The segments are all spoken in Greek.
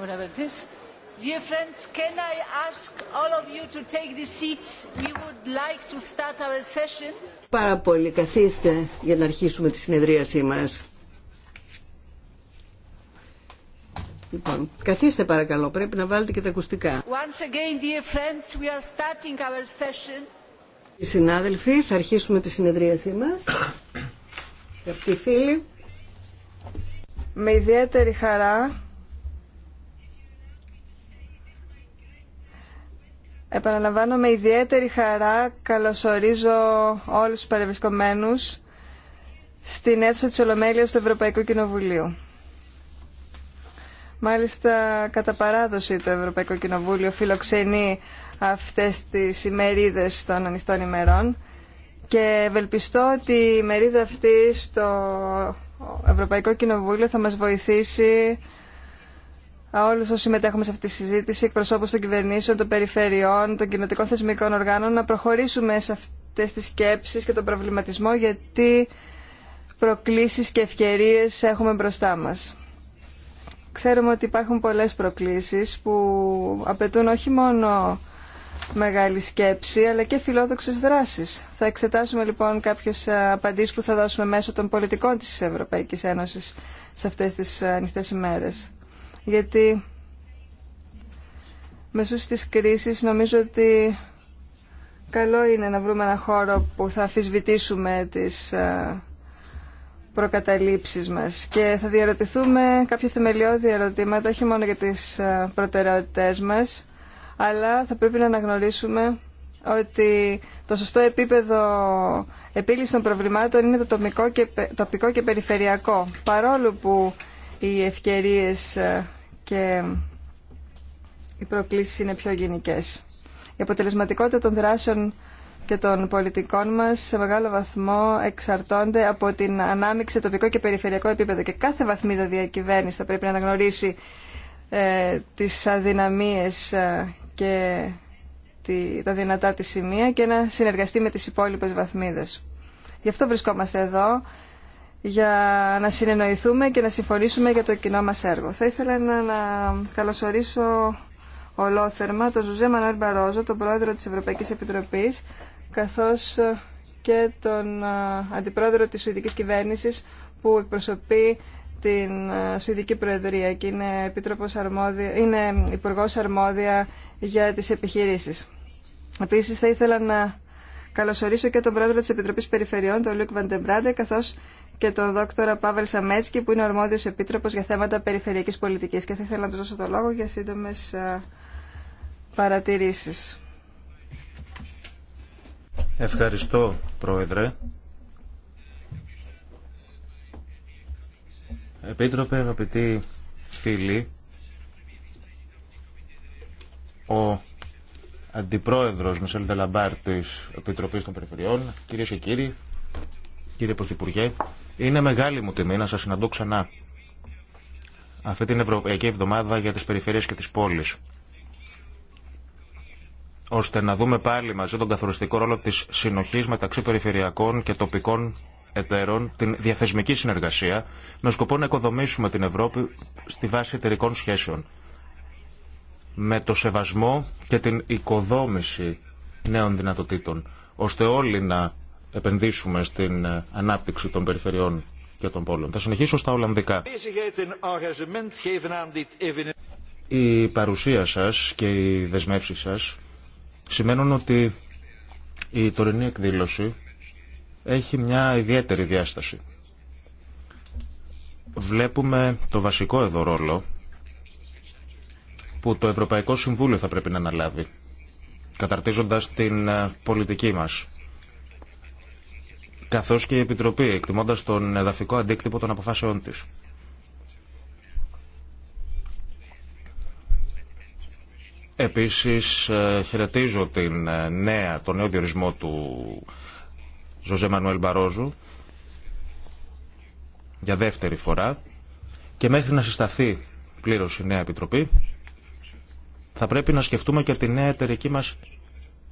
Honorable Dear friends, can I ask all of you to take the seats? We would like to start our session. Πάρα πολύ καθίστε για να αρχίσουμε τη συνεδρίασή μας. Λοιπόν, καθίστε παρακαλώ, πρέπει να βάλετε και τα ακουστικά. Once again, dear friends, we are starting our session. Οι συνάδελφοι, θα αρχίσουμε τη συνεδρίασή μας. Αγαπητοί φίλοι, με ιδιαίτερη χαρά Επαναλαμβάνω με ιδιαίτερη χαρά καλωσορίζω όλους τους παρευρισκομένους στην αίθουσα της Ολομέλειας του Ευρωπαϊκού Κοινοβουλίου. Μάλιστα, κατά παράδοση το Ευρωπαϊκό Κοινοβούλιο φιλοξενεί αυτές τις ημερίδες των ανοιχτών ημερών και ευελπιστώ ότι η ημερίδα αυτή στο Ευρωπαϊκό Κοινοβούλιο θα μας βοηθήσει όλους όσοι συμμετέχουμε σε αυτή τη συζήτηση, εκπροσώπους των κυβερνήσεων, των περιφερειών, των κοινοτικών θεσμικών οργάνων, να προχωρήσουμε σε αυτές τις σκέψεις και τον προβληματισμό, γιατί προκλήσεις και ευκαιρίες έχουμε μπροστά μας. Ξέρουμε ότι υπάρχουν πολλές προκλήσεις που απαιτούν όχι μόνο μεγάλη σκέψη, αλλά και φιλόδοξες δράσεις. Θα εξετάσουμε λοιπόν κάποιες ε, απαντήσεις που θα δώσουμε μέσω των πολιτικών της Ευρωπαϊκής Ένωσης σε αυτές τις ε, ανοιχτές ημέρες γιατί μεσούς της κρίσης νομίζω ότι καλό είναι να βρούμε ένα χώρο που θα αφισβητήσουμε τις ε, προκαταλήψεις μας και θα διαρωτηθούμε κάποια θεμελιώδη ερωτήματα όχι μόνο για τις ε, προτεραιότητές μας αλλά θα πρέπει να αναγνωρίσουμε ότι το σωστό επίπεδο επίλυση των προβλημάτων είναι το τοπικό και, τοπικό και περιφερειακό παρόλο που οι ευκαιρίες ε, και οι προκλήσεις είναι πιο γενικές. Η αποτελεσματικότητα των δράσεων και των πολιτικών μας σε μεγάλο βαθμό εξαρτώνται από την ανάμειξη σε τοπικό και περιφερειακό επίπεδο και κάθε βαθμίδα διακυβέρνηση θα πρέπει να αναγνωρίσει ε, τις αδυναμίες ε, και τη, τα δυνατά της σημεία και να συνεργαστεί με τις υπόλοιπες βαθμίδες. Γι' αυτό βρισκόμαστε εδώ για να συνεννοηθούμε και να συμφωνήσουμε για το κοινό μας έργο. Θα ήθελα να, να καλωσορίσω ολόθερμα τον Ζουζέ Μανώρη Μπαρόζο, τον πρόεδρο της Ευρωπαϊκής Επιτροπής, καθώς και τον αντιπρόεδρο της Σουηδικής Κυβέρνησης που εκπροσωπεί την Σουηδική Προεδρία και είναι, Επίτροπος αρμόδια, είναι Υπουργός Αρμόδια για τις επιχειρήσεις. Επίσης θα ήθελα να καλωσορίσω και τον πρόεδρο της Επιτροπής Περιφερειών, τον Λουκ Βαντεμπράντε, καθώς και τον δόκτωρα Παύλ Σαμέτσκι που είναι ο αρμόδιος επίτροπος για θέματα περιφερειακής πολιτικής και θα ήθελα να του δώσω το λόγο για σύντομες παρατηρήσεις. Ευχαριστώ, Πρόεδρε. Επίτροπε, αγαπητοί φίλοι, ο Αντιπρόεδρος Μισελ Δελαμπάρ της Επιτροπής των Περιφερειών, κυρίες και κύριοι, Κύριε Πρωθυπουργέ, είναι μεγάλη μου τιμή να σα συναντώ ξανά αυτή την Ευρωπαϊκή Εβδομάδα για τις Περιφερειές και τις Πόλεις ώστε να δούμε πάλι μαζί τον καθοριστικό ρόλο της συνοχής μεταξύ περιφερειακών και τοπικών εταίρων, την διαθεσμική συνεργασία, με σκοπό να οικοδομήσουμε την Ευρώπη στη βάση εταιρικών σχέσεων. Με το σεβασμό και την οικοδόμηση νέων δυνατοτήτων, ώστε όλοι να επενδύσουμε στην ε, ανάπτυξη των περιφερειών και των πόλων. Θα συνεχίσω στα Ολλανδικά. Η παρουσία σας και οι δεσμεύσεις σας σημαίνουν ότι η τωρινή εκδήλωση έχει μια ιδιαίτερη διάσταση. Βλέπουμε το βασικό εδώ ρόλο που το Ευρωπαϊκό Συμβούλιο θα πρέπει να αναλάβει, καταρτίζοντας την ε, πολιτική μας καθώς και η Επιτροπή, εκτιμώντας τον εδαφικό αντίκτυπο των αποφάσεών της. Επίσης, ε, χαιρετίζω την ε, νέα, τον νέο διορισμό του Ζωζέ Μανουέλ Μπαρόζου για δεύτερη φορά και μέχρι να συσταθεί πλήρως η νέα Επιτροπή θα πρέπει να σκεφτούμε και τη νέα εταιρική μας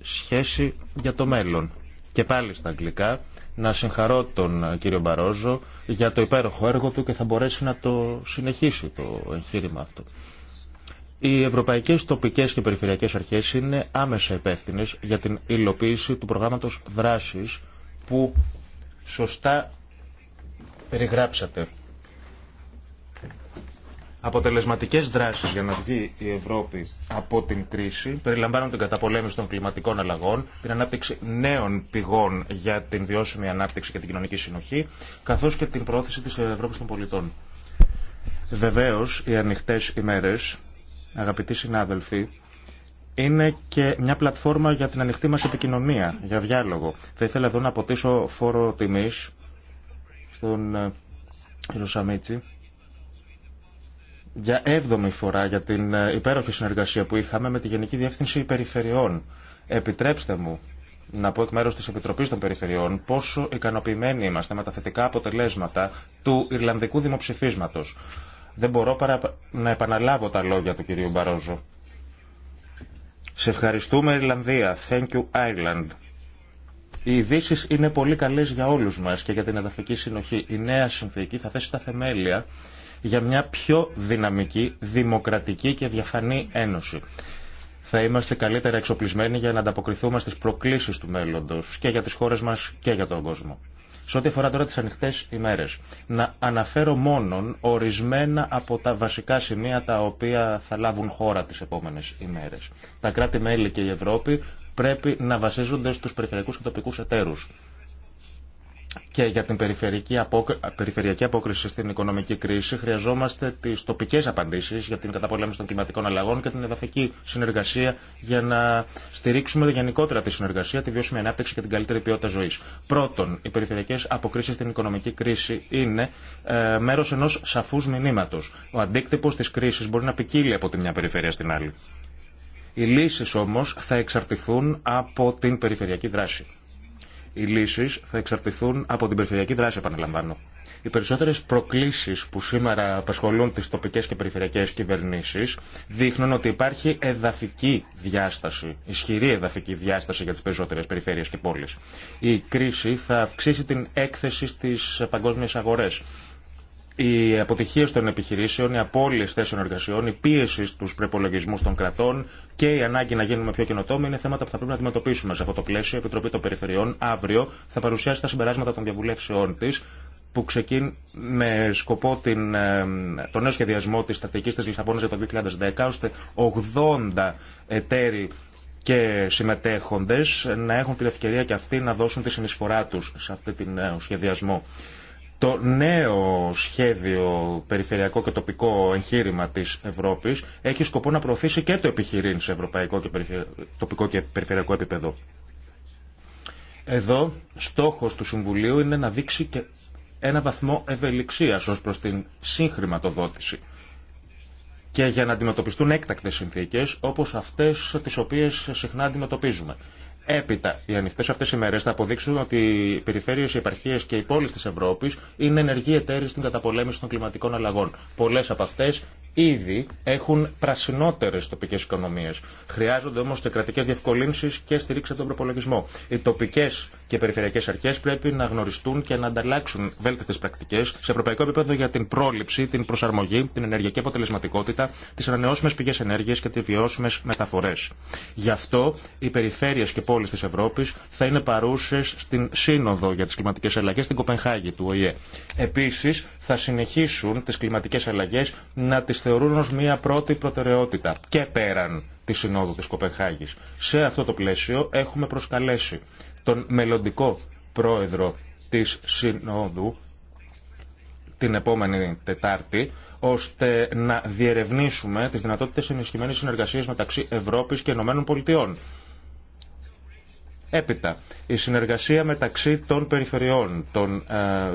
σχέση για το μέλλον. Και πάλι στα αγγλικά να συγχαρώ τον κύριο Μπαρόζο για το υπέροχο έργο του και θα μπορέσει να το συνεχίσει το εγχείρημα αυτό. Οι ευρωπαϊκές τοπικές και περιφερειακές αρχές είναι άμεσα υπεύθυνε για την υλοποίηση του προγράμματος δράσης που σωστά περιγράψατε αποτελεσματικές δράσεις για να βγει η Ευρώπη από την κρίση περιλαμβάνουν την καταπολέμηση των κλιματικών αλλαγών, την ανάπτυξη νέων πηγών για την βιώσιμη ανάπτυξη και την κοινωνική συνοχή, καθώς και την προώθηση της Ευρώπης των πολιτών. Βεβαίως, οι ανοιχτέ ημέρες, αγαπητοί συνάδελφοι, είναι και μια πλατφόρμα για την ανοιχτή μας επικοινωνία, για διάλογο. Θα ήθελα εδώ να αποτίσω φόρο τιμής στον ε, κύριο Σαμίτσι, για έβδομη φορά για την ε, υπέροχη συνεργασία που είχαμε με τη Γενική Διεύθυνση Περιφερειών. Επιτρέψτε μου να πω εκ μέρου τη Επιτροπή των Περιφερειών πόσο ικανοποιημένοι είμαστε με τα θετικά αποτελέσματα του Ιρλανδικού δημοψηφίσματο. Δεν μπορώ παρά να επαναλάβω τα λόγια του κυρίου Μπαρόζο. Σε ευχαριστούμε Ιρλανδία. Thank you Ireland. Οι ειδήσει είναι πολύ καλέ για όλου μα και για την εδαφική συνοχή. Η νέα συνθήκη θα θέσει τα θεμέλια για μια πιο δυναμική, δημοκρατική και διαφανή ένωση. Θα είμαστε καλύτερα εξοπλισμένοι για να ανταποκριθούμε στις προκλήσεις του μέλλοντος και για τις χώρες μας και για τον κόσμο. Σε ό,τι αφορά τώρα τις ανοιχτές ημέρες, να αναφέρω μόνον ορισμένα από τα βασικά σημεία τα οποία θα λάβουν χώρα τις επόμενες ημέρες. Τα κράτη-μέλη και η Ευρώπη πρέπει να βασίζονται στους περιφερειακούς και τοπικούς εταίρους και για την περιφερειακή, απόκριση στην οικονομική κρίση χρειαζόμαστε τις τοπικές απαντήσεις για την καταπολέμηση των κλιματικών αλλαγών και την εδαφική συνεργασία για να στηρίξουμε γενικότερα τη συνεργασία, τη βιώσιμη ανάπτυξη και την καλύτερη ποιότητα ζωής. Πρώτον, οι περιφερειακές αποκρίσεις στην οικονομική κρίση είναι ε, μέρος ενός σαφούς μηνύματος. Ο αντίκτυπος της κρίσης μπορεί να ποικίλει από τη μια περιφέρεια στην άλλη. Οι λύσεις όμως θα εξαρτηθούν από την περιφερειακή δράση. Οι λύσει θα εξαρτηθούν από την περιφερειακή δράση, επαναλαμβάνω. Οι περισσότερε προκλήσει που σήμερα απασχολούν τι τοπικέ και περιφερειακέ κυβερνήσει δείχνουν ότι υπάρχει εδαφική διάσταση, ισχυρή εδαφική διάσταση για τι περισσότερε περιφέρειες και πόλει. Η κρίση θα αυξήσει την έκθεση στι παγκόσμιε αγορέ οι αποτυχίε των επιχειρήσεων, οι απώλειε θέσεων εργασιών, η πίεση στου προπολογισμού των κρατών και η ανάγκη να γίνουμε πιο καινοτόμοι είναι θέματα που θα πρέπει να αντιμετωπίσουμε. Σε αυτό το πλαίσιο, η Επιτροπή των Περιφερειών αύριο θα παρουσιάσει τα συμπεράσματα των διαβουλεύσεών τη, που ξεκίνει με σκοπό την, το νέο σχεδιασμό της στρατηγικής της Λισαβόνας για το 2010, ώστε 80 εταίροι και συμμετέχοντες να έχουν την ευκαιρία και αυτοί να δώσουν τη συνεισφορά τους σε αυτή την ε, σχεδιασμό το νέο σχέδιο περιφερειακό και τοπικό εγχείρημα της Ευρώπης έχει σκοπό να προωθήσει και το επιχειρήν σε ευρωπαϊκό και τοπικό και περιφερειακό επίπεδο. Εδώ στόχος του Συμβουλίου είναι να δείξει και ένα βαθμό ευελιξίας ως προς την συγχρηματοδότηση και για να αντιμετωπιστούν έκτακτες συνθήκες όπως αυτές τις οποίες συχνά αντιμετωπίζουμε. Έπειτα, οι ανοιχτέ αυτέ οι θα αποδείξουν ότι οι περιφέρειε, οι επαρχίε και οι πόλει τη Ευρώπη είναι ενεργοί εταίροι στην καταπολέμηση των κλιματικών αλλαγών. Πολλέ από αυτέ ήδη έχουν πρασινότερε τοπικέ οικονομίε. Χρειάζονται όμω και κρατικέ διευκολύνσει και στηρίξη από τον προπολογισμό. Οι τοπικέ και περιφερειακέ αρχέ πρέπει να γνωριστούν και να ανταλλάξουν βέλτιστε πρακτικέ σε ευρωπαϊκό επίπεδο για την πρόληψη, την προσαρμογή, την ενεργειακή αποτελεσματικότητα, τι ανανεώσιμε πηγέ ενέργεια και τι βιώσιμε μεταφορέ. Γι' αυτό οι περιφέρειε και πόλει τη Ευρώπη θα είναι παρούσε στην Σύνοδο για τι Κλιματικέ Αλλαγέ στην Κοπενχάγη του ΟΗΕ. Επίση θα συνεχίσουν τι κλιματικέ αλλαγέ να θεωρούν ως μία πρώτη προτεραιότητα και πέραν τη Συνόδου της Κοπεχάγης. Σε αυτό το πλαίσιο έχουμε προσκαλέσει τον μελλοντικό πρόεδρο της Συνόδου την επόμενη Τετάρτη ώστε να διερευνήσουμε τις δυνατότητες ενισχυμένης συνεργασίας μεταξύ Ευρώπης και Ηνωμένων Πολιτειών. Έπειτα, η συνεργασία μεταξύ των περιφερειών, των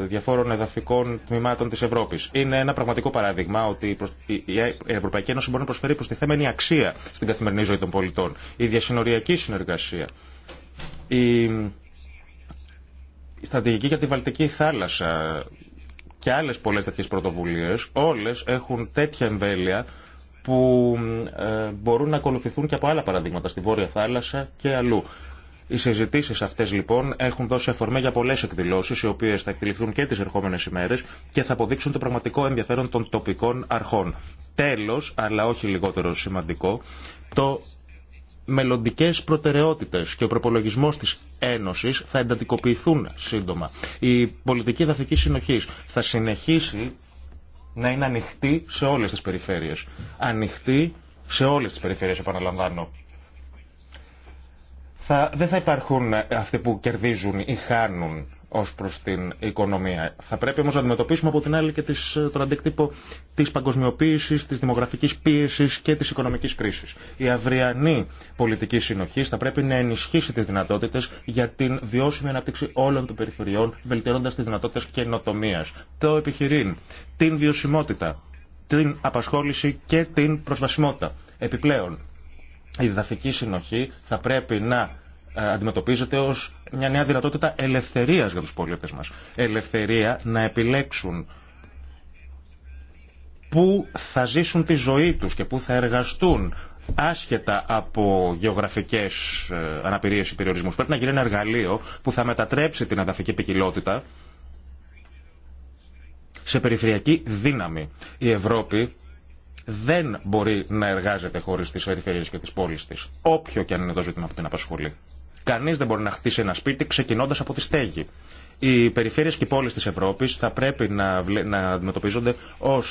ε, διαφόρων εδαφικών τμήματων τη Ευρώπη. Είναι ένα πραγματικό παράδειγμα ότι η, Ευρωπαϊκή Ένωση μπορεί να προσφέρει προστιθέμενη αξία στην καθημερινή ζωή των πολιτών. Η διασυνοριακή συνεργασία. Η στρατηγική για τη Βαλτική θάλασσα και άλλες πολλές τέτοιες πρωτοβουλίες, όλες έχουν τέτοια εμβέλεια που ε, μπορούν να ακολουθηθούν και από άλλα παραδείγματα στη Βόρεια Θάλασσα και αλλού. Οι συζητήσει αυτέ λοιπόν έχουν δώσει αφορμή για πολλέ εκδηλώσει, οι οποίε θα εκτεληθούν και τι ερχόμενε ημέρε και θα αποδείξουν το πραγματικό ενδιαφέρον των τοπικών αρχών. Τέλο, αλλά όχι λιγότερο σημαντικό, το μελλοντικέ προτεραιότητε και ο προπολογισμό τη Ένωση θα εντατικοποιηθούν σύντομα. Η πολιτική δαφική συνοχή θα συνεχίσει να είναι ανοιχτή σε όλε τι περιφέρειες. Ανοιχτή σε όλε τι περιφέρειες, επαναλαμβάνω θα, δεν θα υπάρχουν αυτοί που κερδίζουν ή χάνουν ω προ την οικονομία. Θα πρέπει όμω να αντιμετωπίσουμε από την άλλη και τις, ε, τον αντίκτυπο τη παγκοσμιοποίηση, τη δημογραφική πίεση και τη οικονομική κρίση. Η αυριανή πολιτική συνοχή θα πρέπει να ενισχύσει τι δυνατότητε για την βιώσιμη ανάπτυξη όλων των περιφερειών, βελτιώνοντα τι δυνατότητε καινοτομία, το επιχειρήν, την βιωσιμότητα, την απασχόληση και την προσβασιμότητα. Επιπλέον, η διδαφική συνοχή θα πρέπει να ε, αντιμετωπίζεται ως μια νέα δυνατότητα ελευθερίας για τους πολίτες μας. Ελευθερία να επιλέξουν πού θα ζήσουν τη ζωή τους και πού θα εργαστούν άσχετα από γεωγραφικές ε, αναπηρίες ή περιορισμούς. Πρέπει να γίνει ένα εργαλείο που θα μετατρέψει την εδαφική ποικιλότητα σε περιφερειακή δύναμη. Η Ευρώπη δεν μπορεί να γινει ενα εργαλειο που θα μετατρεψει την ανταφική ποικιλοτητα σε χωρίς τις περιφερειές και τις πόλεις της, όποιο και αν είναι το ζήτημα που την απασχολεί. Κανεί δεν μπορεί να χτίσει ένα σπίτι ξεκινώντα από τη στέγη. Οι περιφέρειε και οι πόλεις της Ευρώπης θα πρέπει να, να αντιμετωπίζονται ω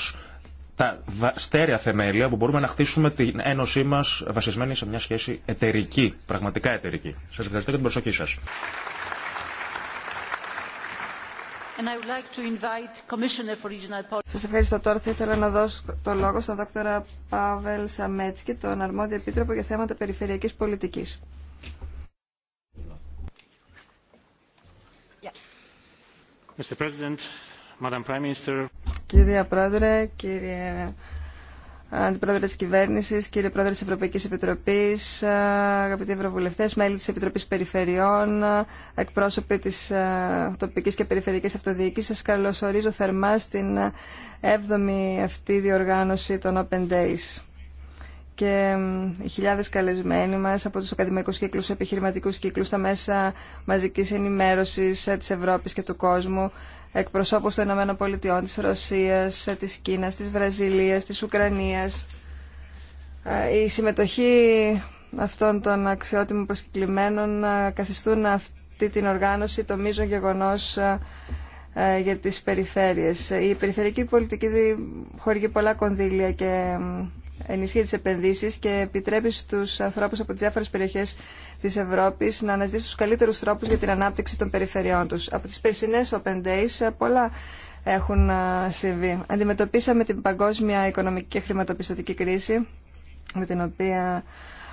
τα στέρεα θεμέλια που μπορούμε να χτίσουμε την ένωσή μα βασισμένη σε μια σχέση εταιρική, πραγματικά εταιρική. Σα ευχαριστώ για την προσοχή σα. Like Σας ευχαριστώ τώρα. Θα ήθελα να δώσω το λόγο στον δόκτωρα Πάβελ Σαμέτσκι, τον αρμόδιο επίτροπο για θέματα περιφερειακής πολιτικής. Κυρία Κύριε Πρόεδρε, κύριε Αντιπρόεδρε της Κυβέρνησης, κύριε Πρόεδρε της Ευρωπαϊκής Επιτροπής, αγαπητοί Ευρωβουλευτές, μέλη της Επιτροπής Περιφερειών, εκπρόσωποι της ε, τοπική και περιφερειακής αυτοδιοίκησης, σας καλωσορίζω θερμά στην έβδομη αυτή διοργάνωση των Open Days και οι χιλιάδε καλεσμένοι μα από τους ακαδημαϊκούς του επιχειρηματικού κύκλους, τα μέσα μαζική ενημέρωση ε, τη Ευρώπη και του κόσμου, εκπροσώπους των ΗΠΑ, τη Ρωσία, της Κίνας, της Βραζιλίας, της Ουκρανίας. Ε, η συμμετοχή αυτών των αξιότιμων προσκεκλημένων ε, καθιστούν αυτή την οργάνωση το μείζον γεγονό για τις περιφέρειες. Η περιφερειακή πολιτική χορηγεί πολλά κονδύλια και ενισχύει τι επενδύσεις και επιτρέπει στου ανθρώπου από τι διάφορε περιοχέ τη Ευρώπη να αναζητήσουν του καλύτερου τρόπου για την ανάπτυξη των περιφερειών του. Από τι περσινέ Open Days ε, πολλά έχουν ε, συμβεί. Αντιμετωπίσαμε την παγκόσμια οικονομική και χρηματοπιστωτική κρίση με την οποία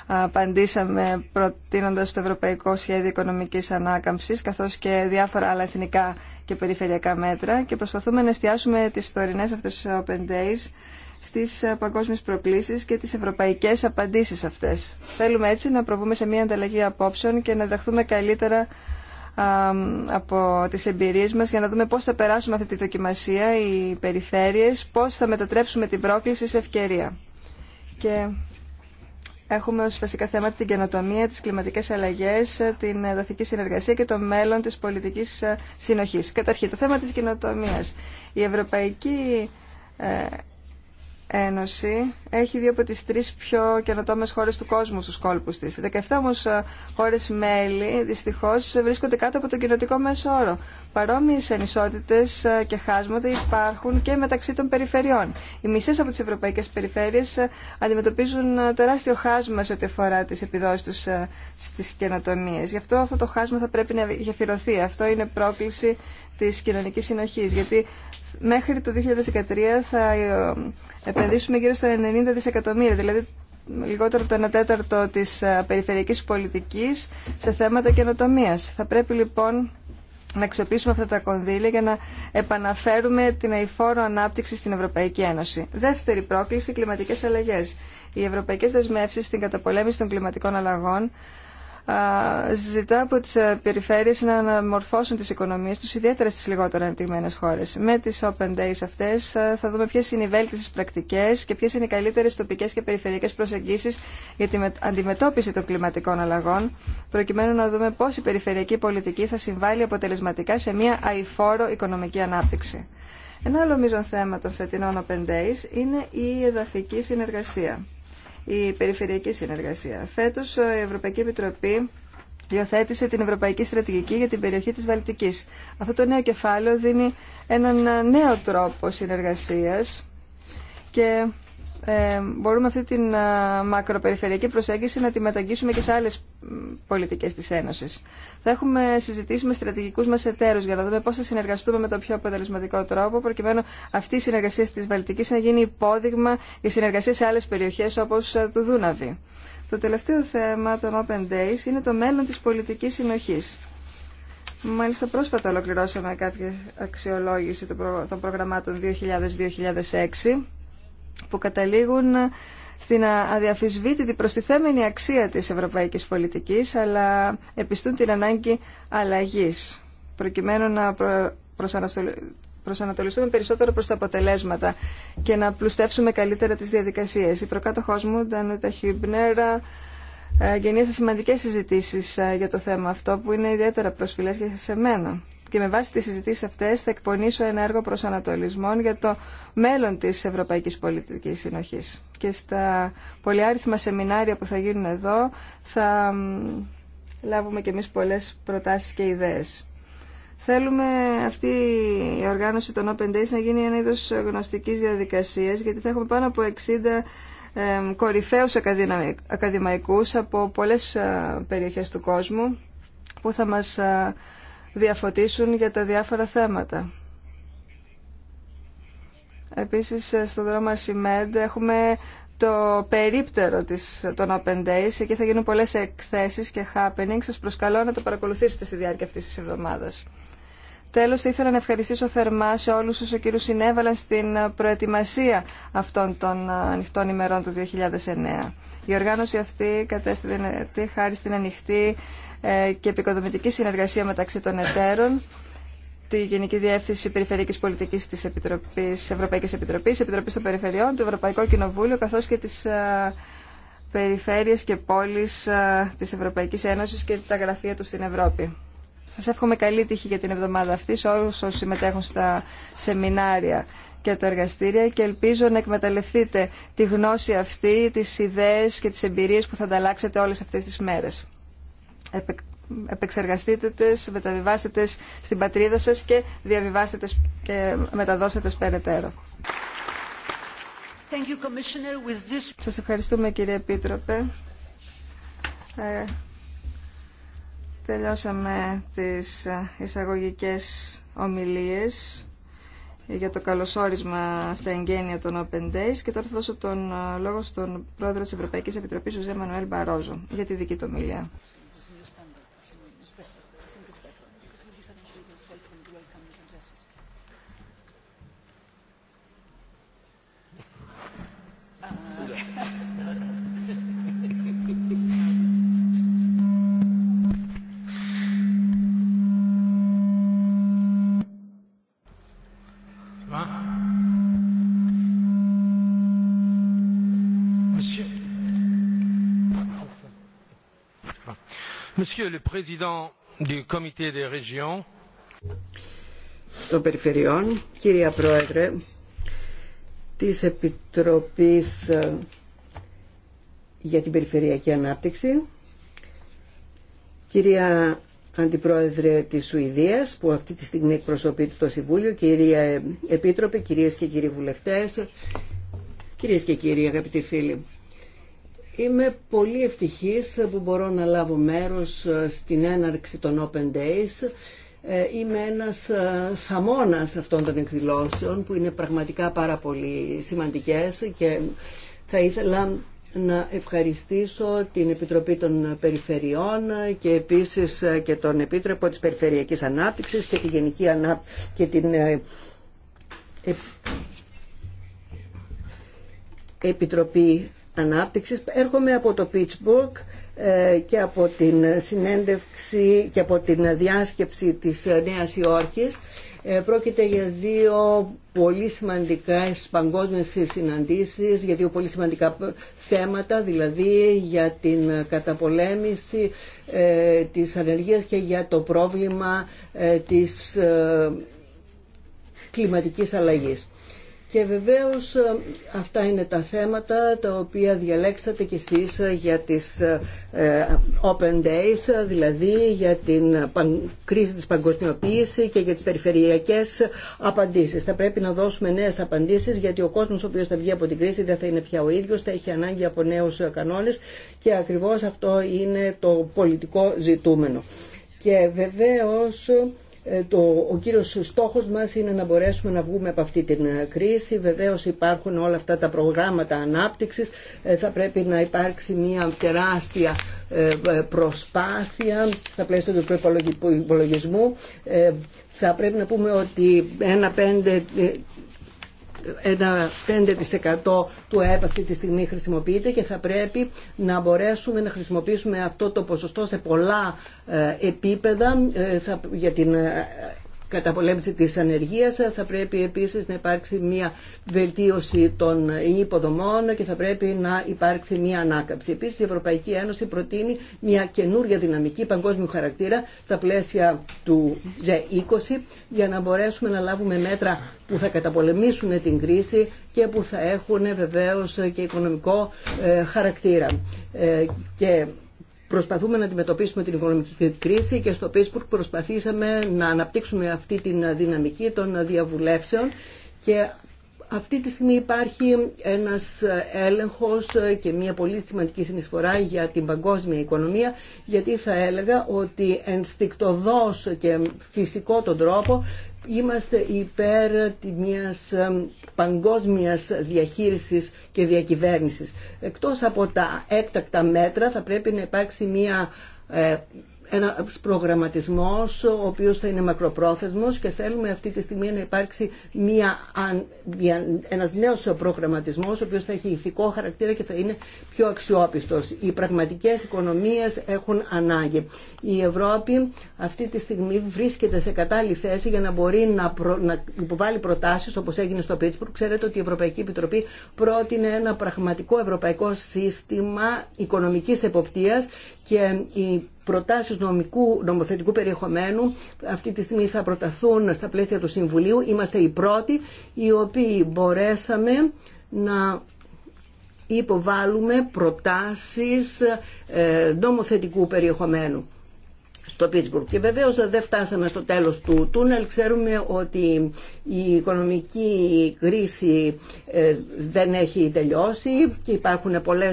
ε, απαντήσαμε προτείνοντα το Ευρωπαϊκό Σχέδιο οικονομική ανάκαμψη, καθώ και διάφορα άλλα εθνικά και περιφερειακά μέτρα και προσπαθούμε να εστιάσουμε τι τωρινέ αυτέ Open Days στις ε, παγκόσμιες προκλήσεις και τις ευρωπαϊκές απαντήσεις αυτές. Θέλουμε έτσι να προβούμε σε μια ανταλλαγή απόψεων και να δεχθούμε καλύτερα από τις εμπειρίες μας για να δούμε πώς θα περάσουμε αυτή τη δοκιμασία οι περιφέρειες, πώς θα μετατρέψουμε την πρόκληση σε ευκαιρία. Και έχουμε ως βασικά θέματα την καινοτομία, τις κλιματικές αλλαγές, την εδαφική συνεργασία και το μέλλον της πολιτικής ε, συνοχής. Καταρχήν, το θέμα της καινοτομία. Η Ευρωπαϊκή ε, Ένωση έχει δύο από τις τρεις πιο καινοτόμες χώρες του κόσμου στους κόλπους της. 17 όμως ε, χώρες μέλη δυστυχώς βρίσκονται κάτω από τον κοινοτικό μέσο όρο. Παρόμοιες ανισότητες ε, και χάσματα υπάρχουν και μεταξύ των περιφερειών. Οι μισές από τις ευρωπαϊκές περιφέρειες ε, αντιμετωπίζουν τεράστιο χάσμα σε ό,τι αφορά τις επιδόσεις τους στις καινοτομίες. Γι' αυτό αυτό το χάσμα θα πρέπει να γεφυρωθεί. Αυτό είναι πρόκληση της κοινωνικής συνοχής, γιατί μέχρι το 2013 θα ε, επενδύσουμε γύρω στα 90 δισεκατομμύρια, δηλαδή λιγότερο από το 1 τέταρτο της ε, περιφερειακής πολιτικής σε θέματα καινοτομίας. Θα πρέπει λοιπόν να αξιοποιήσουμε αυτά τα κονδύλια για να επαναφέρουμε την αηφόρο ανάπτυξη στην Ευρωπαϊκή Ένωση. Δεύτερη πρόκληση, κλιματικές αλλαγές. Οι ευρωπαϊκές δεσμεύσεις στην καταπολέμηση των κλιματικών αλλαγών ζητά από τι ε, περιφέρειε να αναμορφώσουν τι οικονομίες του ιδιαίτερα στις λιγότερο ανεπτυγμένες χώρε. Με τι Open Days αυτέ, ε, θα δούμε ποιε είναι οι βέλτιστε πρακτικέ και ποιε είναι οι καλύτερε τοπικέ και περιφερειακές προσεγγίσει για την αντιμετώπιση των κλιματικών αλλαγών, προκειμένου να δούμε πω η περιφερειακή πολιτική θα συμβάλλει αποτελεσματικά σε μια αηφόρο οικονομική ανάπτυξη. Ένα άλλο μείζον θέμα των φετινών Open Days είναι η εδαφική συνεργασία η περιφερειακή συνεργασία. Φέτο ε, η Ευρωπαϊκή Επιτροπή διαθέτησε την Ευρωπαϊκή Στρατηγική για την περιοχή της Βαλτική. Αυτό το νέο κεφάλαιο δίνει έναν ε, νέο τρόπο συνεργασίας και ε, μπορούμε αυτή την ε, μακροπεριφερειακή προσέγγιση να τη μεταγγίσουμε και σε άλλε πολιτικέ τη Ένωση. Θα έχουμε συζητήσει με στρατηγικούς μας εταίρους για να δούμε πώ θα συνεργαστούμε με το πιο αποτελεσματικό τρόπο προκειμένου αυτή η συνεργασία τη Βαλτική να γίνει υπόδειγμα για συνεργασία σε άλλες περιοχές όπως ε, του Δούναβη. Το τελευταίο θέμα των Open Days είναι το μέλλον τη πολιτική συνοχή. Μάλιστα πρόσφατα ολοκληρώσαμε κάποια αξιολόγηση των προγραμμάτων 2000-2006 που καταλήγουν στην αδιαφυσβήτητη προστιθέμενη αξία της ευρωπαϊκής πολιτικής, αλλά επιστούν την ανάγκη αλλαγής, προκειμένου να προσανατολιστούμε περισσότερο προς τα αποτελέσματα και να πλουστεύσουμε καλύτερα τις διαδικασίες. Η προκάτοχός μου, Ντανούτα Χιμπνέρα, γεννήσε σημαντικές συζητήσεις για το θέμα αυτό, που είναι ιδιαίτερα προσφυλές και σε μένα και με βάση τις συζητήσεις αυτές θα εκπονήσω ένα έργο ανατολισμό για το μέλλον της Ευρωπαϊκής Πολιτικής Συνοχής. Και στα πολυάριθμα σεμινάρια που θα γίνουν εδώ θα λάβουμε και εμείς πολλές προτάσεις και ιδέες. Θέλουμε αυτή η οργάνωση των Open Days να γίνει ένα είδος γνωστικής διαδικασίας γιατί θα έχουμε πάνω από 60 κορυφαίους ακαδημαϊκούς από πολλές ε, περιοχές του κόσμου που θα μας ε, διαφωτίσουν για τα διάφορα θέματα. Επίσης, στο δρόμο αρσιμέντ έχουμε το περίπτερο της, των Open Days. Εκεί θα γίνουν πολλές εκθέσεις και happenings. Σας προσκαλώ να το παρακολουθήσετε στη διάρκεια αυτής της εβδομάδας. Τέλος, ήθελα να ευχαριστήσω θερμά σε όλους όσους κύριους συνέβαλαν στην προετοιμασία αυτών των ανοιχτών ημερών του 2009. Η οργάνωση αυτή κατέστηκε χάρη στην ανοιχτή ε, και επικοδομητική συνεργασία μεταξύ των εταίρων τη Γενική Διεύθυνση Περιφερειακή Πολιτική τη Επιτροπής, Ευρωπαϊκή Επιτροπή, Επιτροπή των Περιφερειών, του Ευρωπαϊκού Κοινοβούλιο, καθώ και τι ε, περιφέρειες και πόλεις ε, της Ευρωπαϊκής Ένωσης και τα γραφεία του στην Ευρώπη. Σας εύχομαι καλή τύχη για την εβδομάδα αυτή σε όλους όσοι συμμετέχουν στα σεμινάρια και τα εργαστήρια και ελπίζω να εκμεταλλευτείτε τη γνώση αυτή, τις ιδέες και τις εμπειρίες που θα ανταλλάξετε όλες αυτές τις μέρες επεξεργαστείτε τες, μεταβιβάσετε στην πατρίδα σας και διαβιβάστε και μεταδώσετε τες περαιτέρω. Thank Σας ευχαριστούμε κύριε Επίτροπε. Ε, τελειώσαμε τις ε, εισαγωγικές ομιλίες για το καλωσόρισμα στα εγγένεια των Open Days και τώρα θα δώσω τον ε, λόγο στον πρόεδρο της Ευρωπαϊκής Επιτροπής, ο Μανουέλ Μπαρόζο, για τη δική του ομιλία. Monsieur Περιφερειών, κυρία Πρόεδρε της Επιτροπής ε, για την Περιφερειακή Ανάπτυξη, κυρία Αντιπρόεδρε της Σουηδίας που αυτή τη στιγμή εκπροσωπεί το Συμβούλιο, κυρία Επίτροπε, κυρίες και κύριοι βουλευτές, κυρίες και κύριοι αγαπητοί φίλοι. Είμαι πολύ ευτυχής που μπορώ να λάβω μέρος ε, στην έναρξη των Open Days. Ε, είμαι ένας θαμώνας ε, αυτών των εκδηλώσεων που είναι πραγματικά πάρα πολύ σημαντικές και θα ήθελα να ευχαριστήσω την Επιτροπή των Περιφερειών και επίσης και τον Επίτροπο της Περιφερειακής Ανάπτυξης και τη Γενική Ανάπτυξη και την Επιτροπή ανάπτυξης. Έρχομαι από το Pittsburgh ε, και από την συνέντευξη και από την διάσκεψη της ε, Νέας Υόρκης. Ε, πρόκειται για δύο πολύ σημαντικά παγκόσμιες συναντήσεις, για δύο πολύ σημαντικά θέματα, δηλαδή για την καταπολέμηση της ανεργίας και για το πρόβλημα της κλιματικής αλλαγής. Και βεβαίως ε, αυτά είναι τα θέματα τα οποία διαλέξατε κι εσείς ε, για τις ε, Open Days, δηλαδή για την κρίση της παγκοσμιοποίησης και για τις περιφερειακές απαντήσεις. Θα πρέπει να δώσουμε νέες απαντήσεις γιατί ο κόσμος ο οποίος θα βγει από την κρίση δεν θα είναι πια ο ίδιος, θα έχει ανάγκη από νέους κανόνες και ακριβώς αυτό είναι το πολιτικό ζητούμενο. Και βεβαίως ε, το, ο κύριος στόχος μας είναι να μπορέσουμε να βγούμε από αυτή την ε, κρίση. Βεβαίως υπάρχουν όλα αυτά τα προγράμματα ανάπτυξης. Ε, θα πρέπει να υπάρξει μια τεράστια προσπάθεια στα πλαίσια του προπολογισμού. Θα πρέπει να πούμε ότι ένα πέντε ένα 5% του ΑΕΠ αυτή τη στιγμή χρησιμοποιείται και θα πρέπει να μπορέσουμε να χρησιμοποιήσουμε αυτό το ποσοστό σε πολλά ε, επίπεδα ε, για την ε, καταπολέμηση της ανεργίας θα πρέπει επίσης να υπάρξει μια βελτίωση των υποδομών και θα πρέπει να υπάρξει μια ανάκαμψη. Επίσης η Ευρωπαϊκή Ένωση προτείνει μια καινούργια δυναμική παγκόσμιου χαρακτήρα στα πλαίσια του 20 για να μπορέσουμε να λάβουμε μέτρα που θα καταπολεμήσουν την κρίση και που θα έχουν βεβαίως και οικονομικό ε, χαρακτήρα. Ε, και προσπαθούμε να αντιμετωπίσουμε την οικονομική κρίση και στο Facebook προσπαθήσαμε να αναπτύξουμε αυτή την δυναμική των διαβουλεύσεων και αυτή τη στιγμή υπάρχει ένας έλεγχος και μια πολύ σημαντική συνεισφορά για την παγκόσμια οικονομία γιατί θα έλεγα ότι ενστικτοδός και φυσικό τον τρόπο είμαστε υπέρ μιας παγκόσμιας διαχείρισης και διακυβέρνησης. Εκτός από τα έκτακτα μέτρα θα πρέπει να υπάρξει μια ε, ένα προγραμματισμό ο οποίο θα είναι μακροπρόθεσμο και θέλουμε αυτή τη στιγμή να υπάρξει μια, ένας νέος προγραμματισμός ο οποίο θα έχει ηθικό χαρακτήρα και θα είναι πιο αξιόπιστο. Οι πραγματικέ οικονομίε έχουν ανάγκη. Η Ευρώπη αυτή τη στιγμή βρίσκεται σε κατάλληλη θέση για να μπορεί να, προ, να υποβάλει προτάσεις όπως έγινε στο Πίτσπουργκ. Ξέρετε ότι η Ευρωπαϊκή Επιτροπή πρότεινε ένα πραγματικό ευρωπαϊκό σύστημα οικονομική εποπτεία και οι προτάσεις νομικού, νομοθετικού περιεχομένου αυτή τη στιγμή θα προταθούν στα πλαίσια του Συμβουλίου. Είμαστε οι πρώτοι οι οποίοι μπορέσαμε να υποβάλουμε προτάσεις ε, νομοθετικού περιεχομένου στο Πίτσμπουργκ. Και βεβαίω δεν φτάσαμε στο τέλο του τούνελ. Ξέρουμε ότι η οικονομική κρίση ε, δεν έχει τελειώσει και υπάρχουν πολλέ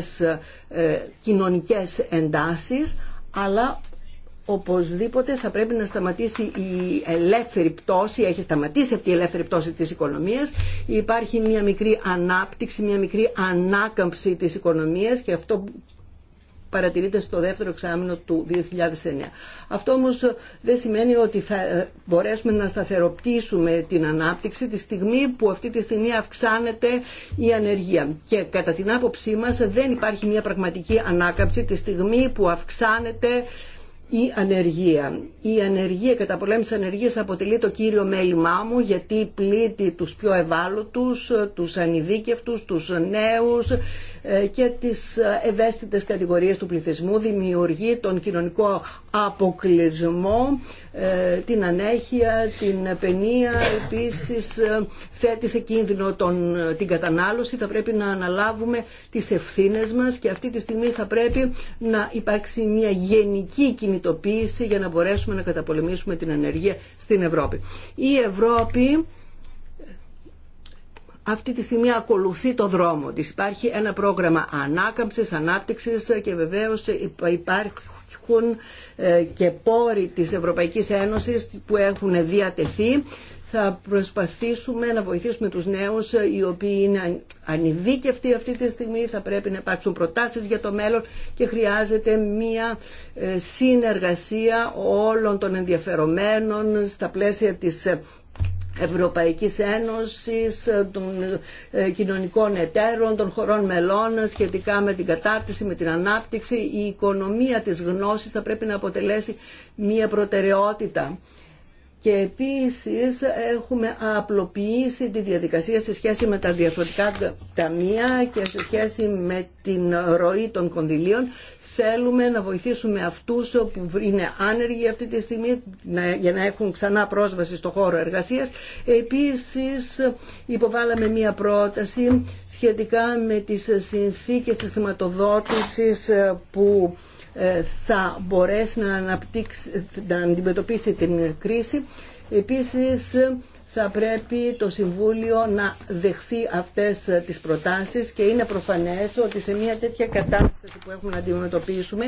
ε, κοινωνικέ εντάσει, αλλά οπωσδήποτε θα πρέπει να σταματήσει η ελεύθερη πτώση, έχει σταματήσει αυτή η ελεύθερη πτώση της οικονομίας, υπάρχει μια μικρή ανάπτυξη, μια μικρή ανάκαμψη της οικονομίας και αυτό παρατηρείται στο δεύτερο εξάμεινο του 2009. Αυτό όμως δεν σημαίνει ότι θα ε, μπορέσουμε να σταθεροποιήσουμε την ανάπτυξη τη στιγμή που αυτή τη στιγμή αυξάνεται η ανεργία. Και κατά την άποψή μας δεν υπάρχει μια πραγματική ανάκαμψη τη στιγμή που αυξάνεται η ανεργία. Η ανεργία, κατά πολέμηση ανεργίας αποτελεί το κύριο μέλημά μου γιατί πλήττει τους πιο ευάλωτους, τους ανειδίκευτους, τους νέους ε, και τις ευαίσθητες κατηγορίες του πληθυσμού, δημιουργεί τον κοινωνικό αποκλεισμό, ε, την ανέχεια, την παινία. επίσης ε, θέτει σε κίνδυνο τον, την κατανάλωση, θα πρέπει να αναλάβουμε τις ευθύνες μας και αυτή τη στιγμή θα πρέπει να υπάρξει μια γενική κινητοποίηση για να μπορέσουμε να καταπολεμήσουμε την ανεργία στην Ευρώπη. Η Ευρώπη αυτή τη στιγμή ακολουθεί το δρόμο της. Υπάρχει ένα πρόγραμμα ανάκαμψης, ανάπτυξης και βεβαίως υπάρχουν ε, και πόροι της Ευρωπαϊκής Ένωσης που έχουν διατεθεί θα προσπαθήσουμε να βοηθήσουμε τους νέους ε, οι οποίοι είναι ανειδίκευτοι αυτή τη στιγμή, θα πρέπει να υπάρξουν προτάσεις για το μέλλον και χρειάζεται μία ε, συνεργασία όλων των ενδιαφερομένων στα πλαίσια της ε, Ευρωπαϊκής Ένωσης, των κοινωνικών εταίρων, των χωρών μελών σχετικά με την κατάρτιση, με την ανάπτυξη. Η οικονομία της γνώσης θα πρέπει να αποτελέσει μία προτεραιότητα και επίσης έχουμε απλοποιήσει τη διαδικασία σε σχέση με τα διαφορετικά ταμεία και σε σχέση με την ροή των κονδυλίων θέλουμε να βοηθήσουμε αυτούς που είναι άνεργοι αυτή τη στιγμή για να έχουν ξανά πρόσβαση στο χώρο εργασίας. Επίσης υποβάλαμε μία πρόταση σχετικά με τις συνθήκες της χρηματοδότησης που ε, θα μπορέσει να, να αντιμετωπίσει την κρίση. Επίσης θα πρέπει το Συμβούλιο να δεχθεί αυτές τις προτάσεις και είναι προφανές ότι σε μια τέτοια κατάσταση που έχουμε να αντιμετωπίσουμε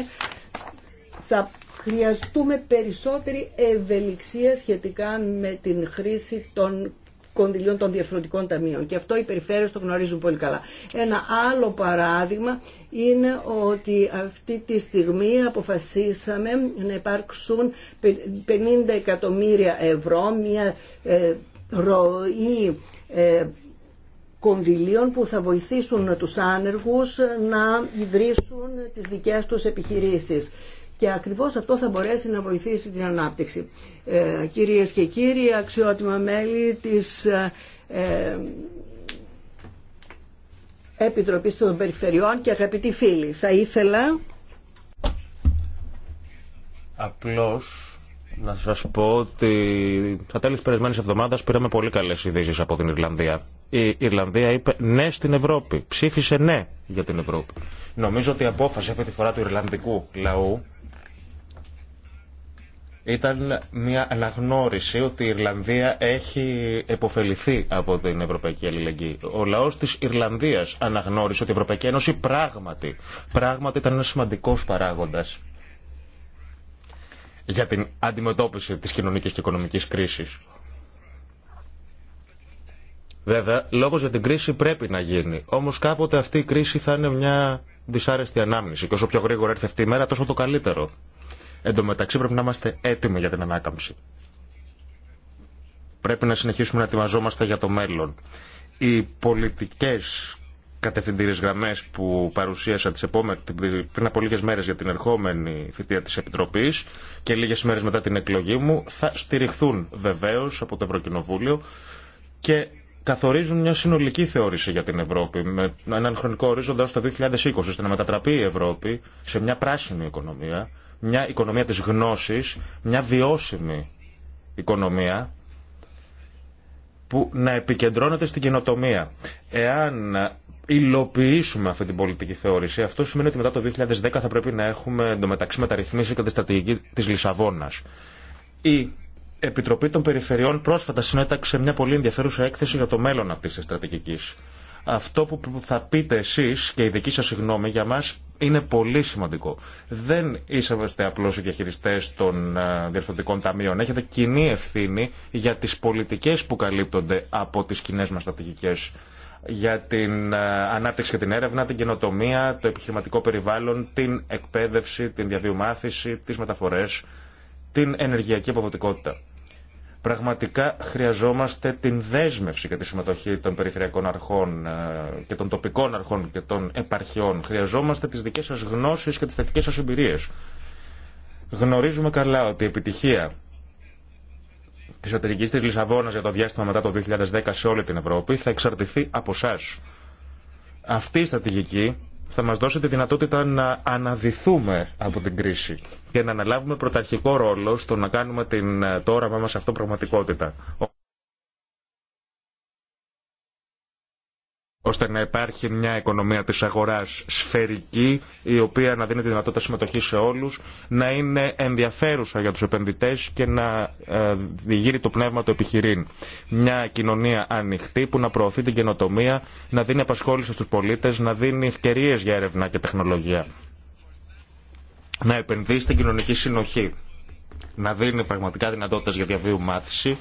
θα χρειαστούμε περισσότερη ευελιξία σχετικά με την χρήση των κονδυλίων των διαφορετικών ταμείων. Και αυτό οι περιφέρειες το γνωρίζουν πολύ καλά. Ένα άλλο παράδειγμα είναι ότι αυτή τη στιγμή αποφασίσαμε να υπάρξουν 50 εκατομμύρια ευρώ, μια ε, ροή ε, κονδυλίων που θα βοηθήσουν τους άνεργους να ιδρύσουν τις δικές τους επιχειρήσεις και ακριβώς αυτό θα μπορέσει να βοηθήσει την ανάπτυξη. Ε, κυρίες και κύριοι, αξιότιμα μέλη της ε, ε Επιτροπής των Περιφερειών και αγαπητοί φίλοι, θα ήθελα απλώς να σας πω ότι στα τέλη της περασμένης εβδομάδας πήραμε πολύ καλές ειδήσει από την Ιρλανδία. Η Ιρλανδία είπε ναι στην Ευρώπη, ψήφισε ναι για την Ευρώπη. Νομίζω ότι η απόφαση αυτή τη φορά του Ιρλανδικού λαού ήταν μια αναγνώριση ότι η Ιρλανδία έχει επωφεληθεί από την Ευρωπαϊκή Αλληλεγγύη. Ο λαό τη Ιρλανδία αναγνώρισε ότι η Ευρωπαϊκή Ένωση πράγματι, πράγματι ήταν ένα σημαντικό παράγοντα για την αντιμετώπιση της κοινωνικής και οικονομικής κρίσης. Βέβαια, λόγος για την κρίση πρέπει να γίνει. Όμως κάποτε αυτή η κρίση θα είναι μια δυσάρεστη ανάμνηση και όσο πιο γρήγορα έρθει αυτή η μέρα τόσο το καλύτερο. Εν τω μεταξύ πρέπει να είμαστε έτοιμοι για την ανάκαμψη. Πρέπει να συνεχίσουμε να ετοιμαζόμαστε για το μέλλον. Οι πολιτικές κατευθυντήριες γραμμές που παρουσίασα τις επόμενες, πριν από λίγες μέρες για την ερχόμενη θητεία της Επιτροπής και λίγες μέρες μετά την εκλογή μου θα στηριχθούν βεβαίως από το Ευρωκοινοβούλιο και καθορίζουν μια συνολική θεώρηση για την Ευρώπη με έναν χρονικό ορίζοντα ως το 2020, ώστε να μετατραπεί η Ευρώπη σε μια πράσινη οικονομία μια οικονομία της γνώσης, μια βιώσιμη οικονομία που να επικεντρώνεται στην κοινοτομία. Εάν υλοποιήσουμε αυτή την πολιτική θεώρηση, αυτό σημαίνει ότι μετά το 2010 θα πρέπει να έχουμε εντωμεταξύ μεταρρυθμίσει και τη στρατηγική της Λισαβόνας. Η Επιτροπή των Περιφερειών πρόσφατα συνέταξε μια πολύ ενδιαφέρουσα έκθεση για το μέλλον αυτής της στρατηγικής. Αυτό που θα πείτε εσείς και η δική σας γνώμη για μας είναι πολύ σημαντικό. Δεν είσαστε απλώ οι διαχειριστέ των ε, διευθυντικών ταμείων. Έχετε κοινή ευθύνη για τι πολιτικέ που καλύπτονται από τι κοινέ μα στρατηγικέ για την ε, ανάπτυξη και την έρευνα, την καινοτομία, το επιχειρηματικό περιβάλλον, την εκπαίδευση, την διαβίωμάθηση, τι τις μεταφορές, την ενεργειακή αποδοτικότητα. Πραγματικά χρειαζόμαστε την δέσμευση και τη συμμετοχή των περιφερειακών αρχών ε, και των τοπικών αρχών και των επαρχιών. Χρειαζόμαστε τις δικές σας γνώσεις και τις θετικές σας εμπειρίες. Γνωρίζουμε καλά ότι η επιτυχία της στρατηγικής της Λισαβόνας για το διάστημα μετά το 2010 σε όλη την Ευρώπη θα εξαρτηθεί από εσά. Αυτή η στρατηγική θα μας δώσει τη δυνατότητα να αναδυθούμε από την κρίση και να αναλάβουμε πρωταρχικό ρόλο στο να κάνουμε την, το όραμά μας αυτό πραγματικότητα. ώστε να υπάρχει μια οικονομία της αγοράς σφαιρική, η οποία να δίνει τη δυνατότητα συμμετοχή σε όλους, να είναι ενδιαφέρουσα για τους επενδυτές και να ε, γύρει το πνεύμα του επιχειρήν. Μια κοινωνία ανοιχτή που να προωθεί την καινοτομία, να δίνει απασχόληση στους πολίτες, να δίνει ευκαιρίες για έρευνα και τεχνολογία. Να επενδύει στην κοινωνική συνοχή. Να δίνει πραγματικά δυνατότητες για διαβίου μάθηση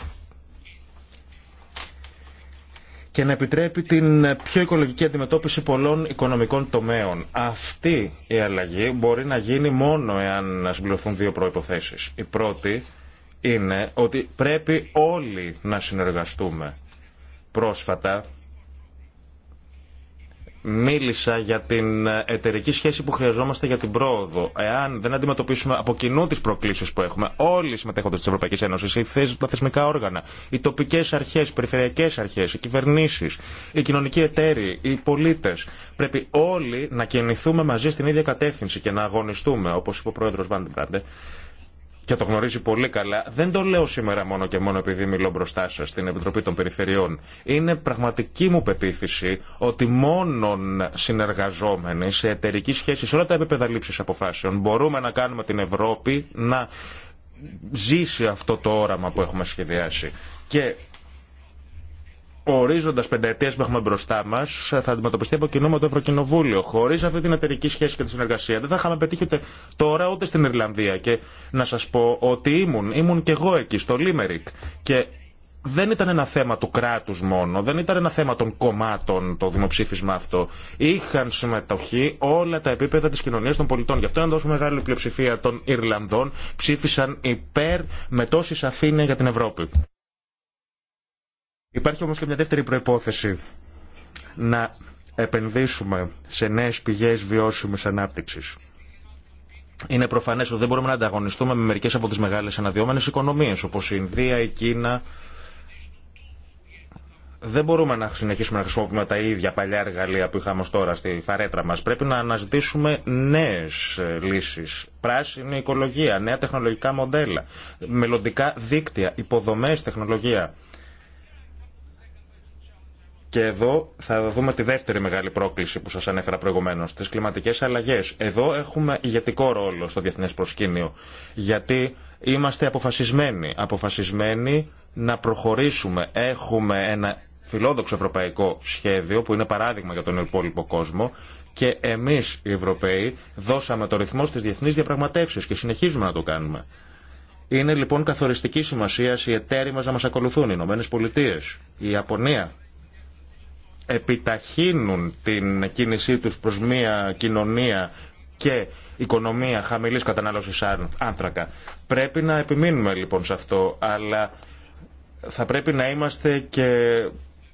και να επιτρέπει την πιο οικολογική αντιμετώπιση πολλών οικονομικών τομέων. Αυτή η αλλαγή μπορεί να γίνει μόνο εάν συμπληρωθούν δύο προϋποθέσεις. Η πρώτη είναι ότι πρέπει όλοι να συνεργαστούμε. Πρόσφατα Μίλησα για την εταιρική σχέση που χρειαζόμαστε για την πρόοδο. Εάν δεν αντιμετωπίσουμε από κοινού τι προκλήσει που έχουμε, όλοι οι συμμετέχοντε τη Ευρωπαϊκή Ένωση, τα θεσμικά όργανα, οι τοπικέ αρχέ, οι περιφερειακέ αρχέ, οι κυβερνήσει, οι κοινωνικοί εταίροι, οι πολίτε, πρέπει όλοι να κινηθούμε μαζί στην ίδια κατεύθυνση και να αγωνιστούμε, όπω είπε ο πρόεδρο Βάντεμπραντε, και το γνωρίζει πολύ καλά, δεν το λέω σήμερα μόνο και μόνο επειδή μιλώ μπροστά σα στην Επιτροπή των Περιφερειών. Είναι πραγματική μου πεποίθηση ότι μόνον συνεργαζόμενοι σε εταιρική σχέση σε όλα τα επίπεδα λήψη αποφάσεων μπορούμε να κάνουμε την Ευρώπη να ζήσει αυτό το όραμα που έχουμε σχεδιάσει. Και ορίζοντα πενταετία που έχουμε μπροστά μα θα αντιμετωπιστεί από κοινού με το Ευρωκοινοβούλιο. Χωρί αυτή την εταιρική σχέση και τη συνεργασία δεν θα είχαμε πετύχει ούτε τώρα ούτε στην Ιρλανδία. Και να σα πω ότι ήμουν, ήμουν και εγώ εκεί, στο Λίμερικ. Και δεν ήταν ένα θέμα του κράτους μόνο, δεν ήταν ένα θέμα των κομμάτων το δημοψήφισμα αυτό. Είχαν συμμετοχή όλα τα επίπεδα της κοινωνίας των πολιτών. Γι' αυτό να δώσουμε μεγάλη πλειοψηφία των Ιρλανδών ψήφισαν υπέρ με τόση σαφήνεια για την Ευρώπη. Υπάρχει όμως και μια δεύτερη προϋπόθεση να επενδύσουμε σε νέες πηγές βιώσιμης ανάπτυξης. Είναι προφανές ότι δεν μπορούμε να ανταγωνιστούμε με μερικές από τις μεγάλες αναδυόμενες οικονομίες όπως η Ινδία, η Κίνα. Δεν μπορούμε να συνεχίσουμε να χρησιμοποιούμε τα ίδια παλιά εργαλεία που είχαμε τώρα στη φαρέτρα μας. Πρέπει να αναζητήσουμε νέες ε, λύσεις. Πράσινη οικολογία, νέα τεχνολογικά μοντέλα, μελλοντικά δίκτυα, υποδομές, τεχνολογία. Και εδώ θα δούμε τη δεύτερη μεγάλη πρόκληση που σα ανέφερα προηγουμένω τι κλιματικέ αλλαγέ. Εδώ έχουμε ηγετικό ρόλο στο διεθνέ προσκήνιο, γιατί είμαστε αποφασισμένοι, αποφασισμένοι να προχωρήσουμε. Έχουμε ένα φιλόδοξο ευρωπαϊκό σχέδιο που είναι παράδειγμα για τον υπόλοιπο κόσμο και εμείς οι Ευρωπαίοι δώσαμε το ρυθμό στις διεθνείς διαπραγματεύσεις και συνεχίζουμε να το κάνουμε. Είναι λοιπόν καθοριστική σημασία οι εταίροι μα να μας ακολουθούν, οι Ηνωμένε η Ιαπωνία, επιταχύνουν την κίνησή τους προς μια κοινωνία και οικονομία χαμηλής κατανάλωσης άνθρακα. Πρέπει να επιμείνουμε λοιπόν σε αυτό, αλλά θα πρέπει να είμαστε και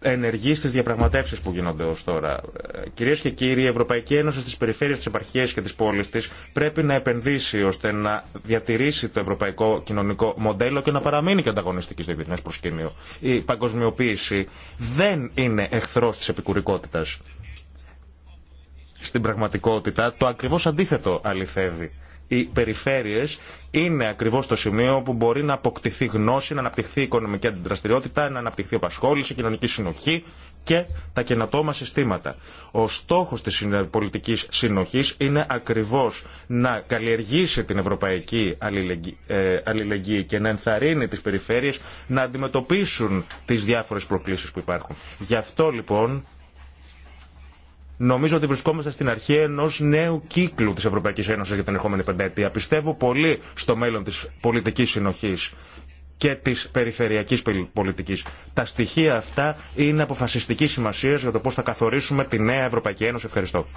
Ενεργεί στι διαπραγματεύσει που γίνονται ω τώρα. Ε, Κυρίε και κύριοι, η Ευρωπαϊκή Ένωση στι περιφέρειε, τι επαρχίε και τι πόλει τη πρέπει να επενδύσει ώστε να διατηρήσει το ευρωπαϊκό κοινωνικό μοντέλο και να παραμείνει και ανταγωνιστική στο διεθνέ προσκήνιο. Η παγκοσμιοποίηση δεν είναι εχθρό τη επικουρικότητα. Στην πραγματικότητα, το ακριβώ αντίθετο αληθεύει οι περιφέρειες είναι ακριβώς το σημείο που μπορεί να αποκτηθεί γνώση, να αναπτυχθεί η οικονομική αντιδραστηριότητα, να αναπτυχθεί απασχόληση, κοινωνική συνοχή και τα καινοτόμα συστήματα. Ο στόχος της πολιτική συνοχής είναι ακριβώς να καλλιεργήσει την ευρωπαϊκή ε, αλληλεγγύη και να ενθαρρύνει τις περιφέρειες να αντιμετωπίσουν τι διάφορε προκλήσει που υπάρχουν. Γι' αυτό λοιπόν Νομίζω ότι βρισκόμαστε στην αρχή ενό νέου κύκλου τη Ευρωπαϊκή Ένωση για την ερχόμενη πενταετία. Πιστεύω πολύ στο μέλλον τη πολιτική συνοχή και τη περιφερειακή πολιτική. Τα στοιχεία αυτά είναι αποφασιστική σημασία για το πώ θα καθορίσουμε τη νέα Ευρωπαϊκή Ένωση. Ευχαριστώ.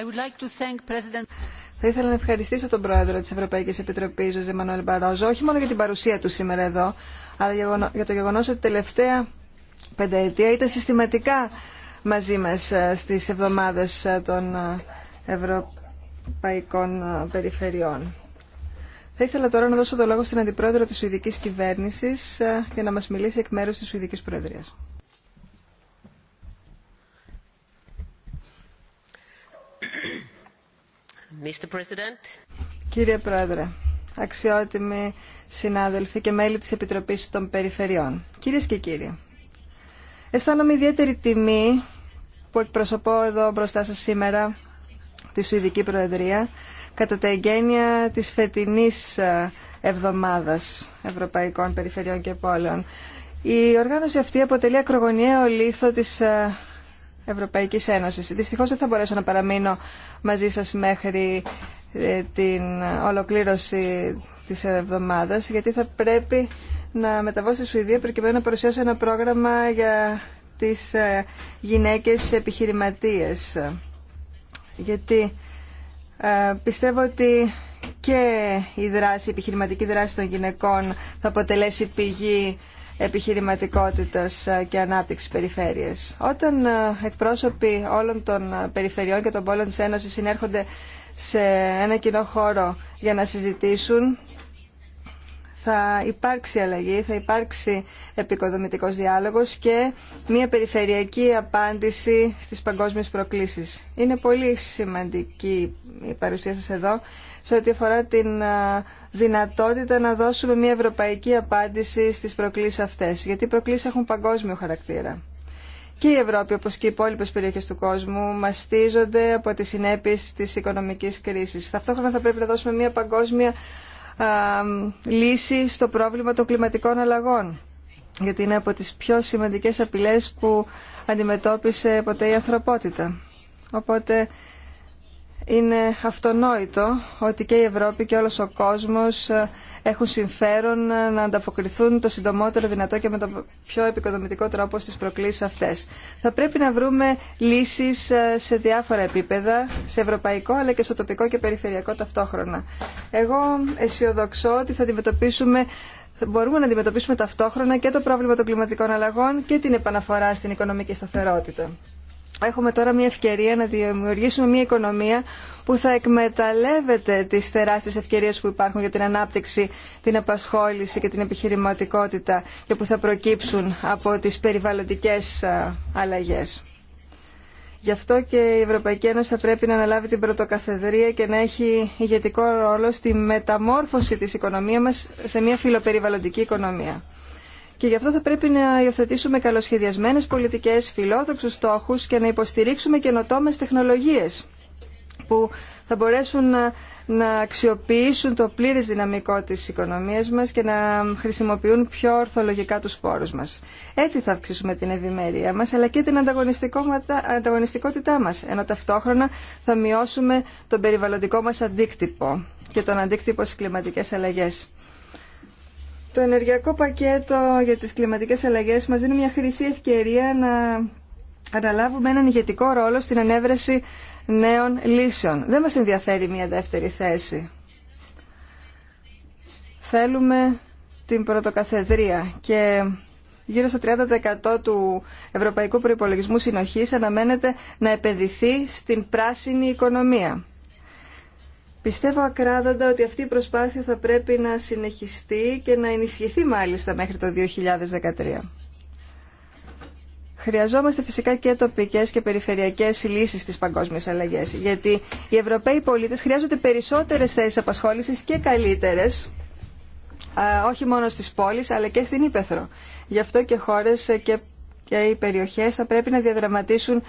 I would like to thank President... Θα ήθελα να ευχαριστήσω τον Πρόεδρο της Ευρωπαϊκής Επιτροπής, Ζωζε Μανώλη Μπαρόζο, όχι μόνο για την παρουσία του σήμερα εδώ, αλλά για το γεγονός ότι τελευταία πενταετία ήταν συστηματικά μαζί μας ε, στις εβδομάδες ε, των ε, ευρωπαϊκών περιφερειών. Θα ήθελα τώρα να δώσω το λόγο στην Αντιπρόεδρο της Σουηδικής Κυβέρνησης για να μας μιλήσει εκ μέρους της Σουηδικής Προεδρίας. Κύριε Πρόεδρε, αξιότιμοι συνάδελφοι και μέλη της Επιτροπής των Περιφερειών, κυρίες και κύριοι, αισθάνομαι ιδιαίτερη τιμή που εκπροσωπώ εδώ μπροστά σας σήμερα τη Σουηδική Προεδρία κατά τα εγγένεια της φετινής ε, εβδομάδας Ευρωπαϊκών Περιφερειών και Πόλεων. Η οργάνωση αυτή αποτελεί ακρογωνιαίο λίθο της ε, Ευρωπαϊκής Ένωσης. Δυστυχώς δεν θα μπορέσω να παραμείνω μαζί σας μέχρι ε, την ολοκλήρωση της εβδομάδας γιατί θα πρέπει να μεταβώ στη Σουηδία προκειμένου να παρουσιάσω ένα πρόγραμμα για τις ε, γυναίκες επιχειρηματίες. Γιατί ε, πιστεύω ότι και η δράση, η επιχειρηματική δράση των γυναικών θα αποτελέσει πηγή επιχειρηματικότητας ε, και ανάπτυξης περιφέρειες. Όταν ε, εκπρόσωποι όλων των ε, περιφερειών και των πόλων της Ένωσης συνέρχονται σε ένα κοινό χώρο για να συζητήσουν, θα υπάρξει αλλαγή, θα υπάρξει επικοδομητικός διάλογος και μια περιφερειακή απάντηση στις παγκόσμιες προκλήσεις. Είναι πολύ σημαντική η παρουσία σας εδώ σε ό,τι αφορά την δυνατότητα να δώσουμε μια ευρωπαϊκή απάντηση στις προκλήσεις αυτές, γιατί οι προκλήσεις έχουν παγκόσμιο χαρακτήρα. Και η Ευρώπη, όπως και οι υπόλοιπε περιοχές του κόσμου, μαστίζονται από τις συνέπειες της οικονομικής κρίσης. Ταυτόχρονα θα πρέπει να δώσουμε μια παγκόσμια λύση στο πρόβλημα των κλιματικών αλλαγών, γιατί είναι από τις πιο σημαντικές απειλές που αντιμετώπισε ποτέ η ανθρωπότητα. Οπότε είναι αυτονόητο ότι και η Ευρώπη και όλος ο κόσμος ε, έχουν συμφέρον ε, να ανταποκριθούν το συντομότερο δυνατό και με τον πιο επικοδομητικό τρόπο στις προκλήσεις αυτές. Θα πρέπει να βρούμε λύσεις ε, σε διάφορα επίπεδα, σε ευρωπαϊκό αλλά και στο τοπικό και περιφερειακό ταυτόχρονα. Εγώ αισιοδοξώ ότι θα αντιμετωπίσουμε μπορούμε να αντιμετωπίσουμε ταυτόχρονα και το πρόβλημα των κλιματικών αλλαγών και την επαναφορά στην οικονομική σταθερότητα έχουμε τώρα μια ευκαιρία να δημιουργήσουμε μια οικονομία που θα εκμεταλλεύεται τις τεράστιες ευκαιρίες που υπάρχουν για την ανάπτυξη, την απασχόληση και την επιχειρηματικότητα και που θα προκύψουν από τις περιβαλλοντικές αλλαγές. Γι' αυτό και η Ευρωπαϊκή Ένωση θα πρέπει να αναλάβει την πρωτοκαθεδρία και να έχει ηγετικό ρόλο στη μεταμόρφωση της οικονομίας μας σε μια φιλοπεριβαλλοντική οικονομία. Και γι' αυτό θα πρέπει να υιοθετήσουμε καλοσχεδιασμένες πολιτικές, φιλόδοξους στόχους και να υποστηρίξουμε καινοτόμες τεχνολογίες που θα μπορέσουν να, αξιοποιήσουν το πλήρες δυναμικό της οικονομίας μας και να χρησιμοποιούν πιο ορθολογικά τους πόρους μας. Έτσι θα αυξήσουμε την ευημερία μας αλλά και την ανταγωνιστικότητά μας, ενώ ταυτόχρονα θα μειώσουμε τον περιβαλλοντικό μας αντίκτυπο και τον αντίκτυπο στις κλιματικές αλλαγές. Το ενεργειακό πακέτο για τις κλιματικές αλλαγές μας δίνει μια χρυσή ευκαιρία να αναλάβουμε έναν ηγετικό ρόλο στην ανέβρεση νέων λύσεων. Δεν μας ενδιαφέρει μια δεύτερη θέση. Θέλουμε την πρωτοκαθεδρία και γύρω στο 30% του Ευρωπαϊκού Προϋπολογισμού Συνοχής αναμένεται να επενδυθεί στην πράσινη οικονομία. Πιστεύω ακράδαντα ότι αυτή η προσπάθεια θα πρέπει να συνεχιστεί και να ενισχυθεί μάλιστα μέχρι το 2013. Χρειαζόμαστε φυσικά και τοπικές και περιφερειακές λύσει στις παγκόσμιες αλλαγέ. Γιατί οι Ευρωπαίοι πολίτες χρειάζονται περισσότερες θέσει απασχόλησης και καλύτερε, όχι μόνο στις πόλεις, αλλά και στην Ήπεθρο. Γι' αυτό και χώρε και οι περιοχέ θα πρέπει να διαδραματίσουν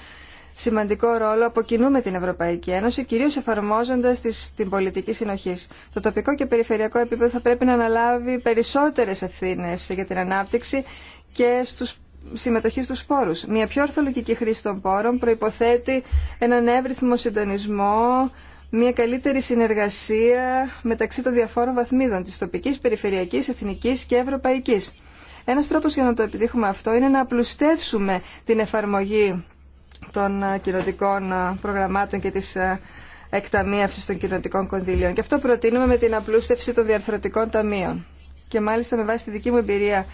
σημαντικό ρόλο από με την Ευρωπαϊκή Ένωση, κυρίω εφαρμόζοντα την πολιτική συνοχή. Το τοπικό και περιφερειακό επίπεδο θα πρέπει να αναλάβει περισσότερε ευθύνε για την ανάπτυξη και στου συμμετοχή στους πόρους. Μια πιο ορθολογική χρήση των πόρων προϋποθέτει έναν εύρυθμο συντονισμό, μια καλύτερη συνεργασία μεταξύ των διαφόρων βαθμίδων της τοπικής, περιφερειακής, εθνικής και ευρωπαϊκής. Ένας τρόπος για να το επιτύχουμε αυτό είναι να απλουστεύσουμε την εφαρμογή των ε, κοινοτικών ε, προγραμμάτων και της ε, εκταμίευσης των κοινοτικών κονδύλιων. Και αυτό προτείνουμε με την απλούστευση των διαρθρωτικών ταμείων. Και μάλιστα με βάση τη δική μου εμπειρία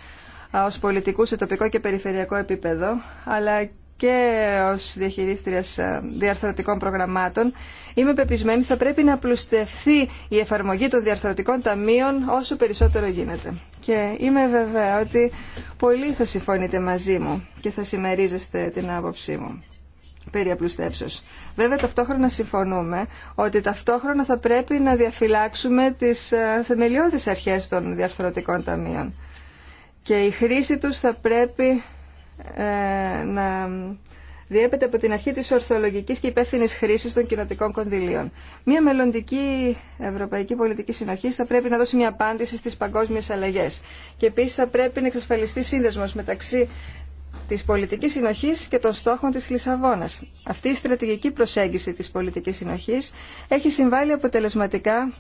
ως πολιτικού σε τοπικό και περιφερειακό επίπεδο, αλλά και ως διαχειρίστρια διαρθρωτικών προγραμμάτων, είμαι πεπισμένη θα πρέπει να απλουστευθεί η εφαρμογή των διαρθρωτικών ταμείων όσο περισσότερο γίνεται. Και είμαι βεβαία ότι πολλοί θα συμφωνείτε μαζί μου και θα συμμερίζεστε την άποψή μου περί Βέβαια ταυτόχρονα συμφωνούμε ότι ταυτόχρονα θα πρέπει να διαφυλάξουμε τις ε, θεμελιώδεις αρχές των διαρθρωτικών ταμείων και η χρήση τους θα πρέπει ε, να διέπεται από την αρχή της ορθολογικής και υπεύθυνης χρήσης των κοινοτικών κονδυλίων. Μία μελλοντική ευρωπαϊκή πολιτική συνοχή θα πρέπει να δώσει μια απάντηση στις παγκόσμιες αλλαγές. Και επίσης θα πρέπει να εξασφαλιστεί σύνδεσμος μεταξύ της πολιτικής συνοχής και των στόχων της Λισαβόνας. Αυτή η στρατηγική προσέγγιση της πολιτικής συνοχής έχει συμβάλει αποτελεσματικά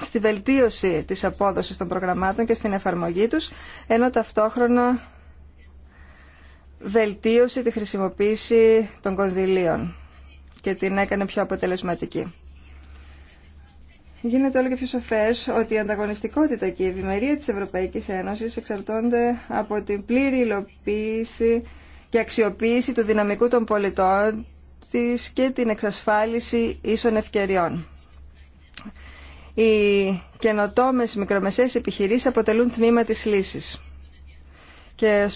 στη βελτίωση της απόδοσης των προγραμμάτων και στην εφαρμογή τους, ενώ ταυτόχρονα βελτίωσε τη χρησιμοποίηση των κονδυλίων και την έκανε πιο αποτελεσματική. Γίνεται όλο και πιο σοφές ότι η ανταγωνιστικότητα και η ευημερία της Ευρωπαϊκής Ένωσης εξαρτώνται από την πλήρη υλοποίηση και αξιοποίηση του δυναμικού των πολιτών της και την εξασφάλιση ίσων ευκαιριών. Οι καινοτόμε μικρομεσαίες επιχειρήσεις αποτελούν τμήμα της λύσης. Και ε, ο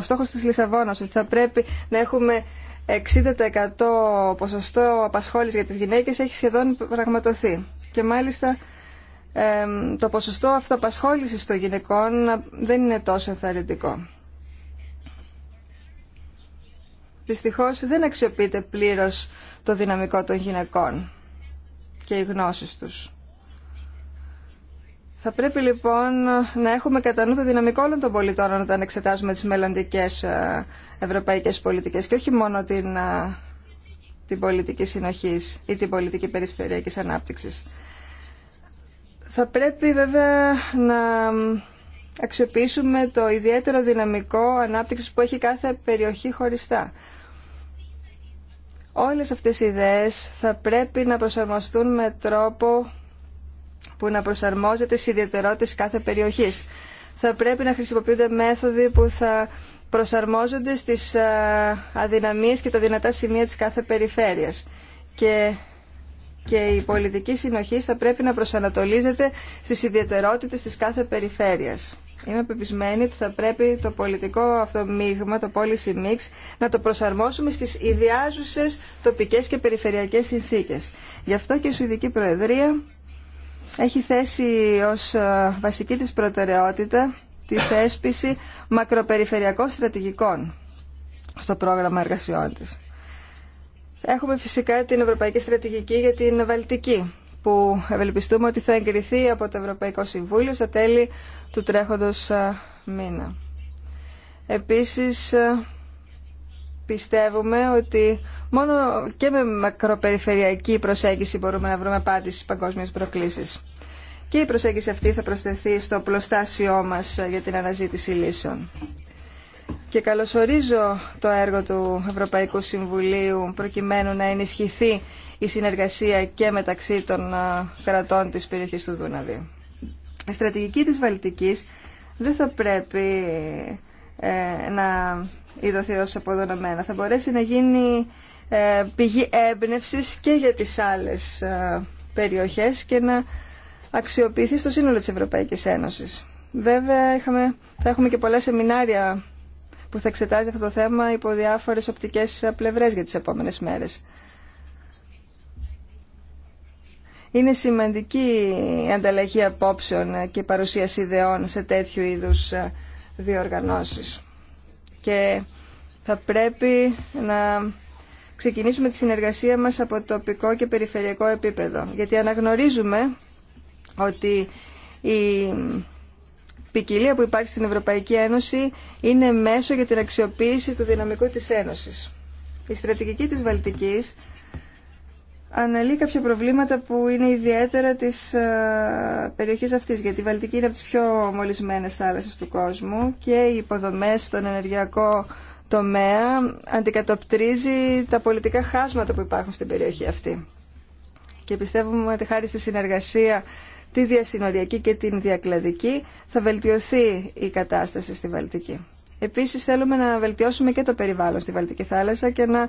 στόχος, ο Λισαβόνα, ότι θα πρέπει να έχουμε 60% ποσοστό απασχόληση για τις γυναίκες έχει σχεδόν πραγματοθεί. Και μάλιστα το ποσοστό αυτοαπασχόλησης των γυναικών δεν είναι τόσο ενθαρρυντικό. Δυστυχώς δεν αξιοποιείται πλήρως το δυναμικό των γυναικών και οι γνώσεις τους. Θα πρέπει λοιπόν να έχουμε κατά νου το δυναμικό όλων των πολιτών όταν εξετάζουμε τις μελλοντικές ε, ευρωπαϊκές πολιτικές και όχι μόνο την, ε, την πολιτική συνοχής ή την πολιτική περιφερειακής ανάπτυξης. Θα πρέπει βέβαια να αξιοποιήσουμε το ιδιαίτερο δυναμικό ανάπτυξης που έχει κάθε περιοχή χωριστά. Όλες αυτές οι ιδέες θα πρέπει να προσαρμοστούν με τρόπο που να προσαρμόζεται στις ιδιαιτερότητες κάθε περιοχής. Θα πρέπει να χρησιμοποιούνται μέθοδοι που θα προσαρμόζονται στις ε, αδυναμίες και τα δυνατά σημεία της κάθε περιφέρειας. Και, και η πολιτική συνοχή θα πρέπει να προσανατολίζεται στις ιδιαιτερότητες της κάθε περιφέρειας. Είμαι πεπισμένη ότι θα πρέπει το πολιτικό αυτό μείγμα, το policy mix, να το προσαρμόσουμε στις ιδιάζουσες τοπικές και περιφερειακές συνθήκες. Γι' αυτό και η Σουηδική Προεδρία έχει θέσει ως ε, βασική της προτεραιότητα τη θέσπιση μακροπεριφερειακών στρατηγικών στο πρόγραμμα εργασιών της. Έχουμε φυσικά την Ευρωπαϊκή Στρατηγική για την Βαλτική, που ευελπιστούμε ότι θα εγκριθεί από το Ευρωπαϊκό Συμβούλιο στα τέλη του τρέχοντος ε, μήνα. Επίσης, ε, πιστεύουμε ότι μόνο και με μακροπεριφερειακή προσέγγιση μπορούμε να βρούμε απάντηση στις παγκόσμιες προκλήσεις. Και η προσέγγιση αυτή θα προσθεθεί στο πλωστάσιό μας για την αναζήτηση λύσεων. Και καλωσορίζω το έργο του Ευρωπαϊκού Συμβουλίου προκειμένου να ενισχυθεί η συνεργασία και μεταξύ των κρατών της περιοχής του Δούναβη. Η στρατηγική της Βαλτικής δεν θα πρέπει ε, να ειδωθεί ως αποδονωμένα. Θα μπορέσει να γίνει ε, πηγή έμπνευσης και για τις άλλες ε, περιοχές και να αξιοποιηθεί στο σύνολο της Ευρωπαϊκής Ένωσης. Βέβαια θα έχουμε και πολλά σεμινάρια που θα εξετάζει αυτό το θέμα υπό διάφορες οπτικές πλευρές για τις επόμενες μέρες. Είναι σημαντική η ανταλλαγή απόψεων και παρουσίαση ιδεών σε τέτοιου είδους ε, διοργανώσεις και θα πρέπει να ξεκινήσουμε τη συνεργασία μας από τοπικό και περιφερειακό επίπεδο. Γιατί αναγνωρίζουμε ότι η ποικιλία που υπάρχει στην Ευρωπαϊκή Ένωση είναι μέσο για την αξιοποίηση του δυναμικού της Ένωσης. Η στρατηγική της Βαλτικής αναλύει κάποια προβλήματα που είναι ιδιαίτερα της ε, περιοχής αυτής, γιατί η Βαλτική είναι από τις πιο μολυσμένες θάλασσες του κόσμου και οι υποδομές στον ενεργειακό τομέα αντικατοπτρίζει τα πολιτικά χάσματα που υπάρχουν στην περιοχή αυτή. Και πιστεύουμε ότι χάρη στη συνεργασία τη διασυνοριακή και την διακλαδική θα βελτιωθεί η κατάσταση στη Βαλτική. Επίσης θέλουμε να βελτιώσουμε και το περιβάλλον στη Βαλτική θάλασσα και να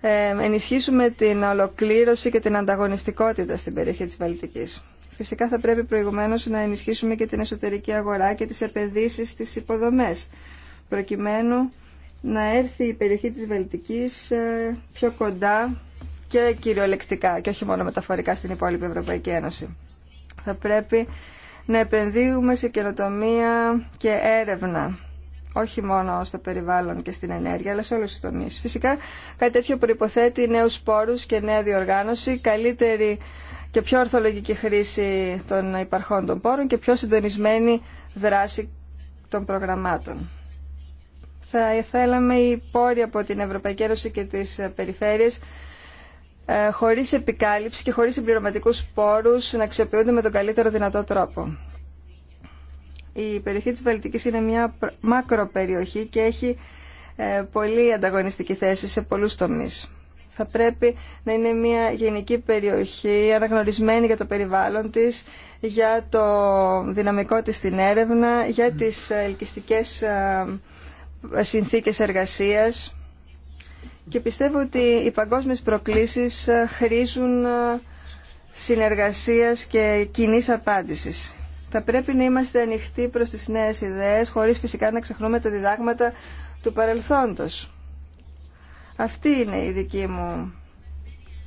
ε, ενισχύσουμε την ολοκλήρωση και την ανταγωνιστικότητα στην περιοχή της Βαλτικής. Φυσικά θα πρέπει προηγουμένως να ενισχύσουμε και την εσωτερική αγορά και τις επενδύσεις στις υποδομές, προκειμένου να έρθει η περιοχή της Βαλτικής ε, πιο κοντά και κυριολεκτικά και όχι μόνο μεταφορικά στην υπόλοιπη Ευρωπαϊκή Ένωση. Θα πρέπει να επενδύουμε σε καινοτομία και έρευνα όχι μόνο στο περιβάλλον και στην ενέργεια, αλλά σε όλους τους τομείς. Φυσικά κάτι τέτοιο προϋποθέτει νέους πόρους και νέα διοργάνωση, καλύτερη και πιο ορθολογική χρήση των υπαρχών των πόρων και πιο συντονισμένη δράση των προγραμμάτων. Θα θέλαμε οι πόροι από την Ευρωπαϊκή Ένωση και τις περιφέρειες ε, χωρίς επικάλυψη και χωρίς συμπληρωματικούς πόρους να αξιοποιούνται με τον καλύτερο δυνατό τρόπο. Η περιοχή της Βαλτικής είναι μια μακροπεριοχή και έχει ε, πολύ ανταγωνιστική θέση σε πολλούς τομείς. Θα πρέπει να είναι μια γενική περιοχή αναγνωρισμένη για το περιβάλλον της, για το δυναμικό της στην έρευνα, για τις ε, ελκυστικές ε, συνθήκες εργασίας και πιστεύω ότι οι παγκόσμιες προκλήσεις χρήζουν συνεργασίας και κοινή απάντησης. Θα πρέπει να είμαστε ανοιχτοί προς τις νέες ιδέες, χωρίς φυσικά να ξεχνούμε τα διδάγματα του παρελθόντος. Αυτή είναι η δική μου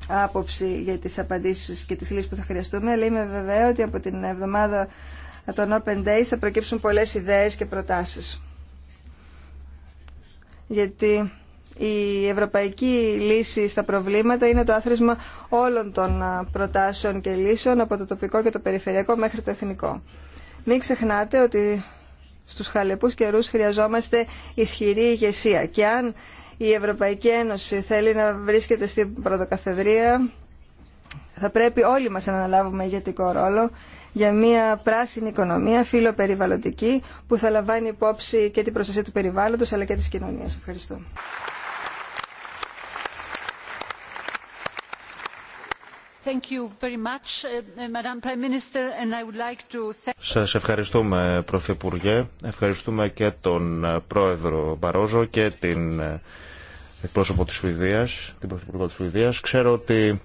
άποψη για τις απαντήσεις και τις λύσεις που θα χρειαστούμε, αλλά είμαι βεβαία ότι από την εβδομάδα των Open Days θα προκύψουν πολλές ιδέες και προτάσεις. Γιατί η ευρωπαϊκή λύση στα προβλήματα είναι το άθροισμα όλων των προτάσεων και λύσεων από το τοπικό και το περιφερειακό μέχρι το εθνικό. Μην ξεχνάτε ότι στους χαλεπούς καιρούς χρειαζόμαστε ισχυρή ηγεσία και αν η Ευρωπαϊκή Ένωση θέλει να βρίσκεται στην πρωτοκαθεδρία θα πρέπει όλοι μας να αναλάβουμε ηγετικό ρόλο για μια πράσινη οικονομία φιλοπεριβαλλοντική που θα λαμβάνει υπόψη και την προστασία του περιβάλλοντος αλλά και της κοινωνίας. Ευχαριστώ. Σας ευχαριστούμε Πρωθυπουργέ, ευχαριστούμε και τον ε, Πρόεδρο Μπαρόζο και την ε, εκπρόσωπο της Σουηδίας, την Πρωθυπουργό της Σουηδίας. Ξέρω ότι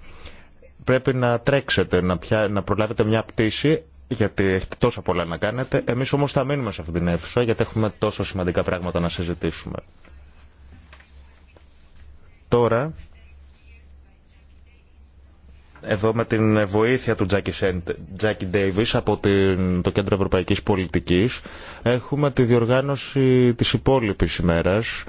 πρέπει να τρέξετε, να, προλάβετε μια πτήση, γιατί έχετε τόσα πολλά να κάνετε. Εμείς όμως θα μείνουμε σε αυτήν την αίθουσα, γιατί έχουμε τόσο σημαντικά πράγματα να συζητήσουμε. Τώρα εδώ με την βοήθεια του Τζάκι Ντέιβις από την, το Κέντρο Ευρωπαϊκής Πολιτικής έχουμε τη διοργάνωση της υπόλοιπης ημέρας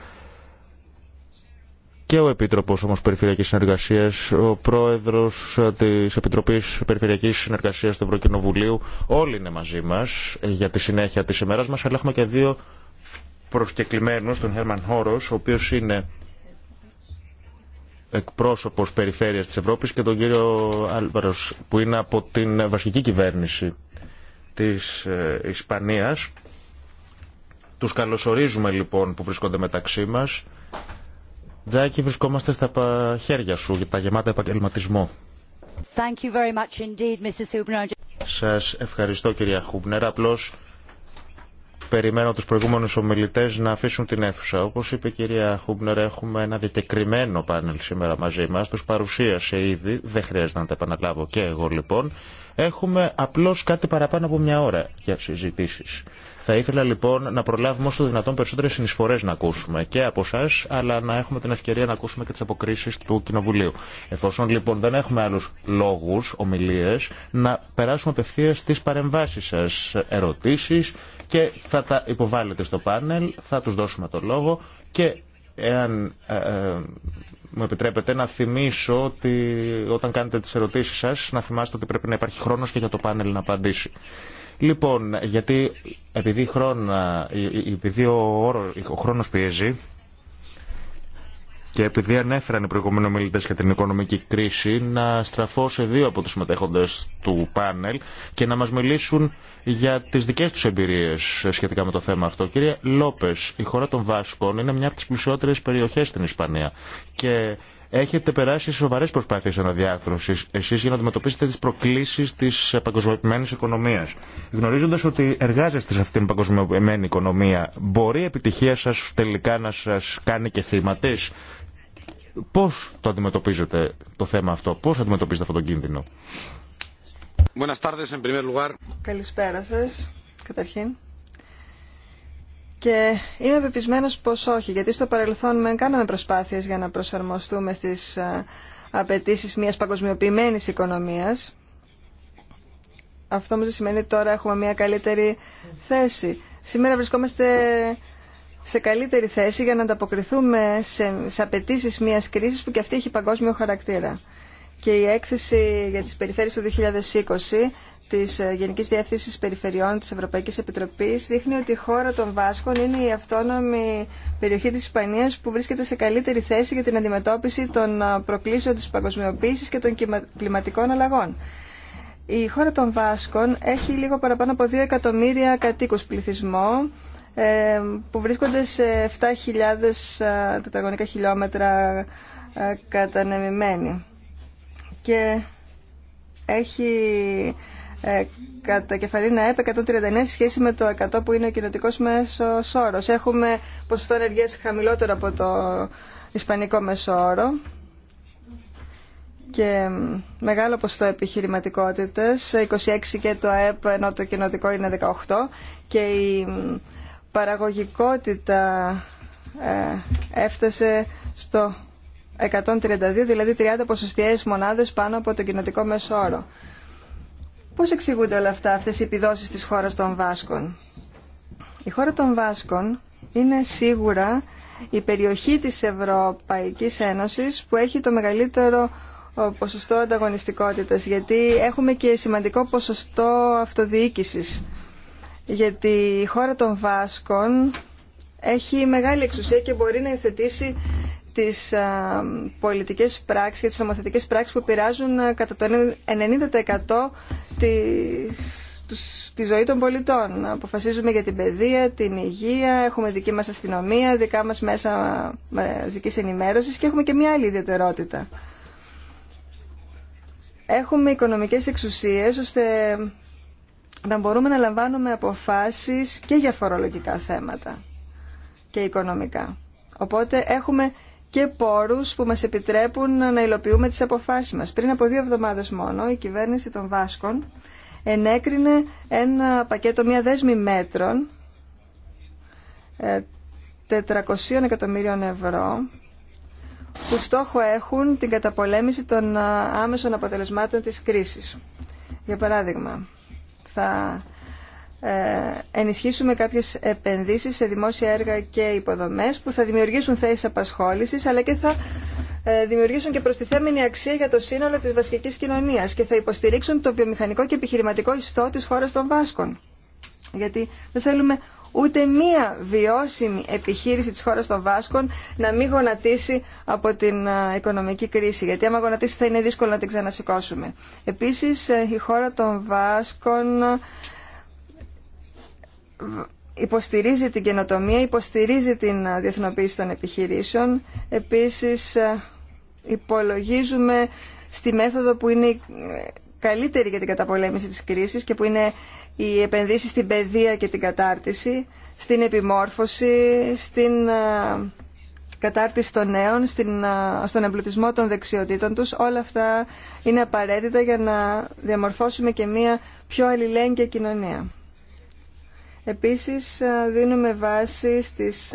και ο Επίτροπος όμως Περιφερειακής Συνεργασίας, ο Πρόεδρος της Επιτροπής Περιφερειακής Συνεργασίας του Ευρωκοινοβουλίου, όλοι είναι μαζί μας για τη συνέχεια της ημέρας μας, αλλά έχουμε και δύο προσκεκλημένους, τον Χέρμαν Χόρος, ο οποίος είναι εκπρόσωπος περιφέρειας της Ευρώπης και τον κύριο Άλβαρο, που είναι από την βασική κυβέρνηση της ε, Ισπανίας. Τους καλωσορίζουμε λοιπόν που βρισκόνται μεταξύ μας. Τζάκι, βρισκόμαστε στα χέρια σου για τα γεμάτα επαγγελματισμό. Thank Σας ευχαριστώ κυρία Χούμπνερ. Απλώς περιμένω τους προηγούμενους ομιλητές να αφήσουν την αίθουσα. Όπως είπε η κυρία Χούμπνερ, έχουμε ένα διτεκριμένο πάνελ σήμερα μαζί μας. Τους παρουσίασε ήδη, δεν χρειάζεται να τα επαναλάβω και εγώ λοιπόν. Έχουμε απλώς κάτι παραπάνω από μια ώρα για συζητήσεις. Θα ήθελα λοιπόν να προλάβουμε όσο δυνατόν περισσότερες συνεισφορές να ακούσουμε και από εσά, αλλά να έχουμε την ευκαιρία να ακούσουμε και τις αποκρίσεις του Κοινοβουλίου. Εφόσον λοιπόν δεν έχουμε άλλους λόγους, ομιλίες, να περάσουμε απευθεία στις παρεμβάσεις σας, ερωτήσεις, και θα τα υποβάλλετε στο πάνελ, θα τους δώσουμε το λόγο και εάν ε, ε, μου επιτρέπετε να θυμίσω ότι όταν κάνετε τις ερωτήσεις σας να θυμάστε ότι πρέπει να υπάρχει χρόνος και για το πάνελ να απαντήσει. Λοιπόν, γιατί επειδή, ε, ε, ο, ο χρόνος πιέζει, και επειδή ανέφεραν οι προηγούμενοι ομιλητέ για την οικονομική κρίση, να στραφώ σε δύο από του συμμετέχοντε του πάνελ και να μα μιλήσουν για τι δικέ του εμπειρίε σχετικά με το θέμα αυτό. Κύριε Λόπε, η χώρα των Βάσκων είναι μια από τι πλουσιότερε περιοχέ στην Ισπανία και έχετε περάσει σοβαρέ προσπάθειε αναδιάρθρωση εσεί για να αντιμετωπίσετε τι προκλήσει τη παγκοσμιοποιημένη οικονομία. Γνωρίζοντα ότι εργάζεστε σε αυτήν την παγκοσμιοποιημένη οικονομία, μπορεί η επιτυχία σα τελικά να σα κάνει και θύμα Πώς το αντιμετωπίζετε το θέμα αυτό, πώς αντιμετωπίζετε αυτόν τον κίνδυνο. Καλησπέρα σας, καταρχήν. Και είμαι πεπισμένος πως όχι, γιατί στο παρελθόν δεν κάναμε προσπάθειες για να προσαρμοστούμε στις απαιτήσει μιας παγκοσμιοποιημένης οικονομίας. Αυτό όμως σημαίνει ότι τώρα έχουμε μια καλύτερη θέση. Σήμερα βρισκόμαστε σε καλύτερη θέση για να ανταποκριθούμε σε, σε απαιτήσει μια κρίση που και αυτή έχει παγκόσμιο χαρακτήρα. Και η έκθεση για τι περιφέρειες του 2020 τη Γενική Διεύθυνσης Περιφερειών τη Ευρωπαϊκή Επιτροπή, δείχνει ότι η χώρα των Βάσκων είναι η αυτόνομη περιοχή τη Ισπανίας που βρίσκεται σε καλύτερη θέση για την αντιμετώπιση των προκλήσεων τη παγκοσμιοποίηση και των κλιματικών αλλαγών. Η χώρα των Βάσκων έχει λίγο παραπάνω από 2 εκατομμύρια κατοίκους πληθυσμό ε, που βρίσκονται σε 7.000 τετραγωνικά χιλιόμετρα κατανεμημένοι. Και έχει ε, κατά κεφαλήνα 139 σχέση με το 100 που είναι ο κοινοτικό μέσος όρος. Έχουμε ποσοστό ενεργεία χαμηλότερο από το ισπανικό μέσο όρο και μεγάλο ποσοστό επιχειρηματικότητες, 26 και το ΑΕΠ ενώ το κοινοτικό είναι 18 και η παραγωγικότητα ε, έφτασε στο 132, δηλαδή 30 ποσοστιαίες μονάδες πάνω από το κοινοτικό μέσο όρο. Πώς εξηγούνται όλα αυτά, αυτές οι επιδόσεις της χώρας των Βάσκων. Η χώρα των Βάσκων είναι σίγουρα η περιοχή της Ευρωπαϊκής Ένωσης που έχει το μεγαλύτερο ποσοστό ανταγωνιστικότητας, γιατί έχουμε και σημαντικό ποσοστό αυτοδιοίκησης γιατί η χώρα των Βάσκων έχει μεγάλη εξουσία και μπορεί να εθετήσει τις πολιτικές πράξεις και τις νομοθετικές πράξεις που πειράζουν κατά το 90% τη ζωή των πολιτών. Αποφασίζουμε για την παιδεία, την υγεία, έχουμε δική μας αστυνομία, δικά μας μέσα μαζικής ενημέρωσης και έχουμε και μια άλλη ιδιαιτερότητα. Έχουμε οικονομικές εξουσίες ώστε να μπορούμε να λαμβάνουμε αποφάσεις και για φορολογικά θέματα και οικονομικά. Οπότε έχουμε και πόρους που μας επιτρέπουν να υλοποιούμε τις αποφάσεις μας. Πριν από δύο εβδομάδες μόνο η κυβέρνηση των Βάσκων ενέκρινε ένα πακέτο, μια δέσμη μέτρων 400 ε, εκατομμύριων ευρώ που στόχο έχουν την καταπολέμηση των ε, άμεσων αποτελεσμάτων της κρίσης. Για παράδειγμα, θα ε, ενισχύσουμε κάποιες επενδύσεις σε δημόσια έργα και υποδομές που θα δημιουργήσουν θέσεις απασχόλησης αλλά και θα ε, δημιουργήσουν και προστιθέμενη αξία για το σύνολο της βασικής κοινωνίας και θα υποστηρίξουν το βιομηχανικό και επιχειρηματικό ιστό της χώρας των Βάσκων. Γιατί δεν θέλουμε ούτε μία βιώσιμη επιχείρηση της χώρας των Βάσκων να μην γονατίσει από την οικονομική κρίση. Γιατί άμα γονατίσει θα είναι δύσκολο να την ξανασηκώσουμε. Επίσης ε, η χώρα των Βάσκων ε, υποστηρίζει την καινοτομία, υποστηρίζει την διεθνοποίηση των επιχειρήσεων. Επίσης ε, υπολογίζουμε στη μέθοδο που είναι καλύτερη για την καταπολέμηση της κρίσης και που είναι οι επενδύσεις στην παιδεία και την κατάρτιση, στην επιμόρφωση, στην κατάρτιση των νέων, στην, στον εμπλουτισμό των δεξιοτήτων τους. Όλα αυτά είναι απαραίτητα για να διαμορφώσουμε και μια πιο αλληλέγγυα κοινωνία. Επίσης δίνουμε βάση στις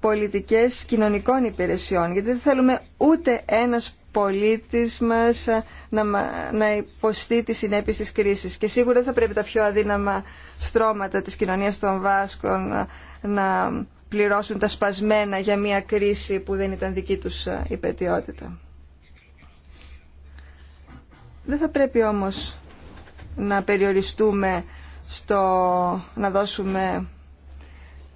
πολιτικές κοινωνικών υπηρεσιών, γιατί δεν θέλουμε ούτε ένας πολίτης μας να υποστεί τις συνέπειες της κρίσης. Και σίγουρα θα πρέπει τα πιο αδύναμα στρώματα της κοινωνίας των Βάσκων να πληρώσουν τα σπασμένα για μια κρίση που δεν ήταν δική τους υπετιότητα. Ε, δεν θα πρέπει όμως να περιοριστούμε στο να δώσουμε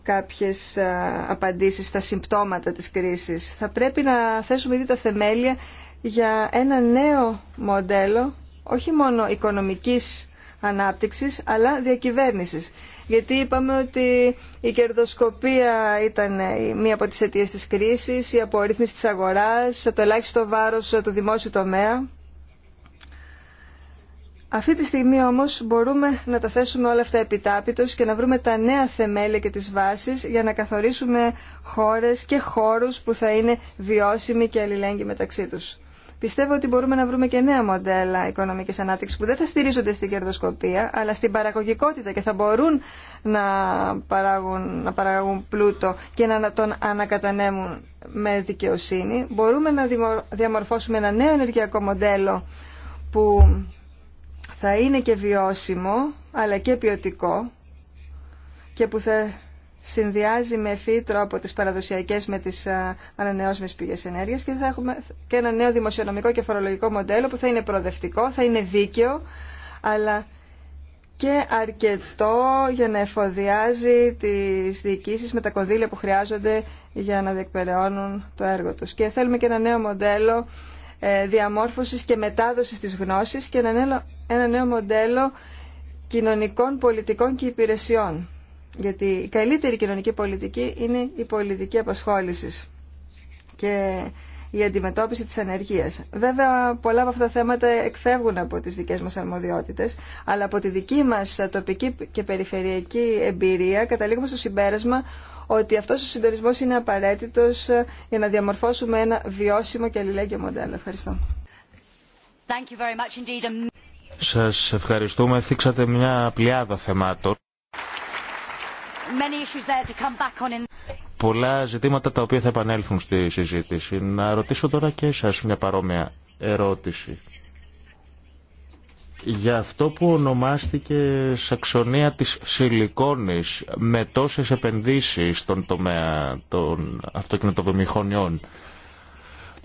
κάποιες ε, απαντήσεις στα συμπτώματα της κρίσης. Θα πρέπει να θέσουμε ήδη τα θεμέλια για ένα νέο μοντέλο όχι μόνο οικονομικής ανάπτυξης αλλά διακυβέρνησης. Γιατί είπαμε ότι η κερδοσκοπία ήταν μία από τις αιτίες της κρίσης, η απορρίθμιση της αγοράς, το ελάχιστο βάρος του δημόσιου τομέα. Αυτή τη στιγμή όμως μπορούμε να τα θέσουμε όλα αυτά επιτάπητος και να βρούμε τα νέα θεμέλια και τις βάσεις για να καθορίσουμε χώρες και χώρους που θα είναι βιώσιμοι και αλληλέγγυοι μεταξύ τους. Πιστεύω ότι μπορούμε να βρούμε και νέα μοντέλα οικονομικής ανάπτυξης που δεν θα στηρίζονται στην κερδοσκοπία, αλλά στην παραγωγικότητα και θα μπορούν να παράγουν, να πλούτο και να τον ανακατανέμουν με δικαιοσύνη. Μπορούμε να διαμορφώσουμε ένα νέο ενεργειακό μοντέλο που θα είναι και βιώσιμο, αλλά και ποιοτικό και που θα συνδυάζει με ευφύ τρόπο τις παραδοσιακές με τις ανανεώσιμες πηγές ενέργειας και θα έχουμε και ένα νέο δημοσιονομικό και φορολογικό μοντέλο που θα είναι προοδευτικό, θα είναι δίκαιο, αλλά και αρκετό για να εφοδιάζει τις διοικήσεις με τα κονδύλια που χρειάζονται για να διεκπεραιώνουν το έργο τους. Και θέλουμε και ένα νέο μοντέλο ε, διαμόρφωσης και μετάδοσης της γνώσης και ένα νέο μοντέλο κοινωνικών, πολιτικών και υπηρεσιών γιατί η καλύτερη κοινωνική πολιτική είναι η πολιτική απασχόλησης και η αντιμετώπιση της ανεργίας. Βέβαια, πολλά από αυτά τα θέματα εκφεύγουν από τις δικές μας αρμοδιότητες, αλλά από τη δική μας τοπική και περιφερειακή εμπειρία καταλήγουμε στο συμπέρασμα ότι αυτός ο συντονισμός είναι απαραίτητος για να διαμορφώσουμε ένα βιώσιμο και αλληλέγγυο μοντέλο. Ευχαριστώ. Thank Σας ευχαριστούμε. Θίξατε μια πλειάδα θεμάτων. Πολλά ζητήματα τα οποία θα επανέλθουν στη συζήτηση. Να ρωτήσω τώρα και εσάς μια παρόμοια ερώτηση. Για αυτό που ονομάστηκε σαξονία της σιλικόνης με τόσες επενδύσεις στον τομέα των αυτοκινητοβιομηχανιών.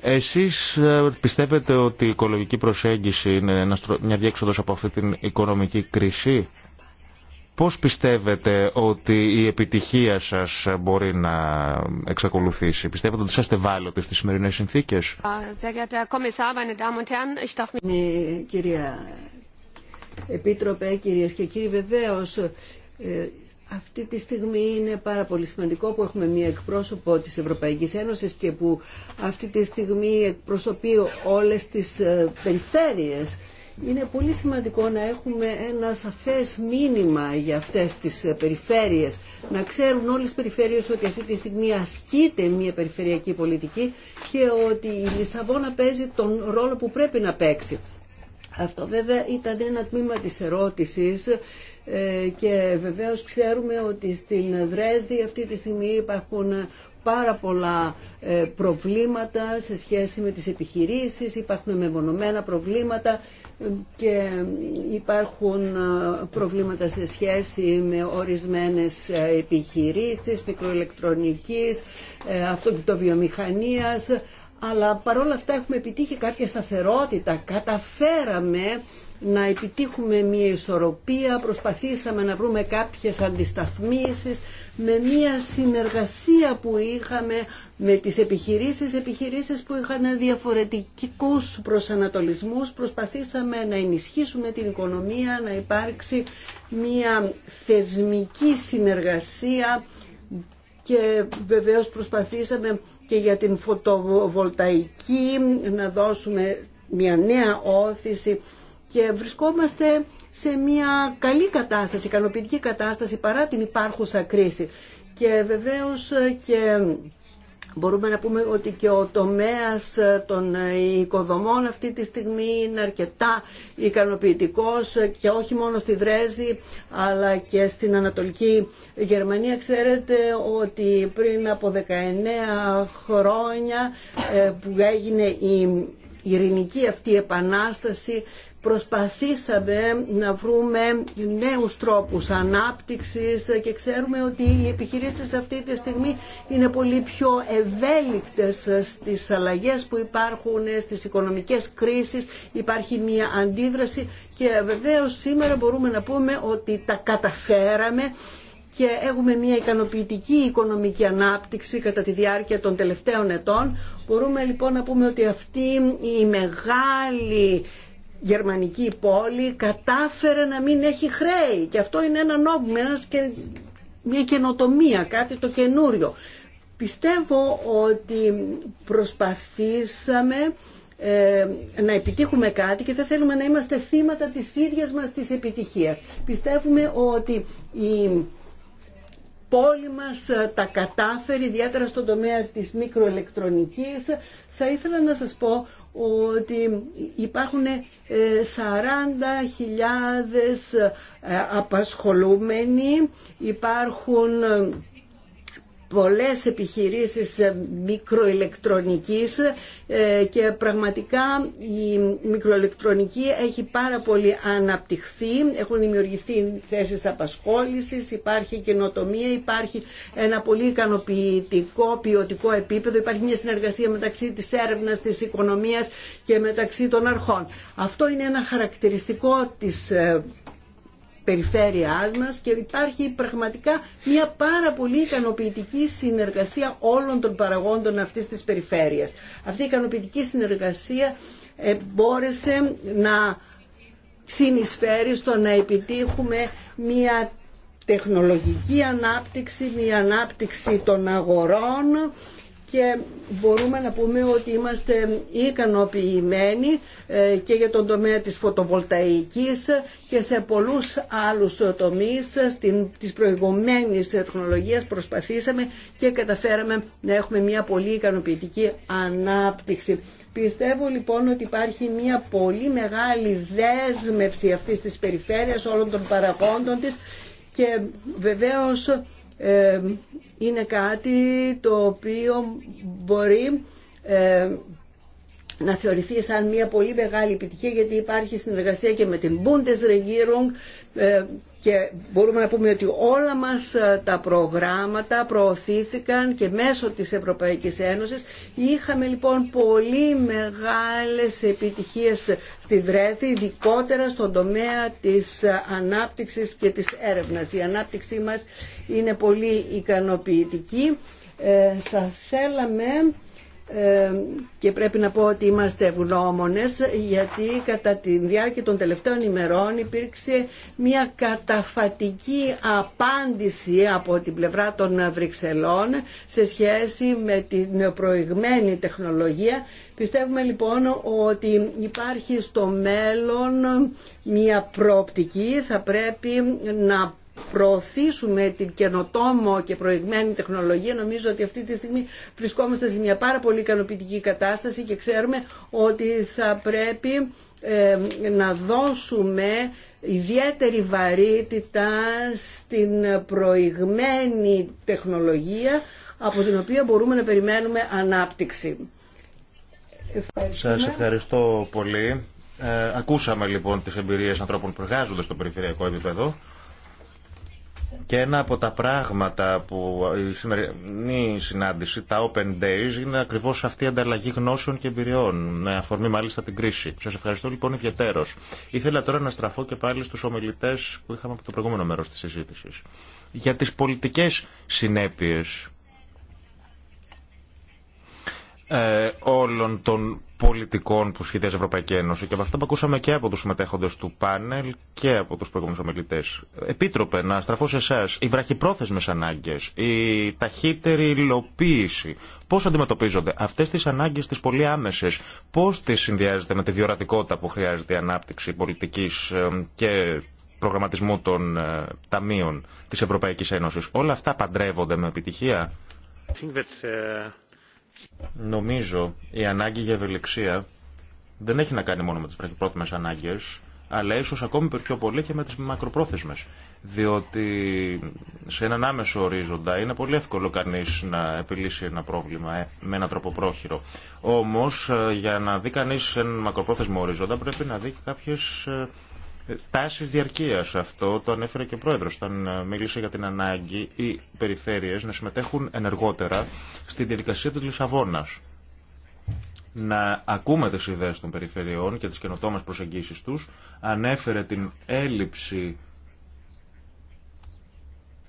Εσείς ε, πιστεύετε ότι η οικολογική προσέγγιση είναι μια διέξοδος από αυτή την οικονομική κρίση Πώς πιστεύετε ότι η επιτυχία σας μπορεί να εξακολουθήσει. Πιστεύετε ότι είστε βάλλοντες στις σημερινές συνθήκες. Ναι, κυρία Επίτροπε, κυρίες και κύριοι, βεβαίως ε, αυτή τη στιγμή είναι πάρα πολύ σημαντικό που έχουμε μία εκπρόσωπο της Ευρωπαϊκής Ένωσης και που αυτή τη στιγμή εκπροσωπεί όλες τις ε, περιφέρειες είναι πολύ σημαντικό να έχουμε ένα σαφές μήνυμα για αυτές τις περιφέρειες. Να ξέρουν όλες τις περιφέρειες ότι αυτή τη στιγμή ασκείται μια περιφερειακή πολιτική και ότι η Λισαβόνα παίζει τον ρόλο που πρέπει να παίξει. Αυτό βέβαια ήταν ένα τμήμα της ερώτησης ε, και βεβαίως ξέρουμε ότι στην Δρέσδη αυτή τη στιγμή υπάρχουν πάρα πολλά ε, προβλήματα σε σχέση με τις επιχειρήσεις, υπάρχουν μεμονωμένα προβλήματα ε, και υπάρχουν ε, προβλήματα σε σχέση με ορισμένες επιχειρήσεις, μικροηλεκτρονικής, αυτοκινητοβιομηχανίας, αλλά παρόλα αυτά έχουμε επιτύχει κάποια σταθερότητα. Καταφέραμε να επιτύχουμε μια ισορροπία, προσπαθήσαμε να βρούμε κάποιες αντισταθμίσεις με μια συνεργασία που είχαμε με τις επιχειρήσεις, επιχειρήσεις που είχαν διαφορετικούς προσανατολισμούς, προσπαθήσαμε να ενισχύσουμε την οικονομία, να υπάρξει μια θεσμική συνεργασία και βεβαίως προσπαθήσαμε και για την φωτοβολταϊκή να δώσουμε μια νέα όθηση και βρισκόμαστε σε μια καλή κατάσταση, ικανοποιητική κατάσταση παρά την υπάρχουσα κρίση. Και βεβαίως και μπορούμε να πούμε ότι και ο τομέας των οικοδομών αυτή τη στιγμή είναι αρκετά ικανοποιητικός και όχι μόνο στη Δρέσδη αλλά και στην Ανατολική Γερμανία. Ξέρετε ότι πριν από 19 χρόνια ε, που έγινε η ειρηνική αυτή επανάσταση προσπαθήσαμε να βρούμε νέους τρόπους ανάπτυξης και ξέρουμε ότι οι επιχειρήσεις αυτή τη στιγμή είναι πολύ πιο ευέλικτες στις αλλαγές που υπάρχουν, στις οικονομικές κρίσεις, υπάρχει μια αντίδραση και βεβαίως σήμερα μπορούμε να πούμε ότι τα καταφέραμε και έχουμε μια ικανοποιητική οικονομική ανάπτυξη κατά τη διάρκεια των τελευταίων ετών. Μπορούμε λοιπόν να πούμε ότι αυτή η μεγάλη γερμανική πόλη κατάφερε να μην έχει χρέη και αυτό είναι ένα νόμιμο, και μια καινοτομία, κάτι το καινούριο. Πιστεύω ότι προσπαθήσαμε ε, να επιτύχουμε κάτι και δεν θέλουμε να είμαστε θύματα της ίδιας μας της επιτυχίας. Πιστεύουμε ότι η πόλη μας ε, τα κατάφερε, ιδιαίτερα στον τομέα της μικροελεκτρονικής. Θα ήθελα να σας πω ότι υπάρχουν 40.000 ε, ε, απασχολούμενοι, υπάρχουν ε, πολλές επιχειρήσεις μικροηλεκτρονικής ε, και πραγματικά η μικροηλεκτρονική έχει πάρα πολύ αναπτυχθεί, έχουν δημιουργηθεί θέσεις απασχόλησης, υπάρχει καινοτομία, υπάρχει ένα πολύ ικανοποιητικό ποιοτικό επίπεδο, υπάρχει μια συνεργασία μεταξύ της έρευνας, της οικονομίας και μεταξύ των αρχών. Αυτό είναι ένα χαρακτηριστικό της ε, περιφέρειάς μας και υπάρχει πραγματικά μια πάρα πολύ ικανοποιητική συνεργασία όλων των παραγόντων αυτής της περιφέρειας. Αυτή η ικανοποιητική συνεργασία ε, μπόρεσε να συνεισφέρει στο να επιτύχουμε μια τεχνολογική ανάπτυξη, μια ανάπτυξη των αγορών και μπορούμε να πούμε ότι είμαστε ικανοποιημένοι ε, και για τον τομέα της φωτοβολταϊκής και σε πολλούς άλλους τομείς στην, της προηγουμένης τεχνολογίας προσπαθήσαμε και καταφέραμε να έχουμε μια πολύ ικανοποιητική ανάπτυξη. Πιστεύω λοιπόν ότι υπάρχει μια πολύ μεγάλη δέσμευση αυτής της περιφέρειας όλων των παραγόντων της και βεβαίως ε, είναι κάτι το οποίο μπορεί ε, να θεωρηθεί σαν μια πολύ μεγάλη επιτυχία γιατί υπάρχει συνεργασία και με την Bundesregierung ε, και μπορούμε να πούμε ότι όλα μας ε, τα προγράμματα προωθήθηκαν και μέσω της Ευρωπαϊκής Ένωσης. Είχαμε λοιπόν πολύ μεγάλες επιτυχίες στη Δρέστη ειδικότερα στον τομέα της ε, ανάπτυξης και της έρευνας. Η ανάπτυξή μας είναι πολύ ικανοποιητική. θα θέλαμε και πρέπει να πω ότι είμαστε ευγνώμονες γιατί κατά τη διάρκεια των τελευταίων ημερών υπήρξε μια καταφατική απάντηση από την πλευρά των Βρυξελών σε σχέση με την προηγμένη τεχνολογία. Πιστεύουμε λοιπόν ότι υπάρχει στο μέλλον μια προοπτική, θα πρέπει να προωθήσουμε την καινοτόμο και προηγμένη τεχνολογία. Νομίζω ότι αυτή τη στιγμή βρισκόμαστε σε μια πάρα πολύ ικανοποιητική κατάσταση και ξέρουμε ότι θα πρέπει ε, να δώσουμε ιδιαίτερη βαρύτητα στην προηγμένη τεχνολογία από την οποία μπορούμε να περιμένουμε ανάπτυξη. Σας ευχαριστώ πολύ. Ε, ακούσαμε λοιπόν τις εμπειρίες ανθρώπων που εργάζονται στο περιφερειακό επίπεδο. Και ένα από τα πράγματα που η σημερινή συνάντηση, τα Open Days, είναι ακριβώ αυτή η ανταλλαγή γνώσεων και εμπειριών, με αφορμή μάλιστα την κρίση. Σα ευχαριστώ λοιπόν ιδιαίτερω. Ήθελα τώρα να στραφώ και πάλι στου ομιλητέ που είχαμε από το προηγούμενο μέρο τη συζήτηση για τι πολιτικέ συνέπειε ε, όλων των πολιτικών που σχεδιάζει η Ευρωπαϊκή Ένωση και από αυτά που ακούσαμε και από τους συμμετέχοντες του πάνελ και από τους προηγούμενους ομιλητές. Επίτροπε, να στραφώ σε εσά. Οι βραχυπρόθεσμες ανάγκες, η ταχύτερη υλοποίηση, πώς αντιμετωπίζονται αυτές τις ανάγκες τις πολύ άμεσες, πώς τις συνδυάζεται με τη διορατικότητα που χρειάζεται η ανάπτυξη πολιτικής ε, και προγραμματισμού των ε, ταμείων της Ευρωπαϊκής Ένωσης. Όλα αυτά παντρεύονται με επιτυχία. Ε, Νομίζω η ανάγκη για ευελιξία δεν έχει να κάνει μόνο με τις βραχυπρόθεσμες ανάγκες, αλλά ίσως ακόμη πιο πολύ και με τις μακροπρόθεσμες. Διότι σε έναν άμεσο ορίζοντα είναι πολύ εύκολο κανείς να επιλύσει ένα πρόβλημα ε, με έναν τρόπο πρόχειρο. Όμως ε, για να δει κανείς έναν μακροπρόθεσμο ορίζοντα πρέπει να δει κάποιες ε, τάσεις διαρκείας. Αυτό το ανέφερε και ο Πρόεδρος όταν ε, μίλησε για την ανάγκη οι περιφέρειες να συμμετέχουν ενεργότερα στη διαδικασία τη Λισαβόνας. Να ακούμε τις ιδέες των περιφερειών και τις καινοτόμε προσεγγίσεις τους. Ανέφερε την έλλειψη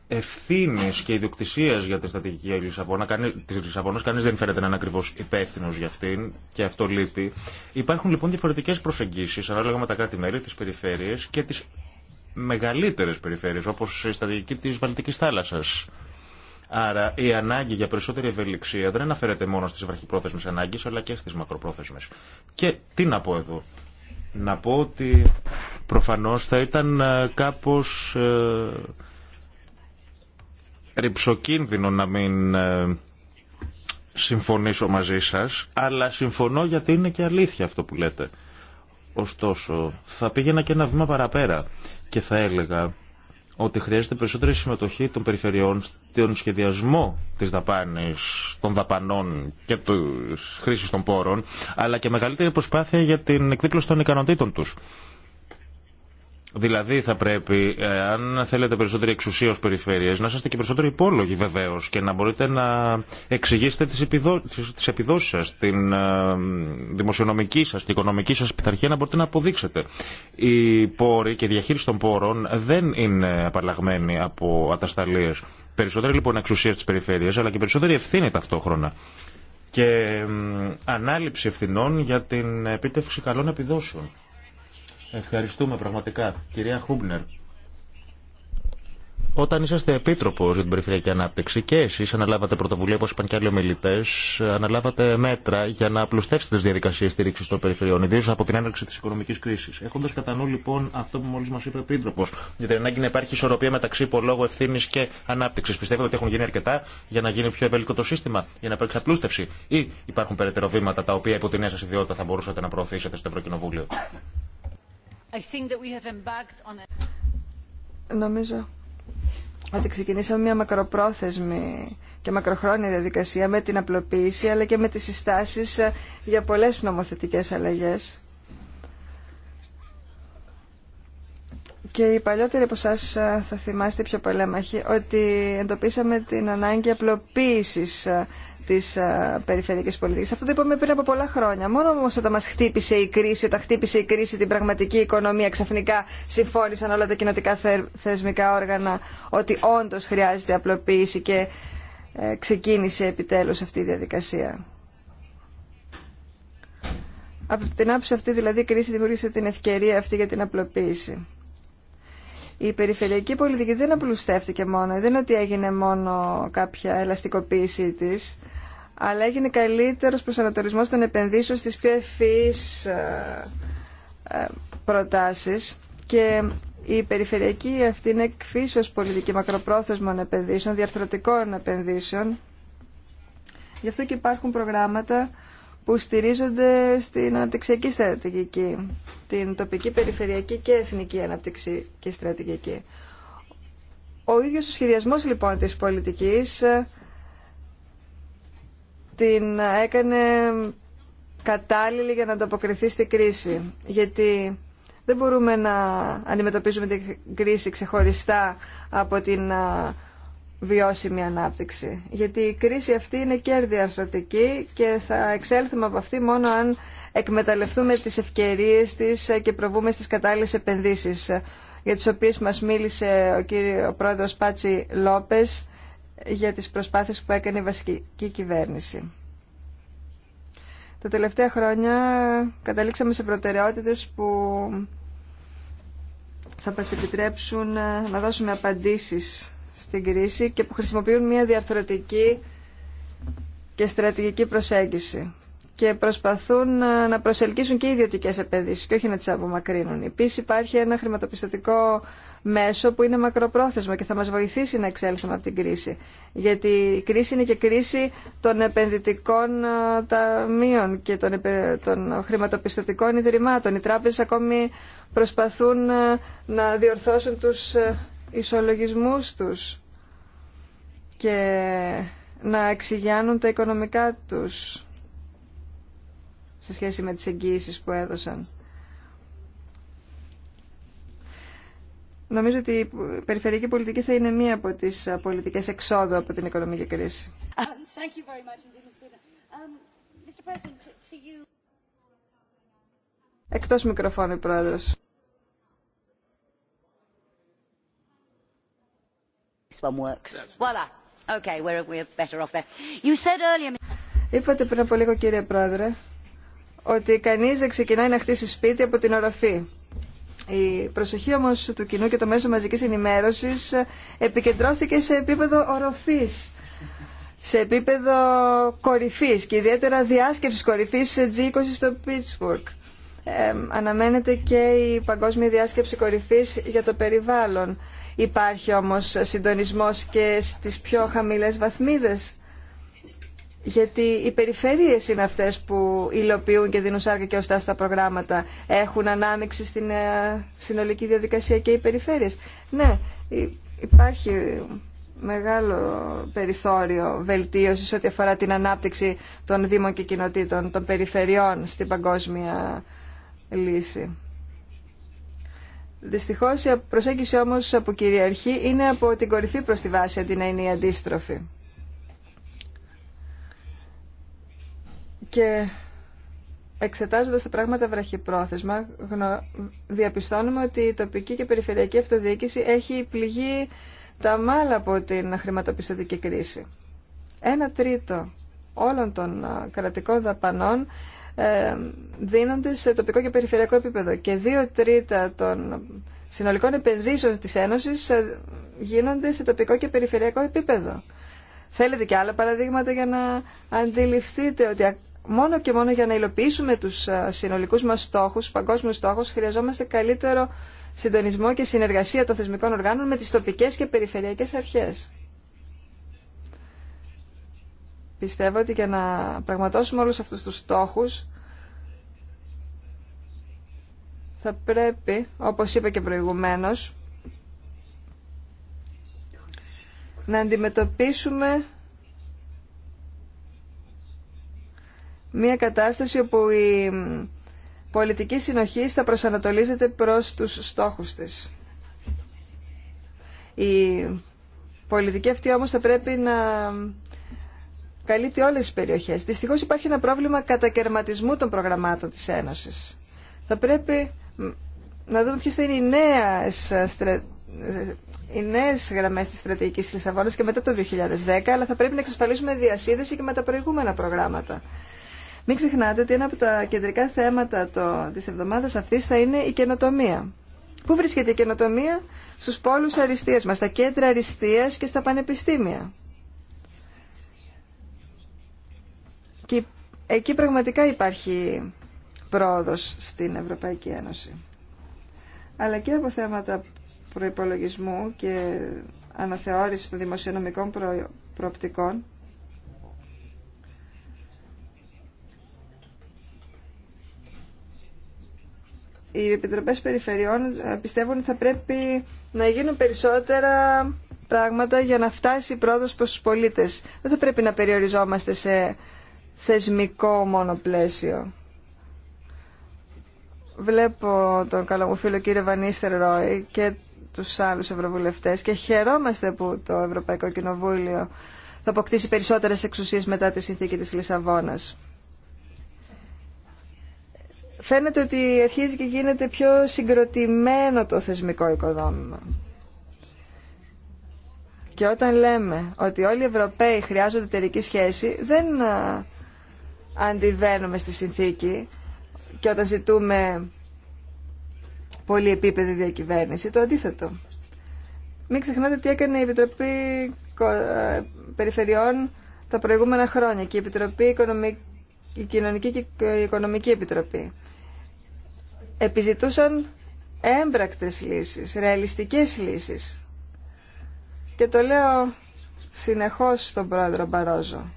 ευθύνη και ιδιοκτησία για τη στρατηγική τη Λισαβόνα, κανεί δεν φαίνεται να είναι ακριβώ υπεύθυνο για αυτήν και αυτό λείπει. Υπάρχουν λοιπόν διαφορετικέ προσεγγίσει ανάλογα με τα κράτη-μέλη, τι περιφέρειε και τι μεγαλύτερε περιφέρειε, όπω η στρατηγική τη Βαλτική θάλασσα. Άρα η ανάγκη για περισσότερη ευελιξία δεν αναφέρεται μόνο στι βραχυπρόθεσμε ανάγκε, αλλά και στι μακροπρόθεσμε. Και τι να πω εδώ. Να πω ότι προφανώς θα ήταν ε, κάπως ε, Ριψοκίνδυνο να μην ε, συμφωνήσω μαζί σας, αλλά συμφωνώ γιατί είναι και αλήθεια αυτό που λέτε. Ωστόσο, θα πήγαινα και ένα βήμα παραπέρα και θα έλεγα ότι χρειάζεται περισσότερη συμμετοχή των περιφερειών στον σχεδιασμό της δαπάνης, των δαπανών και της χρήσης των πόρων, αλλά και μεγαλύτερη προσπάθεια για την εκδίπλωση των ικανοτήτων τους. Δηλαδή θα πρέπει, ε, αν θέλετε περισσότερη εξουσία ως περιφέρειες, να είστε και περισσότερο υπόλογοι βεβαίως και να μπορείτε να εξηγήσετε τις, επιδο... τις επιδόσεις σας, την ε, δημοσιονομική σας, την οικονομική σας πειθαρχία να μπορείτε να αποδείξετε. Οι πόροι και η διαχείριση των πόρων δεν είναι απαλλαγμένοι από ατασταλίες. Περισσότερη λοιπόν εξουσία στις περιφέρειες, αλλά και περισσότερη ευθύνη ταυτόχρονα. Και ανάληψη ευθυνών για την επίτευξη καλών επιδόσεων. Ευχαριστούμε πραγματικά. Κυρία Χούμπνερ, όταν είσαστε επίτροπο για την περιφερειακή ανάπτυξη και εσεί αναλάβατε πρωτοβουλία, όπω είπαν και άλλοι ομιλητέ, αναλάβατε μέτρα για να απλουστεύσετε τι διαδικασίε στήριξη των περιφερειών, ιδίω από την έναρξη τη οικονομική κρίση. Έχοντα κατά νου λοιπόν αυτό που μόλι μα είπε ο επίτροπο, για την ανάγκη να υπάρχει ισορροπία μεταξύ υπολόγου ευθύνη και ανάπτυξη, πιστεύετε ότι έχουν γίνει αρκετά για να γίνει πιο ευέλικτο το σύστημα, για να υπάρξει απλούστευση, ή υπάρχουν περαιτέρω βήματα τα οποία υπό τη νέα σα ιδιότητα θα μπορούσατε να προωθήσετε στο Ευρωκοινοβούλιο. Νομίζω ότι ξεκινήσαμε μια μακροπρόθεσμη και μακροχρόνια διαδικασία με την απλοποίηση αλλά και με τις συστάσεις ε, για πολλές νομοθετικές αλλαγές. Και οι παλιότεροι από σας ε, θα θυμάστε πιο πολέμαχοι ότι εντοπίσαμε την ανάγκη απλοποίησης ε, τη ε, περιφερειακή πολιτική. Αυτό το είπαμε πριν από πολλά χρόνια. Μόνο όμω όταν μα χτύπησε η κρίση, όταν χτύπησε η κρίση την πραγματική οικονομία, ξαφνικά συμφώνησαν όλα τα κοινοτικά θεσμικά όργανα ότι όντω χρειάζεται απλοποίηση και ε, ξεκίνησε επιτέλου αυτή η διαδικασία. Από την άποψη αυτή δηλαδή η κρίση δημιούργησε την ευκαιρία αυτή για την απλοποίηση. Η περιφερειακή πολιτική δεν απλουστεύτηκε μόνο, δεν είναι ότι έγινε μόνο κάποια ελαστικοποίησή της αλλά έγινε καλύτερος προσανατολισμός των επενδύσεων στις πιο ευφυείς ε, ε, προτάσεις και η περιφερειακή αυτή είναι εκφύσεως πολιτική μακροπρόθεσμων επενδύσεων, διαρθρωτικών επενδύσεων. Γι' αυτό και υπάρχουν προγράμματα που στηρίζονται στην αναπτυξιακή στρατηγική, την τοπική, περιφερειακή και εθνική αναπτυξιακή στρατηγική. Ο ίδιος ο σχεδιασμός λοιπόν της πολιτικής ε, την έκανε κατάλληλη για να ανταποκριθεί στη κρίση. Γιατί δεν μπορούμε να αντιμετωπίζουμε την κρίση ξεχωριστά από την βιώσιμη ανάπτυξη. Γιατί η κρίση αυτή είναι κέρδη αρθρωτική και θα εξέλθουμε από αυτή μόνο αν εκμεταλλευτούμε τις ευκαιρίες της και προβούμε στις κατάλληλες επενδύσεις ε, για τις οποίες μας μίλησε ο κύριο πρόεδρος Πάτσι Λόπες για τις προσπάθειες που έκανε η βασική κυβέρνηση. Τα τελευταία χρόνια καταλήξαμε σε προτεραιότητες που θα μας επιτρέψουν ε, να δώσουμε απαντήσεις στην κρίση και που χρησιμοποιούν μια διαρθρωτική και στρατηγική προσέγγιση και προσπαθούν ε, να προσελκύσουν και ιδιωτικέ επενδύσει και όχι να τι απομακρύνουν. Επίση, υπάρχει ένα χρηματοπιστωτικό μέσο που είναι μακροπρόθεσμο και θα μα βοηθήσει να εξέλθουμε από την κρίση. Γιατί η κρίση είναι και κρίση των επενδυτικών ε, ταμείων και των χρηματοπιστωτικών ιδρυμάτων. Οι τράπεζε ακόμη προσπαθούν ε, να διορθώσουν του ισολογισμού του και να εξηγιάνουν τα οικονομικά τους σε σχέση με τις εγγύησεις που έδωσαν. Νομίζω ότι η περιφερειακή πολιτική θα είναι μία από τις πολιτικές εξόδου από την οικονομική κρίση. Εκτός μικροφώνου, Πρόεδρος. Είπατε πριν από λίγο, κύριε Πρόεδρε, ότι κανείς δεν ξεκινάει να χτίσει σπίτι από την οροφή. Η προσοχή όμω του κοινού και το μέσο μαζική ενημέρωση επικεντρώθηκε σε επίπεδο οροφής, σε επίπεδο κορυφής και ιδιαίτερα διάσκεψη κορυφής σε G20 στο Pittsburgh. αναμένεται και η Παγκόσμια Διάσκεψη Κορυφής για το περιβάλλον. Υπάρχει όμως συντονισμός και στις πιο χαμηλές βαθμίδες γιατί οι περιφέρειες είναι αυτές που υλοποιούν και δίνουν σάρκα και οστά στα προγράμματα. Έχουν ανάμειξη στην ε, συνολική διαδικασία και οι περιφέρειες. Ναι, υπάρχει μεγάλο περιθώριο βελτίωσης ό,τι αφορά την ανάπτυξη των δήμων και κοινοτήτων, των περιφερειών στην παγκόσμια λύση. Δυστυχώς η προσέγγιση όμως από κυριαρχεί είναι από την κορυφή προς τη βάση αντί να είναι η αντίστροφη. Και εξετάζοντας τα πράγματα βραχυπρόθεσμα, διαπιστώνουμε ότι η τοπική και περιφερειακή αυτοδιοίκηση έχει πληγεί τα μάλα από την χρηματοπιστωτική κρίση. Ένα τρίτο όλων των κρατικών δαπανών ε, δίνονται σε τοπικό και περιφερειακό επίπεδο και δύο τρίτα των συνολικών επενδύσεων της Ένωσης ε, γίνονται σε τοπικό και περιφερειακό επίπεδο. Θέλετε και άλλα παραδείγματα για να αντιληφθείτε ότι μόνο και μόνο για να υλοποιήσουμε τους συνολικούς μας στόχους, τους παγκόσμιους στόχους, χρειαζόμαστε καλύτερο συντονισμό και συνεργασία των θεσμικών οργάνων με τις τοπικές και περιφερειακές αρχές. Πιστεύω ότι για να πραγματώσουμε όλους αυτούς τους στόχους θα πρέπει, όπως είπα και προηγουμένως, να αντιμετωπίσουμε μια κατάσταση όπου η πολιτική συνοχή θα προσανατολίζεται προς τους στόχους της. Η πολιτική αυτή όμως θα πρέπει να καλύπτει όλες τις περιοχές. Δυστυχώς υπάρχει ένα πρόβλημα κατακαιρματισμού των προγραμμάτων της Ένωσης. Θα πρέπει να δούμε ποιες θα είναι οι νέες, οι νέες γραμμές της στρατηγικής Λισαβόνας και μετά το 2010, αλλά θα πρέπει να εξασφαλίσουμε διασύνδεση και με τα προηγούμενα προγράμματα. Μην ξεχνάτε ότι ένα από τα κεντρικά θέματα το, της εβδομάδας αυτής θα είναι η καινοτομία. Πού βρίσκεται η καινοτομία? Στους πόλους αριστείας μας, στα κέντρα αριστείας και στα πανεπιστήμια. Και εκεί πραγματικά υπάρχει πρόοδος στην Ευρωπαϊκή Ένωση. Αλλά και από θέματα προϋπολογισμού και αναθεώρησης των δημοσιονομικών προοπτικών οι επιτροπές περιφερειών ε, πιστεύουν ότι θα πρέπει να γίνουν περισσότερα πράγματα για να φτάσει η πρόοδος προς τους πολίτες. Δεν θα πρέπει να περιοριζόμαστε σε θεσμικό μόνο πλαίσιο. Βλέπω τον καλό μου φίλο κύριο Βανίστερ Ρόι και τους άλλους ευρωβουλευτές και χαιρόμαστε που το Ευρωπαϊκό Κοινοβούλιο θα αποκτήσει περισσότερες εξουσίες μετά τη συνθήκη της Λισαβόνας φαίνεται ότι αρχίζει και γίνεται πιο συγκροτημένο το θεσμικό οικοδόμημα. Και όταν λέμε ότι όλοι οι Ευρωπαίοι χρειάζονται εταιρική σχέση, δεν αντιβαίνουμε στη συνθήκη και όταν ζητούμε πολυεπίπεδη διακυβέρνηση, το αντίθετο. Μην ξεχνάτε τι έκανε η Επιτροπή Περιφερειών τα προηγούμενα χρόνια και η Επιτροπή η Κοινωνική και η Οικονομική Επιτροπή επιζητούσαν έμπρακτες λύσεις, ρεαλιστικές λύσεις. Και το λέω συνεχώς στον πρόεδρο Μπαρόζο.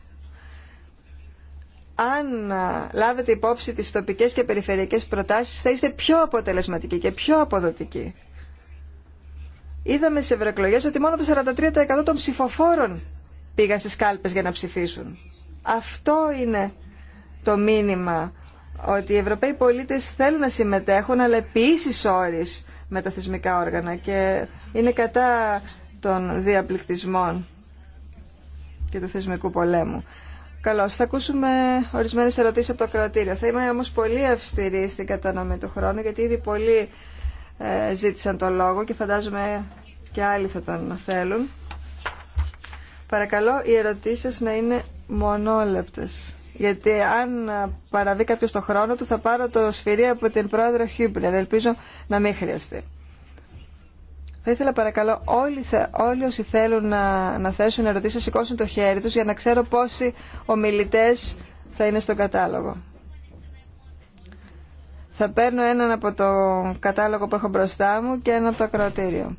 Αν λάβετε υπόψη τις τοπικές και περιφερειακές προτάσεις θα είστε πιο αποτελεσματικοί και πιο αποδοτικοί. Είδαμε σε ευρωεκλογές ότι μόνο το 43% των ψηφοφόρων πήγαν στις κάλπες για να ψηφίσουν. Αυτό είναι το μήνυμα ότι οι Ευρωπαίοι πολίτες θέλουν να συμμετέχουν αλλά επίση ίσης με τα θεσμικά όργανα και είναι κατά των διαπληκτισμών και του θεσμικού πολέμου. Καλώ. Θα ακούσουμε ορισμένε ερωτήσει από το κρατήριο. Θα είμαι όμω πολύ αυστηρή στην κατανομή του χρόνου, γιατί ήδη πολλοί ε, ζήτησαν το λόγο και φαντάζομαι και άλλοι θα τον θέλουν. Παρακαλώ οι ερωτήσεις να είναι μονόλεπτες γιατί αν παραβεί κάποιο το χρόνο του θα πάρω το σφυρί από την πρόεδρο Χίμπνερ. Ελπίζω να μην χρειαστεί. Θα ήθελα παρακαλώ όλοι, όλοι όσοι θέλουν να, να θέσουν ερωτήσεις να σηκώσουν το χέρι τους για να ξέρω πόσοι ομιλητές θα είναι στο κατάλογο. Θα παίρνω έναν από το κατάλογο που έχω μπροστά μου και ένα από το ακροατήριο.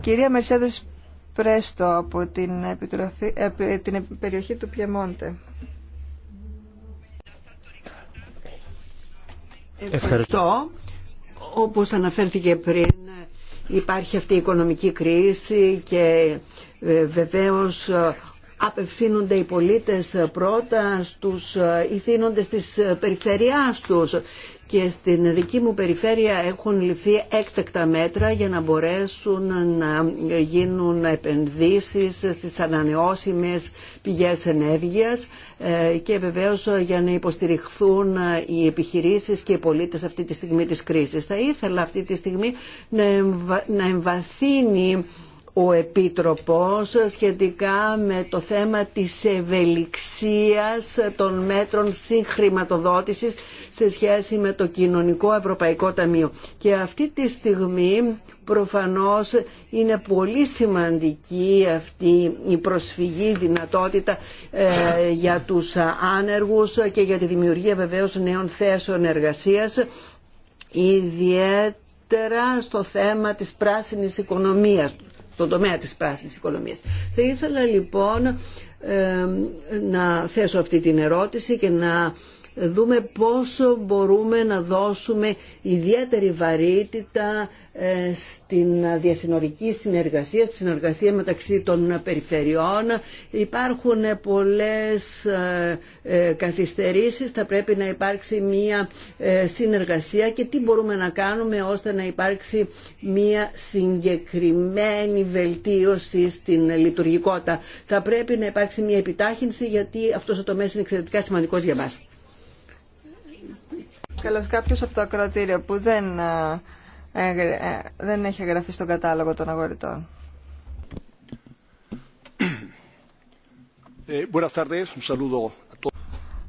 Κυρία Μερσέδες Πρέστο από την, την περιοχή του Πιεμόντε. Ευχαριστώ. Όπως αναφέρθηκε πριν, υπάρχει αυτή η οικονομική κρίση και ε, βεβαίως απευθύνονται οι πολίτες πρώτα στους ε, ηθήνοντες της ε, περιφερειάς τους και στην δική μου περιφέρεια έχουν ληφθεί έκτακτα μέτρα για να μπορέσουν να γίνουν επενδύσεις στις ανανεώσιμες πηγές ενέργειας ε, και βεβαίως για να υποστηριχθούν οι επιχειρήσεις και οι πολίτες αυτή τη στιγμή της κρίσης. Θα ήθελα αυτή τη στιγμή να εμβαθύνει ο Επίτροπος σχετικά με το θέμα της ευελιξίας των μέτρων συγχρηματοδότησης σε σχέση με το Κοινωνικό Ευρωπαϊκό Ταμείο. Και αυτή τη στιγμή προφανώς είναι πολύ σημαντική αυτή η προσφυγή δυνατότητα ε, για τους άνεργους και για τη δημιουργία βεβαίως νέων θέσεων εργασίας ιδιαίτερα στο θέμα της πράσινης οικονομίας στον τομέα της πράσινης οικονομίας. Θα ήθελα λοιπόν ε, να θέσω αυτή την ερώτηση και να δούμε πόσο μπορούμε να δώσουμε ιδιαίτερη βαρύτητα ε, στην διασυνορική συνεργασία, στη συνεργασία μεταξύ των περιφερειών. Υπάρχουν πολλές ε, ε, καθυστερήσεις, θα πρέπει να υπάρξει μία συνεργασία και τι μπορούμε να κάνουμε ώστε να υπάρξει μία συγκεκριμένη βελτίωση στην λειτουργικότητα. Θα πρέπει να υπάρξει μία επιτάχυνση γιατί αυτός ο τομέας είναι εξαιρετικά σημαντικός για μας. Καλώς κάποιος από το ακροτήριο που δεν, ε, ε, δεν έχει εγγραφεί στον κατάλογο των αγορητών. Ε,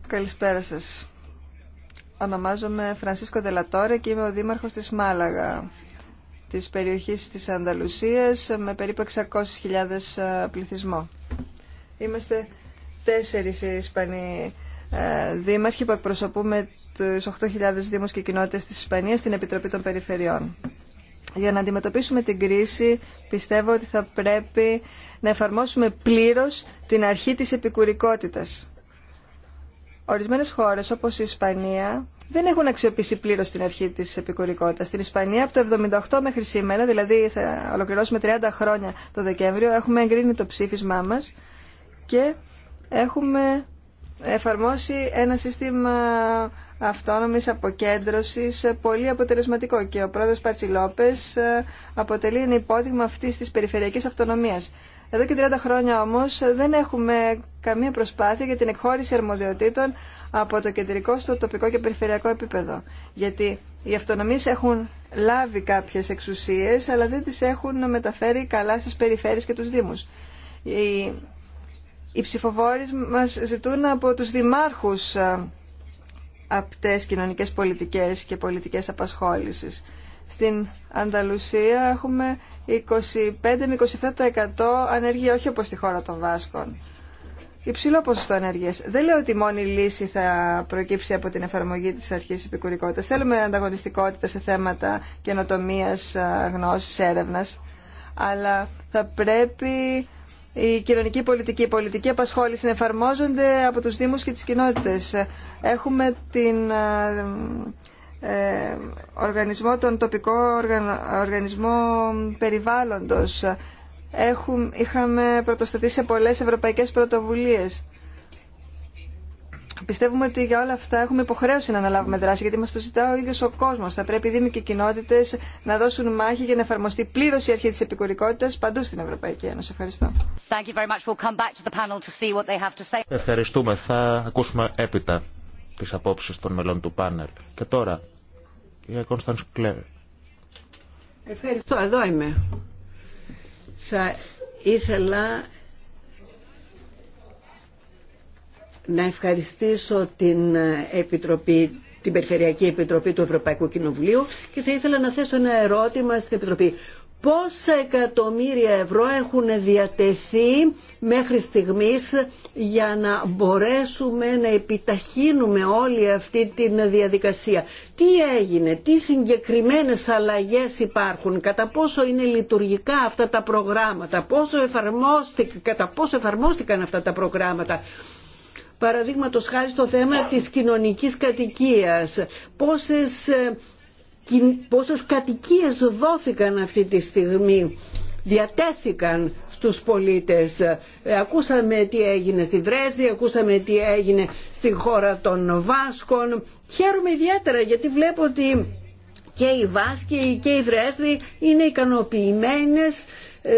Καλησπέρα σας. Ονομάζομαι Φρανσίσκο Δελατόρε και είμαι ο δήμαρχος της Μάλαγα, της περιοχής της Ανταλουσίας με περίπου 600.000 πληθυσμό. Είμαστε τέσσερις Ισπανοί ε, δήμαρχοι που εκπροσωπούμε τους 8.000 δήμους και κοινότητες της Ισπανίας στην Επιτροπή των Περιφερειών. Για να αντιμετωπίσουμε την κρίση πιστεύω ότι θα πρέπει να εφαρμόσουμε πλήρως την αρχή της επικουρικότητας. Ορισμένες χώρες όπως η Ισπανία δεν έχουν αξιοποιήσει πλήρω την αρχή τη επικουρικότητα. Στην Ισπανία από το 1978 μέχρι σήμερα, δηλαδή θα ολοκληρώσουμε 30 χρόνια το Δεκέμβριο, έχουμε εγκρίνει το ψήφισμά μα και έχουμε εφαρμόσει ένα σύστημα αυτόνομης αποκέντρωσης πολύ αποτελεσματικό και ο πρόεδρος Πατσιλόπες ε, αποτελεί ένα υπόδειγμα αυτής της περιφερειακής αυτονομίας. Εδώ και 30 χρόνια όμως ε, δεν έχουμε καμία προσπάθεια για την εκχώρηση αρμοδιοτήτων από το κεντρικό στο τοπικό και περιφερειακό επίπεδο. Γιατί οι αυτονομίες έχουν λάβει κάποιες εξουσίες αλλά δεν τις έχουν μεταφέρει καλά στις περιφέρειες και τους δήμους οι ψηφοφόροι μας ζητούν από τους δημάρχους ε, απτές κοινωνικές πολιτικές και πολιτικές απασχόλησης. Στην Ανταλουσία έχουμε 25 27% ανεργία, όχι όπως στη χώρα των Βάσκων. Υψηλό ποσοστό ανεργίας. Δεν λέω ότι η μόνη λύση θα προκύψει από την εφαρμογή της αρχής επικουρικότητας. Θέλουμε ανταγωνιστικότητα σε θέματα καινοτομίας, ε, γνώσης, έρευνας. Αλλά θα πρέπει η κοινωνική πολιτική, η πολιτική απασχόληση εφαρμόζονται από τους Δήμους και τις κοινότητες. Έχουμε την ε, ε οργανισμό, τον τοπικό οργανισμό περιβάλλοντος. Έχουμε, είχαμε πρωτοστατήσει σε πολλές ευρωπαϊκές πρωτοβουλίες. Πιστεύουμε ότι για όλα αυτά έχουμε υποχρέωση να αναλάβουμε δράση, γιατί μα το ζητά ο ίδιο ο κόσμο. Θα πρέπει οι Δήμοι και οι κοινότητε να δώσουν μάχη για να εφαρμοστεί πλήρω η αρχή τη επικουρικότητα παντού στην Ευρωπαϊκή Ένωση. Ευχαριστώ. Ευχαριστούμε. Θα ακούσουμε έπειτα τι απόψει των μελών του πάνελ. Και τώρα, η Κωνσταντ Κλέρ. Ευχαριστώ. Εδώ είμαι. Θα ήθελα να ευχαριστήσω την ε, Επιτροπή την Περιφερειακή Επιτροπή του Ευρωπαϊκού Κοινοβουλίου και θα ήθελα να θέσω ένα ερώτημα στην Επιτροπή. Πόσα εκατομμύρια ευρώ έχουν διατεθεί μέχρι στιγμής για να μπορέσουμε να επιταχύνουμε όλη αυτή τη διαδικασία. Τι έγινε, τι συγκεκριμένες αλλαγές υπάρχουν, κατά πόσο είναι λειτουργικά αυτά τα προγράμματα, πόσο κατά πόσο εφαρμόστηκαν αυτά τα προγράμματα. Παραδείγματος χάρη στο θέμα της κοινωνικής κατοικίας. Πόσες, ε, πόσες κατοικίες δόθηκαν αυτή τη στιγμή διατέθηκαν στους πολίτες. Ε, ακούσαμε τι έγινε στη Δρέσδη, ακούσαμε τι έγινε στη χώρα των Βάσκων. Χαίρομαι ιδιαίτερα γιατί βλέπω ότι και οι Βάσκοι και οι Δρέσδη είναι ικανοποιημένες ε,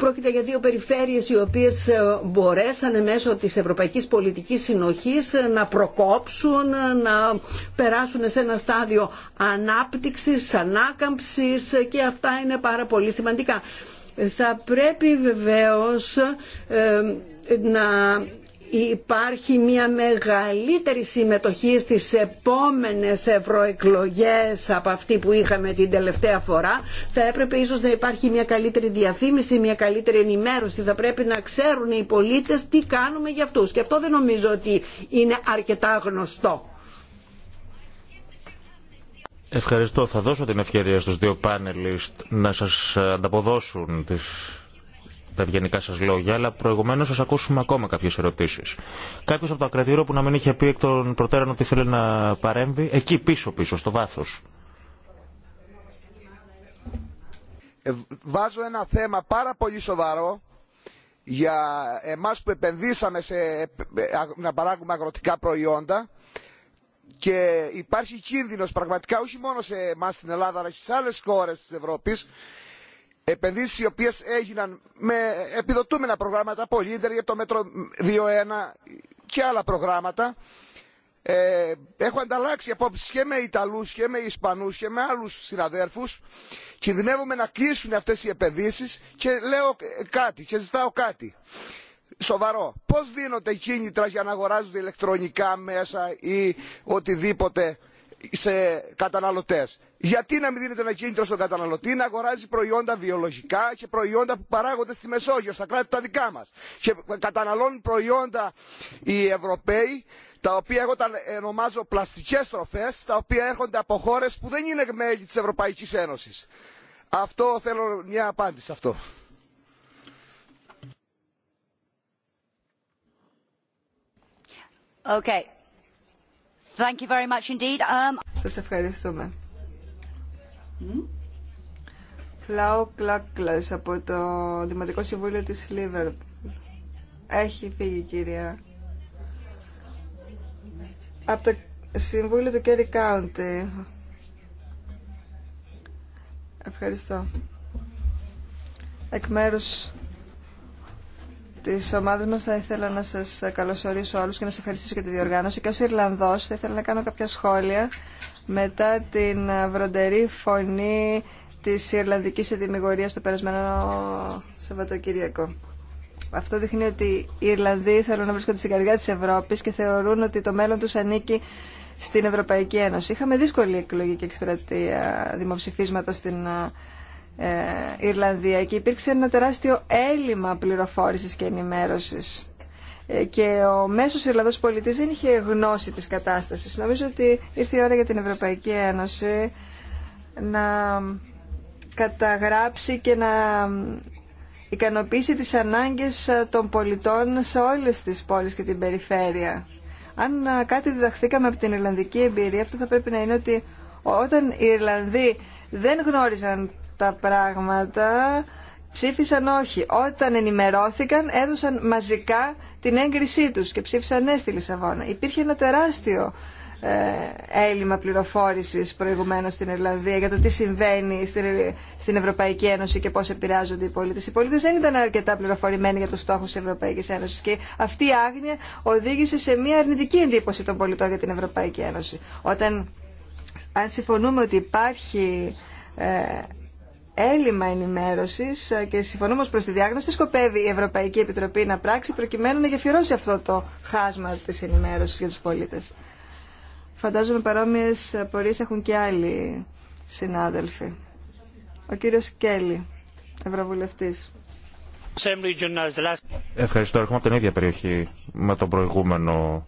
Πρόκειται για δύο περιφέρειες οι οποίες ε, μπορέσαν μέσω της Ευρωπαϊκής Πολιτικής Συνοχής ε, να προκόψουν, ε, να περάσουν σε ένα στάδιο ανάπτυξης, ανάκαμψης και αυτά είναι πάρα πολύ σημαντικά. Θα πρέπει βεβαίως να υπάρχει μια μεγαλύτερη συμμετοχή στις επόμενες ευρωεκλογές από αυτή που είχαμε την τελευταία φορά θα έπρεπε ίσως να υπάρχει μια καλύτερη διαφήμιση, μια καλύτερη ενημέρωση θα πρέπει να ξέρουν οι πολίτες τι κάνουμε για αυτούς και αυτό δεν νομίζω ότι είναι αρκετά γνωστό. Ευχαριστώ. Θα δώσω την ευκαιρία στους δύο πάνελιστ να σας ανταποδώσουν τις τα ευγενικά σα λόγια, αλλά προηγουμένω σα ακούσουμε ακόμα κάποιε ερωτήσει. Κάποιο από το ακρατήριο που να μην είχε πει εκ των προτέρων ότι θέλει να παρέμβει, εκεί πίσω-πίσω, στο βάθο. Ε, βάζω ένα θέμα πάρα πολύ σοβαρό για εμάς που επενδύσαμε σε, ε, να παράγουμε αγροτικά προϊόντα και υπάρχει κίνδυνος πραγματικά όχι μόνο σε εμάς στην Ελλάδα αλλά και σε άλλες χώρες της Ευρώπης επενδύσεις οι οποίες έγιναν με επιδοτούμενα προγράμματα από Λίντερ για το μέτρο 2.1 και άλλα προγράμματα ε, έχω ανταλλάξει απόψεις και με Ιταλούς και με Ισπανούς και με άλλους συναδέρφους κινδυνεύουμε να κλείσουν αυτές οι επενδύσεις και λέω ε, κάτι και ζητάω κάτι σοβαρό πώς δίνονται κίνητρα για να αγοράζονται ηλεκτρονικά μέσα ή οτιδήποτε σε καταναλωτές γιατί να μην δίνεται ένα κίνητρο στον καταναλωτή να αγοράζει προϊόντα βιολογικά και προϊόντα που παράγονται στη Μεσόγειο, στα κράτη τα δικά μας. Και καταναλώνουν προϊόντα οι Ευρωπαίοι, τα οποία εγώ τα ονομάζω πλαστικές τροφές, τα οποία έρχονται από χώρε που δεν είναι μέλη τη Ευρωπαϊκής Ένωση. Αυτό θέλω μια απάντηση σε αυτό. Okay. Thank you very much indeed. Um, Σας ευχαριστούμε. Κλάου Κλάκλας από το Δημοτικό Συμβούλιο της Λίβερ Έχει φύγει κυρία. Από το Συμβούλιο του Κέρι Κάουντι. Ευχαριστώ. Εκ μέρους της ομάδας μας θα ήθελα να σας καλωσορίσω όλους και να σας ευχαριστήσω για τη διοργάνωση και ως Ιρλανδός θα ήθελα να κάνω κάποια σχόλια μετά την βροντερή φωνή της Ιρλανδικής ετοιμιγωρίας το περασμένο Σαββατοκύριακο. Αυτό δείχνει ότι οι Ιρλανδοί θέλουν να βρίσκονται στην καρδιά της Ευρώπης και θεωρούν ότι το μέλλον τους ανήκει στην Ευρωπαϊκή Ένωση. Είχαμε δύσκολη εκλογική εκστρατεία δημοψηφίσματος στην ε, ε, Ιρλανδία και υπήρξε ένα τεράστιο έλλειμμα πληροφόρησης και ενημέρωσης. Ε, και ο μέσος Ιρλανδός πολιτής δεν είχε γνώση της κατάστασης. Νομίζω ότι ήρθε η ώρα για την Ευρωπαϊκή Ένωση να καταγράψει και να ικανοποιήσει τις ανάγκες των πολιτών σε όλες τις πόλεις και την περιφέρεια. Αν κάτι διδαχθήκαμε από την Ιρλανδική εμπειρία, αυτό θα πρέπει να είναι ότι όταν οι Ιρλανδοί δεν γνώριζαν τα πράγματα, ψήφισαν όχι. Όταν ενημερώθηκαν, έδωσαν μαζικά την έγκρισή τους και ψήφισαν ναι στη Λισαβόνα. Υπήρχε ένα τεράστιο ε, έλλειμμα πληροφόρησης προηγουμένως στην Ιρλανδία για το τι συμβαίνει στην Ευρωπαϊκή Ένωση και πώς επηρεάζονται οι πολίτες. Οι πολίτες δεν ήταν αρκετά πληροφορημένοι για τους στόχους της Ευρωπαϊκής Ένωσης και αυτή η άγνοια οδήγησε σε μια αρνητική εντύπωση των πολιτών για την Ευρωπαϊκή Ένωση. Όταν, αν συμφωνούμε ότι υπάρχει ε, έλλειμμα ενημέρωσης ε, και συμφωνούμε προ τη διάγνωση τι σκοπεύει η Ευρωπαϊκή Επιτροπή να πράξει προκειμένου να γεφυρώσει αυτό το χάσμα της ενημέρωσης για τους πολίτες. Φαντάζομαι παρόμοιε πορείες έχουν και άλλοι συνάδελφοι. Ο κύριο Κέλλη, Ευρωβουλευτής. Ευχαριστώ. Έρχομαι από την ίδια περιοχή με τον προηγούμενο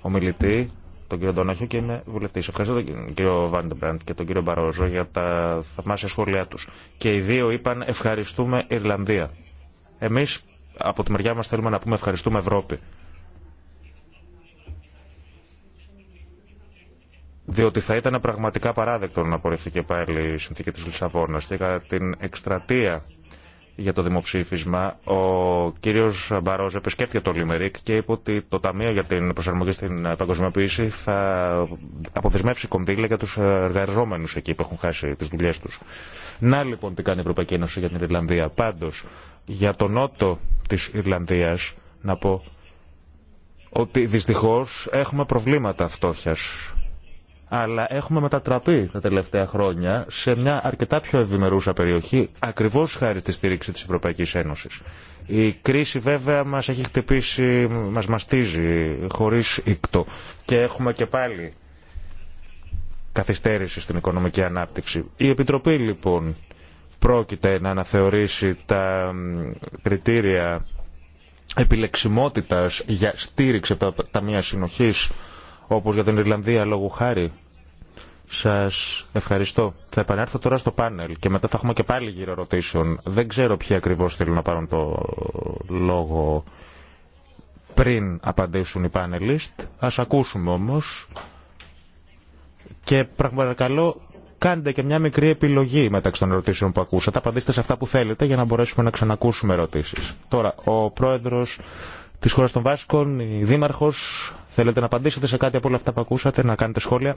ομιλητή τον κύριο Ντονάχιο και είμαι βουλευτή. Ευχαριστώ τον κύριο Βάντεμπραντ και τον κύριο Μπαρόζο για τα θαυμάσια σχόλιά του. Και οι δύο είπαν ευχαριστούμε Ιρλανδία. Εμεί από τη μεριά μα θέλουμε να πούμε ευχαριστούμε Ευρώπη. διότι θα ήταν πραγματικά παράδεκτο να απορριφθεί και πάλι η συνθήκη τη Λισαβόνα και κατά την εκστρατεία για το δημοψήφισμα, ο κύριος Μπαρόζ επισκέφθηκε το Λιμερίκ και είπε ότι το Ταμείο για την Προσαρμογή στην Παγκοσμιοποίηση θα αποδεσμεύσει κονδύλια για τους εργαζόμενους εκεί που έχουν χάσει τις δουλειέ τους. Να λοιπόν τι κάνει η Ευρωπαϊκή Ένωση για την Ιρλανδία. Πάντως, για τον νότο της Ιρλανδία να πω ότι δυστυχώς έχουμε προβλήματα φτώχεια αλλά έχουμε μετατραπεί τα τελευταία χρόνια σε μια αρκετά πιο ευημερούσα περιοχή, ακριβώ χάρη στη στήριξη τη Ευρωπαϊκή Ένωση. Η κρίση βέβαια μα έχει χτυπήσει, μα μαστίζει χωρί ήκτο και έχουμε και πάλι καθυστέρηση στην οικονομική ανάπτυξη. Η Επιτροπή λοιπόν πρόκειται να αναθεωρήσει τα κριτήρια επιλεξιμότητας για στήριξη από τα Ταμεία Συνοχής όπως για την Ιρλανδία λόγου χάρη. Σας ευχαριστώ. Θα επανέλθω τώρα στο πάνελ και μετά θα έχουμε και πάλι γύρω ερωτήσεων. Δεν ξέρω ποιοι ακριβώς θέλουν να πάρουν το λόγο πριν απαντήσουν οι πάνελιστ. Ας ακούσουμε όμως και πραγματικά καλό, κάντε και μια μικρή επιλογή μεταξύ των ερωτήσεων που ακούσατε. Απαντήστε σε αυτά που θέλετε για να μπορέσουμε να ξανακούσουμε ερωτήσεις. Τώρα, ο πρόεδρος της χώρας των Βάσκων, η δήμαρχος, Θέλετε να απαντήσετε σε κάτι από όλα αυτά που ακούσατε, να κάνετε σχόλια.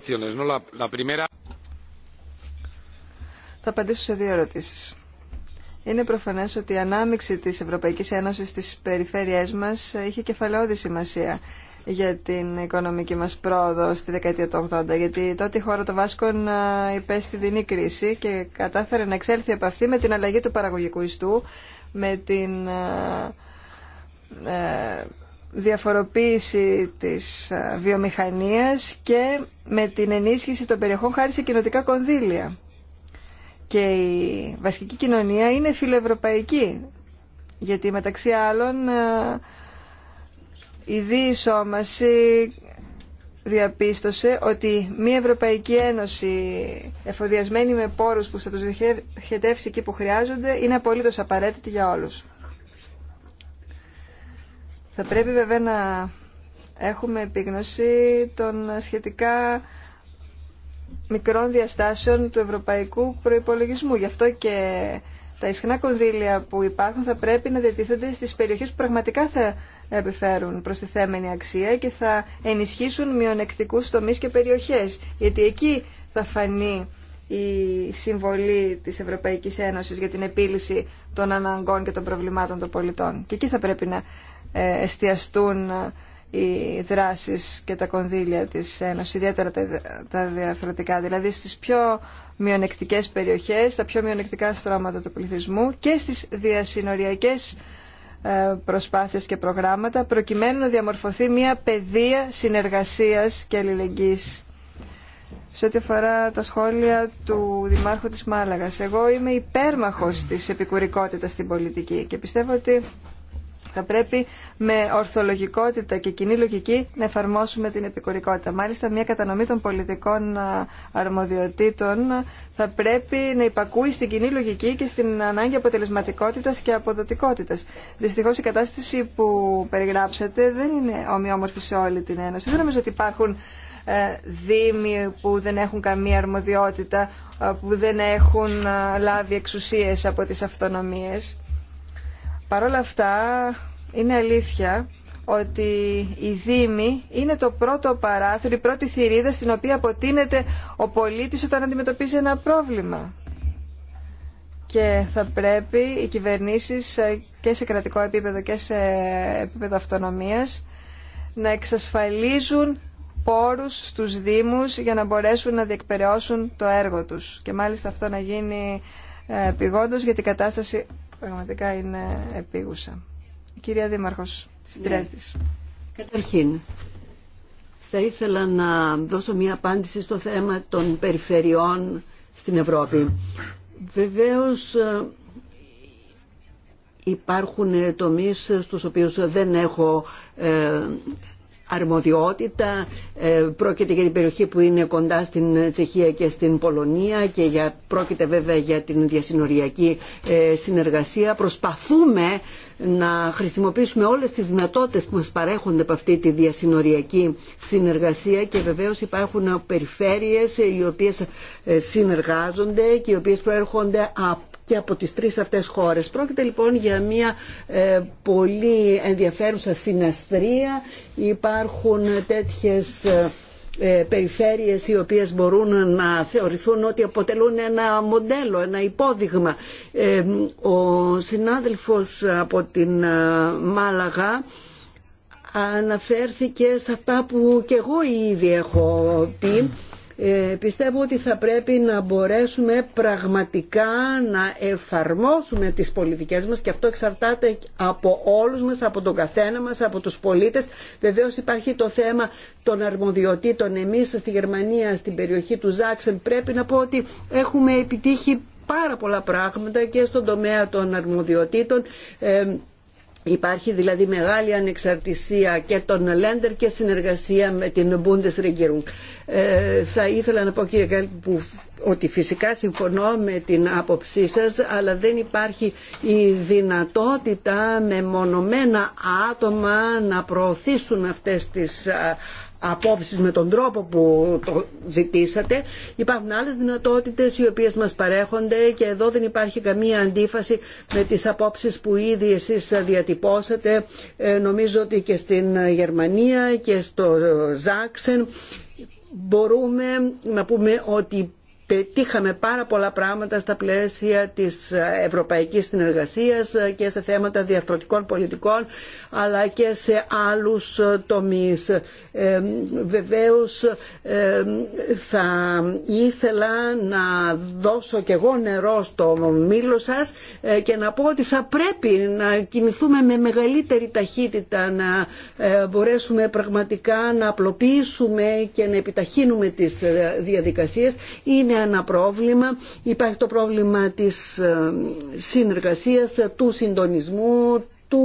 Θα απαντήσω σε δύο ερωτήσεις. Είναι προφανές ότι η ανάμειξη της Ευρωπαϊκής Ένωσης στις περιφέρειές μας είχε κεφαλαιόδη σημασία για την οικονομική μας πρόοδο στη δεκαετία του 80, γιατί τότε η χώρα των Βάσκων υπέστη δινή κρίση και κατάφερε να εξέλθει από αυτή με την αλλαγή του παραγωγικού ιστού, με την ε, διαφοροποίηση της ε, βιομηχανίας και με την ενίσχυση των περιοχών χάρη σε κοινοτικά κονδύλια. Και η βασική κοινωνία είναι φιλοευρωπαϊκή, γιατί μεταξύ άλλων ε, η διεισόμαση διαπίστωσε ότι μια Ευρωπαϊκή Ένωση εφοδιασμένη με πόρους που θα τους διοχετεύσει εκεί που χρειάζονται είναι απολύτως απαραίτητη για όλους. Θα πρέπει βέβαια να έχουμε επίγνωση των σχετικά μικρών διαστάσεων του ευρωπαϊκού προϋπολογισμού. Γι' αυτό και τα ισχνά κονδύλια που υπάρχουν θα πρέπει να διατίθενται στις περιοχές που πραγματικά θα επιφέρουν θέμενη αξία και θα ενισχύσουν μειονεκτικούς τομείς και περιοχές. Γιατί εκεί θα φανεί η συμβολή της Ευρωπαϊκής Ένωσης για την επίλυση των αναγκών και των προβλημάτων των πολιτών. Και εκεί θα πρέπει να ε, εστιαστούν οι δράσεις και τα κονδύλια της Ένωσης, ιδιαίτερα τα διαφορετικά, δηλαδή στις πιο μειονεκτικές περιοχές, τα πιο μειονεκτικά στρώματα του πληθυσμού και στις διασυνοριακές ε, προσπάθειες και προγράμματα προκειμένου να διαμορφωθεί μια πεδία συνεργασίας και αλληλεγγύης. Σε ό,τι αφορά τα σχόλια του Δημάρχου της Μάλαγας, εγώ είμαι υπέρμαχος της επικουρικότητας στην πολιτική και πιστεύω ότι θα πρέπει με ορθολογικότητα και κοινή λογική να εφαρμόσουμε την επικουρικότητα. Μάλιστα, μια κατανομή των πολιτικών αρμοδιοτήτων θα πρέπει να υπακούει στην κοινή λογική και στην ανάγκη αποτελεσματικότητα και αποδοτικότητα. Δυστυχώ η κατάσταση που περιγράψατε δεν είναι ομοιόμορφη σε όλη την Ένωση. Δεν νομίζω ότι υπάρχουν ε, δήμοι που δεν έχουν καμία αρμοδιότητα, ε, που δεν έχουν ε, λάβει εξουσίες από τις αυτονομίες. Παρ' αυτά, είναι αλήθεια ότι η Δήμη είναι το πρώτο παράθυρο, η πρώτη θηρίδα στην οποία αποτείνεται ο πολίτης όταν αντιμετωπίζει ένα πρόβλημα. Και θα πρέπει οι κυβερνήσεις ε, και σε κρατικό επίπεδο και σε επίπεδο αυτονομίας να εξασφαλίζουν πόρους στους Δήμους για να μπορέσουν να διεκπαιρεώσουν το έργο τους. Και μάλιστα αυτό να γίνει ε, πηγόντως γιατί η κατάσταση πραγματικά είναι επίγουσα. Κυρία Δήμαρχος της Δρέσδης. Ναι. Καταρχήν, θα ήθελα να δώσω μια απάντηση στο θέμα των περιφερειών στην Ευρώπη. Βεβαίως ε, υπάρχουν τομείς στους οποίους δεν έχω ε, αρμοδιότητα. Ε, πρόκειται για την περιοχή που είναι κοντά στην Τσεχία και στην Πολωνία και για, πρόκειται βέβαια για την διασυνοριακή ε, συνεργασία. Προσπαθούμε να χρησιμοποιήσουμε όλες τις δυνατότητες που μας παρέχονται από αυτή τη διασυνοριακή συνεργασία και βεβαίως υπάρχουν περιφέρειες οι οποίες ε, συνεργάζονται και οι οποίες προέρχονται από και από τις τρεις αυτές χώρες. Πρόκειται λοιπόν για μια ε, πολύ ενδιαφέρουσα συναστρία. Υπάρχουν τέτοιες ε, ε, περιφέρειες οι οποίες μπορούν να θεωρηθούν ότι αποτελούν ένα μοντέλο, ένα υπόδειγμα. Ο συνάδελφος από την Μάλαγα αναφέρθηκε σε αυτά που και εγώ ήδη έχω πει ε, πιστεύω ότι θα πρέπει να μπορέσουμε πραγματικά να εφαρμόσουμε τις πολιτικές μας και αυτό εξαρτάται από όλους μας, από τον καθένα μας, από τους πολίτες. Βεβαίως υπάρχει το θέμα των αρμοδιοτήτων. Εμείς στη Γερμανία, στην περιοχή του Ζάξεν, πρέπει να πω ότι έχουμε επιτύχει πάρα πολλά πράγματα και στον τομέα των αρμοδιοτήτων ε, Υπάρχει δηλαδή μεγάλη ανεξαρτησία και των Λέντερ και συνεργασία με την Bundesregierung. Ε, θα ήθελα να πω κύριε που, ότι φυσικά συμφωνώ με την άποψή σας αλλά δεν υπάρχει η δυνατότητα με μονομένα άτομα να προωθήσουν αυτές τις απόψεις με τον τρόπο που το ζητήσατε. Υπάρχουν άλλες δυνατότητες οι οποίες μας παρέχονται και εδώ δεν υπάρχει καμία αντίφαση με τις απόψεις που ήδη εσείς διατυπώσατε ε, νομίζω ότι και στην Γερμανία και στο Ζάξεν μπορούμε να πούμε ότι πετύχαμε πάρα πολλά πράγματα στα πλαίσια της ευρωπαϊκής συνεργασίας και σε θέματα διαρθρωτικών πολιτικών αλλά και σε άλλους τομείς. Βεβαίω βεβαίως ε, θα ήθελα να δώσω και εγώ νερό στο μήλο σας ε, και να πω ότι θα πρέπει να κινηθούμε με μεγαλύτερη ταχύτητα να ε, μπορέσουμε πραγματικά να απλοποιήσουμε και να επιταχύνουμε τις διαδικασίες. Είναι ένα πρόβλημα. Υπάρχει το πρόβλημα της ε, συνεργασίας, του συντονισμού, του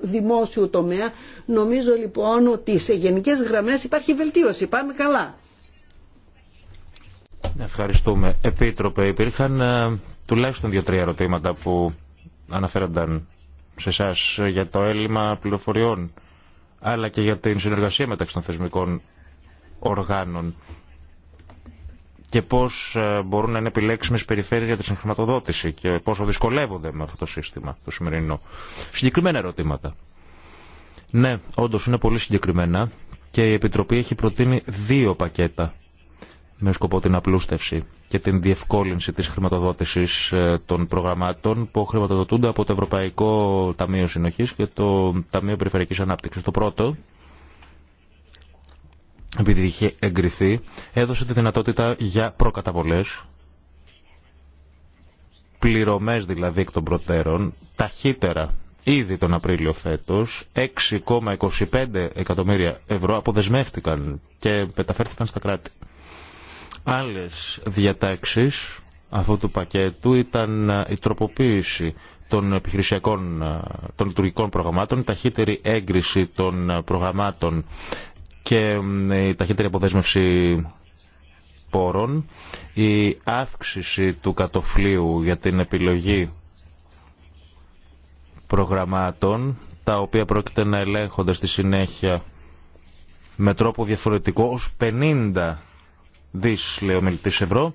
δημόσιου τομέα. Νομίζω λοιπόν ότι σε γενικές γραμμές υπάρχει βελτίωση. Πάμε καλά. Ευχαριστούμε. Επίτροπε, υπήρχαν ε, τουλάχιστον δύο-τρία ερωτήματα που αναφέρονταν σε εσά για το έλλειμμα πληροφοριών αλλά και για την συνεργασία μεταξύ των θεσμικών οργάνων και πώς ε, μπορούν να είναι επιλέξιμε περιφέρειε για τη συγχρηματοδότηση και πόσο δυσκολεύονται με αυτό το σύστημα το σημερινό. Συγκεκριμένα ερωτήματα. Ναι, όντω είναι πολύ συγκεκριμένα και η Επιτροπή έχει προτείνει δύο πακέτα με σκοπό την απλούστευση και την διευκόλυνση της χρηματοδότησης ε, των προγραμμάτων που χρηματοδοτούνται από το Ευρωπαϊκό Ταμείο Συνοχής και το Ταμείο Περιφερειακής Ανάπτυξης. Το πρώτο επειδή είχε εγκριθεί, έδωσε τη δυνατότητα για προκαταβολές, πληρωμές δηλαδή εκ των προτέρων, ταχύτερα ήδη τον Απρίλιο φέτος, 6,25 εκατομμύρια ευρώ αποδεσμεύτηκαν και μεταφέρθηκαν στα κράτη. Άλλες διατάξεις αυτού του πακέτου ήταν ε, η τροποποίηση των επιχειρησιακών, ε, των λειτουργικών προγραμμάτων, ταχύτερη έγκριση των ε, προγραμμάτων και η ταχύτερη αποδέσμευση πόρων, η αύξηση του κατοφλίου για την επιλογή προγραμμάτων, τα οποία πρόκειται να ελέγχονται στη συνέχεια με τρόπο διαφορετικό ως 50 δις, λέει ο ευρώ,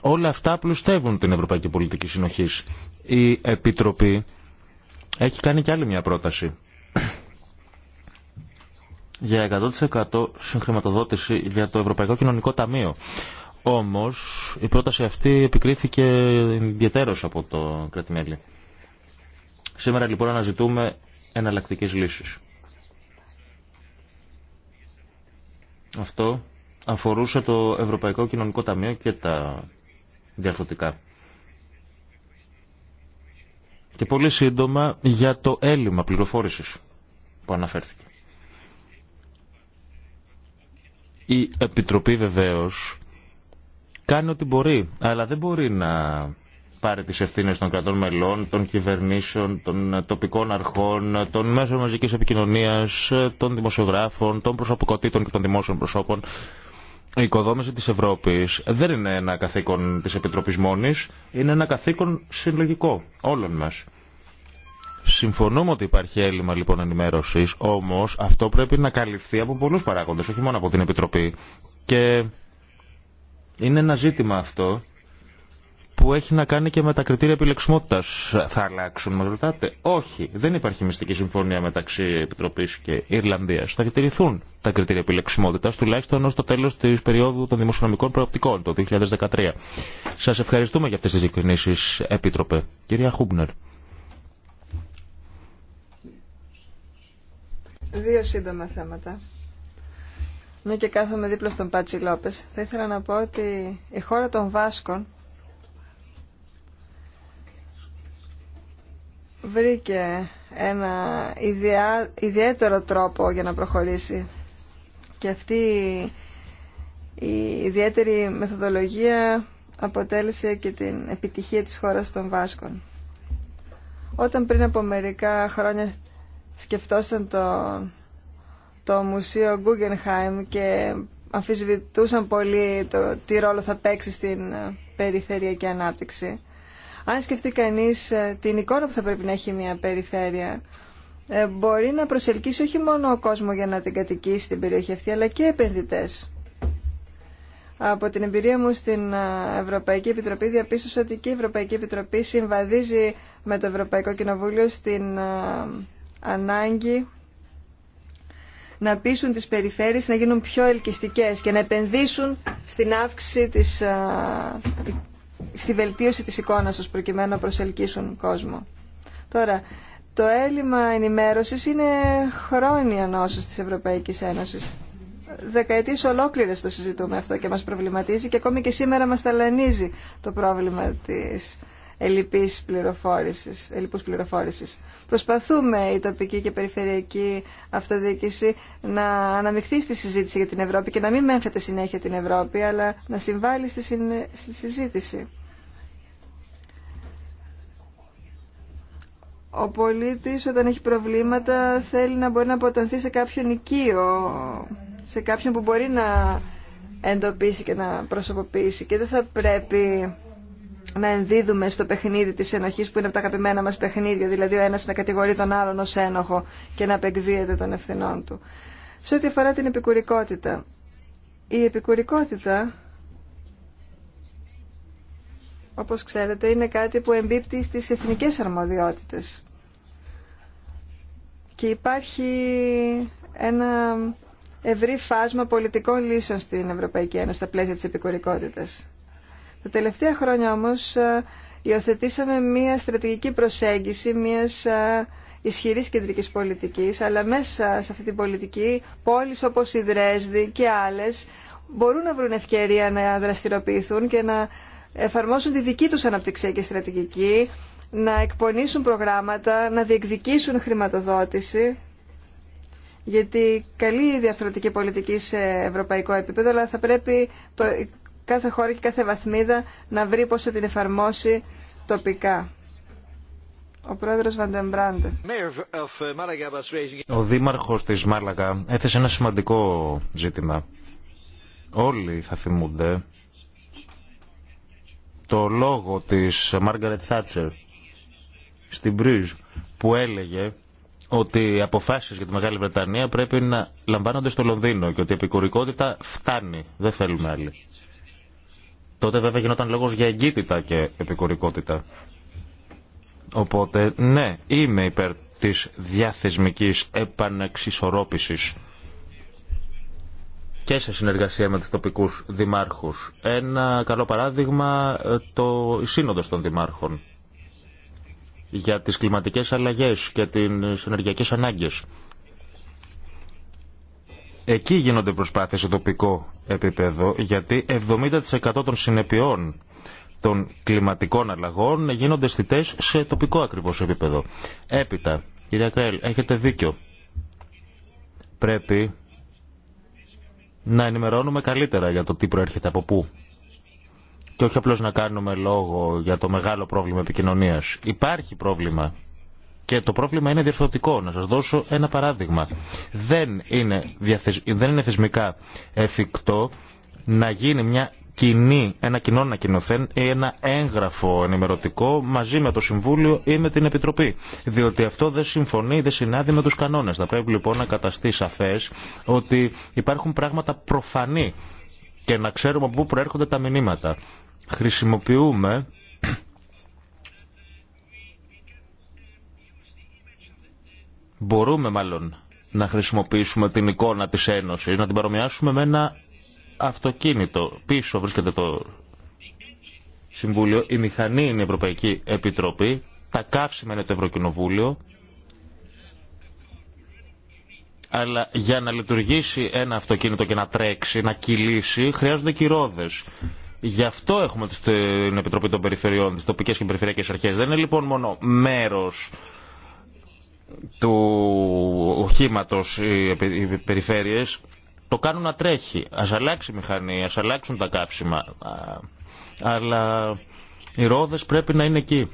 όλα αυτά πλουστεύουν την Ευρωπαϊκή Πολιτική Συνοχής. Η Επιτροπή έχει κάνει και άλλη μια πρόταση για 100% συγχρηματοδότηση για το Ευρωπαϊκό Κοινωνικό Ταμείο. Όμως η πρόταση αυτή επικρίθηκε ιδιαίτερως από το κρατημέλη. Σήμερα λοιπόν αναζητούμε εναλλακτικέ λύσεις. Αυτό αφορούσε το Ευρωπαϊκό Κοινωνικό Ταμείο και τα διαφορετικά. Και πολύ σύντομα για το έλλειμμα πληροφόρησης που αναφέρθηκε. Η Επιτροπή βεβαίως κάνει ό,τι μπορεί, αλλά δεν μπορεί να πάρει τις ευθύνες των κρατών μελών, των κυβερνήσεων, των τοπικών αρχών, των μέσων μαζικής επικοινωνίας, των δημοσιογράφων, των προσωπικότητων και των δημόσιων προσώπων. Η οικοδόμηση της Ευρώπης δεν είναι ένα καθήκον της Επιτροπής μόνης, είναι ένα καθήκον συλλογικό όλων μας. Συμφωνούμε ότι υπάρχει έλλειμμα λοιπόν ενημέρωση, όμω αυτό πρέπει να καλυφθεί από πολλού παράγοντε, όχι μόνο από την Επιτροπή. Και είναι ένα ζήτημα αυτό που έχει να κάνει και με τα κριτήρια επιλεξιμότητα. Θα αλλάξουν, μα ρωτάτε. Όχι, δεν υπάρχει μυστική συμφωνία μεταξύ Επιτροπή και Ιρλανδία. Θα διατηρηθούν τα κριτήρια επιλεξιμότητα, τουλάχιστον ω το τέλο τη περίοδου των δημοσιονομικών προοπτικών, το 2013. Σα ευχαριστούμε για αυτέ τι διευκρινήσει, Επίτροπε. Κυρία Χούμπνερ. Δύο σύντομα θέματα. Ναι και κάθομαι δίπλα στον Πάτσι Λόπες. Θα ήθελα να πω ότι η χώρα των Βάσκων βρήκε ένα ιδιαίτερο τρόπο για να προχωρήσει. Και αυτή η ιδιαίτερη μεθοδολογία αποτέλεσε και την επιτυχία της χώρας των Βάσκων. Όταν πριν από μερικά χρόνια σκεφτόσαν το, το Μουσείο Guggenheim και αμφισβητούσαν πολύ το τι ρόλο θα παίξει στην ε, περιφερειακή ανάπτυξη. Αν σκεφτεί κανείς ε, την εικόνα που θα πρέπει να έχει μια περιφέρεια, ε, μπορεί να προσελκύσει όχι μόνο ο κόσμο για να την κατοικήσει στην περιοχή αυτή, αλλά και επενδυτές. Από την εμπειρία μου στην Ευρωπαϊκή Επιτροπή διαπίστωσα ότι και η Ευρωπαϊκή Επιτροπή συμβαδίζει με το Ευρωπαϊκό Κοινοβούλιο στην ανάγκη να πείσουν τις περιφέρειες να γίνουν πιο ελκυστικές και να επενδύσουν στην αύξηση της, στη βελτίωση της εικόνας τους προκειμένου να προσελκύσουν κόσμο. Τώρα, το έλλειμμα ενημέρωσης είναι χρόνια νόσος της Ευρωπαϊκής Ένωσης. Δεκαετίες ολόκληρες το συζητούμε αυτό και μας προβληματίζει και ακόμη και σήμερα μας ταλανίζει το πρόβλημα της ελλειπής πληροφόρησης, ελλειπούς πληροφόρησης. Προσπαθούμε η τοπική και περιφερειακή αυτοδιοίκηση να αναμειχθεί στη συζήτηση για την Ευρώπη και να μην μένθεται συνέχεια την Ευρώπη, αλλά να συμβάλλει στη, συνε... στη συζήτηση. Ο πολίτης όταν έχει προβλήματα θέλει να μπορεί να αποτανθεί σε κάποιον οικείο, σε κάποιον που μπορεί να εντοπίσει και να προσωποποιήσει και δεν θα πρέπει να ενδίδουμε στο παιχνίδι της ενοχής που είναι από τα αγαπημένα μας παιχνίδια, δηλαδή ο ένας να κατηγορεί τον άλλον ως ένοχο και να απεκδίεται των ευθυνών του. Σε ό,τι αφορά την επικουρικότητα. Η επικουρικότητα, όπως ξέρετε, είναι κάτι που εμπίπτει στις εθνικές αρμοδιότητες. Και υπάρχει ένα ευρύ φάσμα πολιτικών λύσεων στην Ευρωπαϊκή Ένωση στα πλαίσια της επικουρικότητας. Τα τελευταία χρόνια όμως ε, υιοθετήσαμε μια στρατηγική προσέγγιση μιας ε, ισχυρής κεντρικής πολιτικής, αλλά μέσα σε αυτή την πολιτική πόλεις όπως η Δρέσδη και άλλες μπορούν να βρουν ευκαιρία να δραστηριοποιηθούν και να εφαρμόσουν τη δική τους αναπτυξιακή στρατηγική, να εκπονήσουν προγράμματα, να διεκδικήσουν χρηματοδότηση γιατί καλή η διαρθρωτική πολιτική σε ευρωπαϊκό επίπεδο, αλλά θα πρέπει κάθε χώρα και κάθε βαθμίδα να βρει πώς θα την εφαρμόσει τοπικά. Ο πρόεδρος Βαντεμπράντε. Ο δήμαρχος της Μάλαγα έθεσε ένα σημαντικό ζήτημα. Όλοι θα θυμούνται το λόγο της Μάργαρετ Θάτσερ στην Πρίζ που έλεγε ότι οι αποφάσει για τη Μεγάλη Βρετανία πρέπει να λαμβάνονται στο Λονδίνο και ότι η επικουρικότητα φτάνει. Δεν θέλουμε άλλη. Τότε βέβαια γινόταν λόγος για εγκύτητα και επικουρικότητα. Οπότε, ναι, είμαι υπέρ της διαθεσμικής επαναξισορρόπησης και σε συνεργασία με τους τοπικούς δημάρχους. Ένα καλό παράδειγμα, ε, το η σύνοδος των δημάρχων για τις κλιματικές αλλαγές και τις ενεργειακές ανάγκες. Εκεί γίνονται προσπάθειες σε τοπικό επίπεδο, γιατί 70% των συνεπειών των κλιματικών αλλαγών γίνονται αισθητέ σε τοπικό ακριβώς επίπεδο. Έπειτα, κυρία Κρέλ, έχετε δίκιο. Πρέπει να ενημερώνουμε καλύτερα για το τι προέρχεται από πού. Και όχι απλώς να κάνουμε λόγο για το μεγάλο πρόβλημα επικοινωνίας. Υπάρχει πρόβλημα και το πρόβλημα είναι διορθωτικό. Να σας δώσω ένα παράδειγμα. Δεν είναι, δεν είναι θεσμικά εφικτό να γίνει μια κοινή, ένα κοινό ανακοινωθέν ή ένα έγγραφο ενημερωτικό μαζί με το Συμβούλιο ή με την Επιτροπή. Διότι αυτό δεν συμφωνεί, δεν συνάδει με τους κανόνες. Θα πρέπει λοιπόν να καταστεί σαφές ότι υπάρχουν πράγματα προφανή και να ξέρουμε από πού προέρχονται τα μηνύματα. Χρησιμοποιούμε Μπορούμε μάλλον να χρησιμοποιήσουμε την εικόνα της Ένωσης, να την παρομοιάσουμε με ένα αυτοκίνητο. Πίσω βρίσκεται το Συμβούλιο, η μηχανή είναι η Ευρωπαϊκή Επιτροπή, τα καύσιμα είναι το Ευρωκοινοβούλιο, αλλά για να λειτουργήσει ένα αυτοκίνητο και να τρέξει, να κυλήσει, χρειάζονται και ρόδες. Γι' αυτό έχουμε την Επιτροπή των Περιφερειών, τις τοπικές και περιφερειακές αρχές. Δεν είναι λοιπόν μόνο μέρος του οχήματος οι περιφέρειες το κάνουν να τρέχει. Ας αλλάξει η μηχανή, ας αλλάξουν τα κάψιμα Αλλά οι ρόδες πρέπει να είναι εκεί.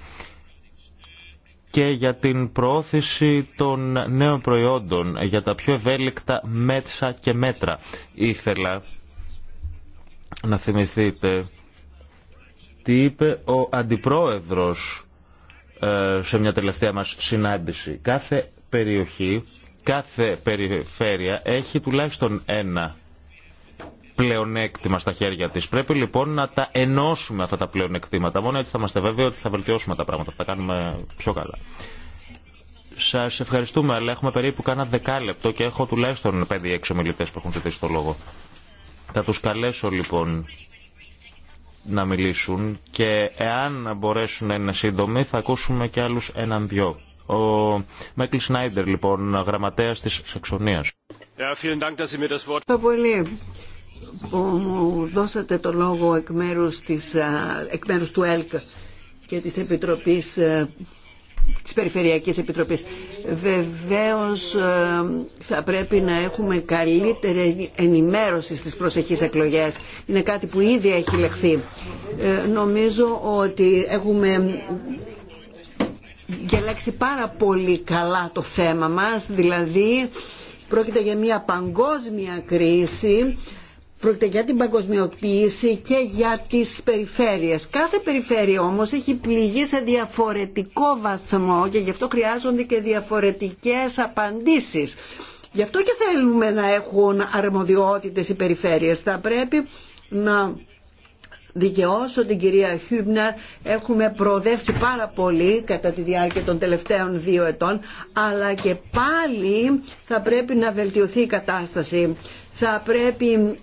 Και για την πρόθεση των νέων προϊόντων, για τα πιο ευέλικτα μέτσα και μέτρα. Ήθελα να θυμηθείτε τι είπε ο αντιπρόεδρος ε, σε μια τελευταία μας συνάντηση. Κάθε περιοχή, κάθε περιφέρεια έχει τουλάχιστον ένα πλεονέκτημα στα χέρια της. Πρέπει λοιπόν να τα ενώσουμε αυτά τα πλεονεκτήματα. Μόνο έτσι θα είμαστε βέβαιοι ότι θα βελτιώσουμε τα πράγματα, θα τα κάνουμε πιο καλά. Σας ευχαριστούμε, αλλά έχουμε περίπου κάνα δεκάλεπτο και έχω τουλάχιστον 5-6 ομιλητές που έχουν ζητήσει το λόγο. Θα τους καλέσω λοιπόν να μιλήσουν και εάν μπορέσουν να είναι σύντομοι θα ακούσουμε και άλλους έναν-δυο. Ο Μέκλ Σνάιντερ λοιπόν, γραμματέας της Σαξονίας. Ευχαριστώ πολύ που μου δώσατε το λόγο εκ μέρους, της, ε, εκ μέρους του ΕΛΚ και της Επιτροπής ε, της Περιφερειακής Επιτροπής. Βεβαίως ε, θα πρέπει να έχουμε καλύτερη ενημέρωση στις προσεχείς εκλογές. Είναι κάτι που ήδη έχει λεχθεί. Ε, νομίζω ότι έχουμε διαλέξει πάρα πολύ καλά το θέμα μας, δηλαδή πρόκειται για μια παγκόσμια κρίση Πρόκειται για την παγκοσμιοποίηση και για τις περιφέρειες. Κάθε περιφέρεια όμως έχει πληγεί σε διαφορετικό βαθμό και γι' αυτό χρειάζονται και διαφορετικές απαντήσεις. Γι' αυτό και θέλουμε να έχουν αρμοδιότητες οι περιφέρειες. Θα πρέπει να δικαιώσω την κυρία Χιούμπνερ. Έχουμε προοδεύσει πάρα πολύ κατά τη διάρκεια των τελευταίων δύο ετών, αλλά και πάλι θα πρέπει να βελτιωθεί η κατάσταση θα πρέπει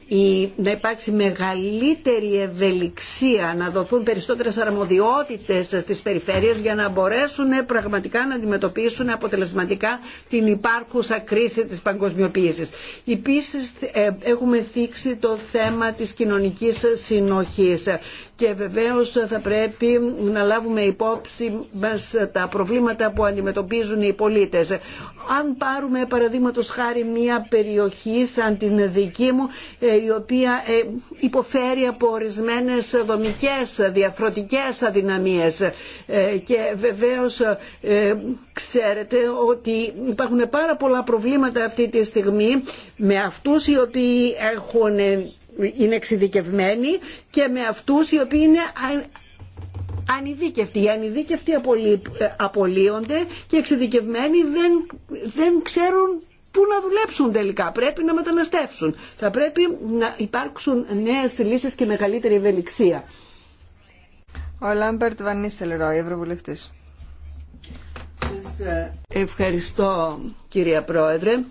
να υπάρξει μεγαλύτερη ευελιξία, να δοθούν περισσότερες αρμοδιότητες στις περιφέρειες για να μπορέσουν πραγματικά να αντιμετωπίσουν αποτελεσματικά την υπάρχουσα κρίση της παγκοσμιοποίησης. Επίσης ε, έχουμε θίξει το θέμα της κοινωνικής συνοχής και βεβαίως θα πρέπει να λάβουμε υπόψη μας τα προβλήματα που αντιμετωπίζουν οι πολίτες. Αν πάρουμε παραδείγματος χάρη μια περιοχή σαν δική μου ε, η οποία ε, υποφέρει από ορισμένε δομικές διαφροτικές αδυναμίες ε, και βεβαίως ξέρετε ότι υπάρχουν πάρα πολλά προβλήματα αυτή τη στιγμή με αυτούς οι οποίοι έχουν, είναι εξειδικευμένοι και με αυτούς οι οποίοι είναι ανειδίκευτοι. Οι ανειδίκευτοι απολύονται και εξειδικευμένοι δεν, δεν ξέρουν πού να δουλέψουν τελικά. Πρέπει να μεταναστεύσουν. Θα πρέπει να υπάρξουν νέε λύσει και μεγαλύτερη ευελιξία. Ο Λάμπερτ Βανίστελ Ευρωβουλευτής. Ε, ευχαριστώ κυρία Πρόεδρε.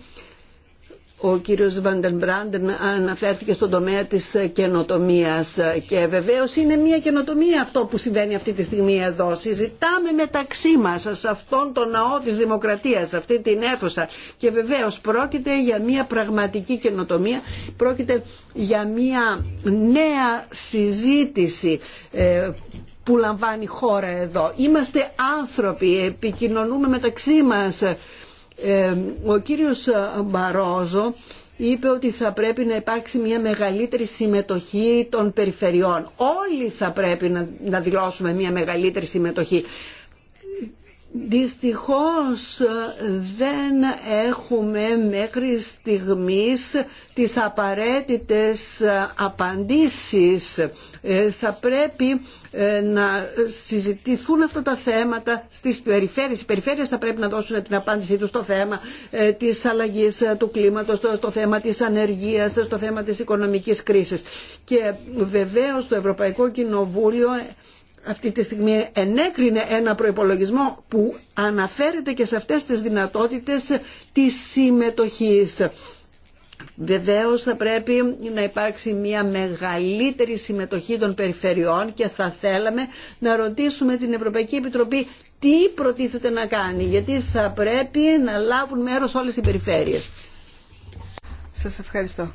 Ο κύριος Βαντεμπράντεν αναφέρθηκε στον τομέα της καινοτομίας και βεβαίως είναι μια καινοτομία αυτό που συμβαίνει αυτή τη στιγμή εδώ. Συζητάμε μεταξύ μας σε αυτόν τον ναό της δημοκρατίας, σε αυτή την αίθουσα και βεβαίως πρόκειται για μια πραγματική καινοτομία, πρόκειται για μια νέα συζήτηση ε, που λαμβάνει χώρα εδώ. Είμαστε άνθρωποι, επικοινωνούμε μεταξύ μας ε, ο κύριος ε, Μπαρόζο είπε ότι θα πρέπει να υπάρξει μια μεγαλύτερη συμμετοχή των περιφερειών. Όλοι θα πρέπει να, να δηλώσουμε μια μεγαλύτερη συμμετοχή. Δυστυχώς ε, δεν έχουμε μέχρι στιγμής τις απαραίτητες ε, απαντήσεις. Ε, θα πρέπει να συζητηθούν αυτά τα θέματα στις περιφέρειες. Οι περιφέρειες θα πρέπει να δώσουν την απάντησή τους στο θέμα της αλλαγής του κλίματος, στο θέμα της ανεργίας, στο θέμα της οικονομικής κρίσης. Και βεβαίως το Ευρωπαϊκό Κοινοβούλιο αυτή τη στιγμή ενέκρινε ένα προϋπολογισμό που αναφέρεται και σε αυτές τις δυνατότητες της συμμετοχής. Βεβαίω θα πρέπει να υπάρξει μια μεγαλύτερη συμμετοχή των περιφερειών και θα θέλαμε να ρωτήσουμε την Ευρωπαϊκή Επιτροπή τι προτίθεται να κάνει, γιατί θα πρέπει να λάβουν μέρος όλες οι περιφέρειες. Σας ευχαριστώ.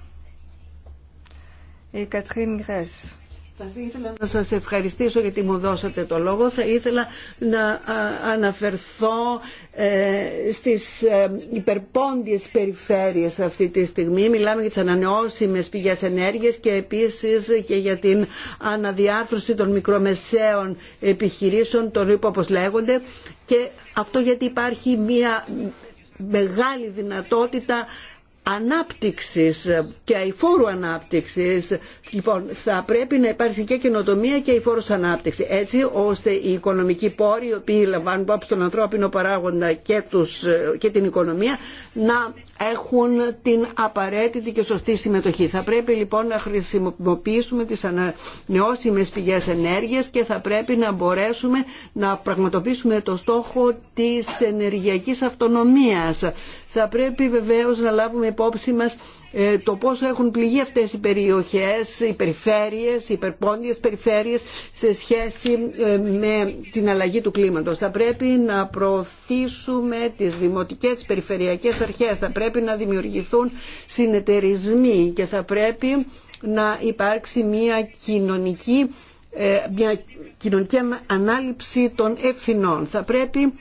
Η Κατρίν Γκρέσ... Θα ήθελα να σας ευχαριστήσω γιατί μου δώσατε το λόγο. Θα ήθελα να αναφερθώ ε, στις ε, υπερπόντιες περιφέρειες αυτή τη στιγμή. Μιλάμε για τις ανανεώσιμες πηγές ενέργειας και επίσης και για την αναδιάρθρωση των μικρομεσαίων επιχειρήσεων, των οποίο όπως λέγονται. Και αυτό γιατί υπάρχει μια μεγάλη δυνατότητα ανάπτυξης και αηφόρου ανάπτυξης. Λοιπόν, θα πρέπει να υπάρξει και καινοτομία και αηφόρος ανάπτυξη, έτσι ώστε οι οικονομικοί πόροι, οι οποίοι λαμβάνουν υπόψη τον ανθρώπινο παράγοντα και, τους, και την οικονομία, να έχουν την απαραίτητη και σωστή συμμετοχή. Θα πρέπει λοιπόν να χρησιμοποιήσουμε τις ανανεώσιμες πηγές ενέργειας και θα πρέπει να μπορέσουμε να πραγματοποιήσουμε το στόχο της ενεργειακής αυτονομίας θα πρέπει βεβαίως να λάβουμε υπόψη μας ε, το πόσο έχουν πληγεί αυτές οι περιοχές, οι περιφέρειες, οι υπερπόντιες περιφέρειες σε σχέση ε, με την αλλαγή του κλίματος. Θα πρέπει να προωθήσουμε τις δημοτικές, περιφερειακέ περιφερειακές αρχές. Θα πρέπει να δημιουργηθούν συνεταιρισμοί και θα πρέπει να υπάρξει μια κοινωνική, ε, μια κοινωνική ανάληψη των ευθυνών. Θα πρέπει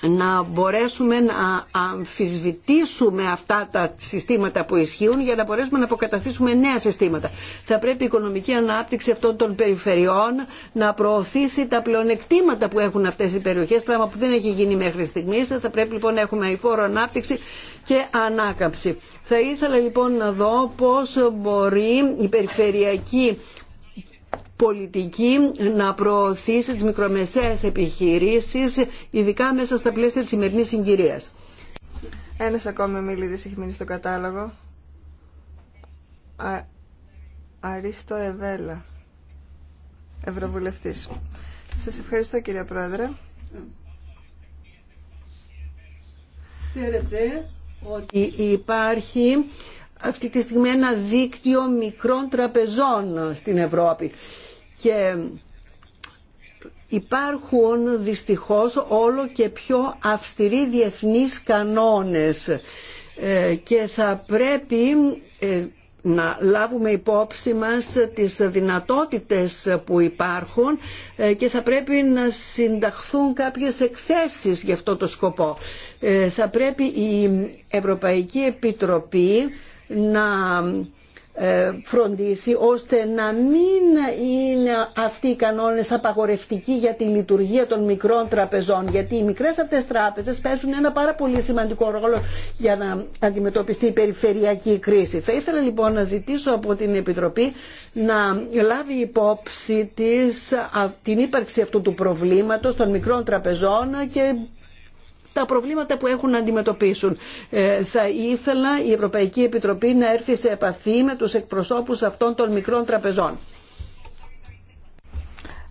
να μπορέσουμε να αμφισβητήσουμε αυτά τα συστήματα που ισχύουν για να μπορέσουμε να αποκαταστήσουμε νέα συστήματα. Θα πρέπει η οικονομική ανάπτυξη αυτών των περιφερειών να προωθήσει τα πλεονεκτήματα που έχουν αυτές οι περιοχές, πράγμα που δεν έχει γίνει μέχρι στιγμής. Θα πρέπει λοιπόν να έχουμε αηφόρο ανάπτυξη και ανάκαμψη. Θα ήθελα λοιπόν να δω πώς μπορεί η περιφερειακή πολιτική να προωθήσει τις μικρομεσαίες επιχειρήσεις, ειδικά μέσα στα πλαίσια της σημερινής συγκυρίας. Ένας ακόμη μιλήτης έχει μείνει στο κατάλογο. Α, Αρίστο Εβέλα, Ευρωβουλευτής. Σας ευχαριστώ κύριε Πρόεδρε. Ξέρετε ότι υπάρχει αυτή τη στιγμή ένα δίκτυο μικρών τραπεζών στην Ευρώπη και υπάρχουν δυστυχώς όλο και πιο αυστηροί διεθνείς κανόνες ε, και θα πρέπει ε, να λάβουμε υπόψη μας τις δυνατότητες που υπάρχουν ε, και θα πρέπει να συνταχθούν κάποιες εκθέσεις για αυτό το σκοπό. Θα πρέπει η Ευρωπαϊκή Επιτροπή να ε, φροντίσει ώστε να μην είναι αυτοί οι κανόνες απαγορευτικοί για τη λειτουργία των μικρών τραπεζών γιατί οι μικρές αυτές τράπεζες παίζουν ένα πάρα πολύ σημαντικό ρόλο για να αντιμετωπιστεί η περιφερειακή κρίση. Θα ήθελα λοιπόν να ζητήσω από την Επιτροπή να λάβει υπόψη της, την ύπαρξη αυτού του προβλήματος των μικρών τραπεζών και τα προβλήματα που έχουν να αντιμετωπίσουν. Ε, θα ήθελα η Ευρωπαϊκή Επιτροπή να έρθει σε επαφή με τους εκπροσώπους αυτών των μικρών τραπεζών.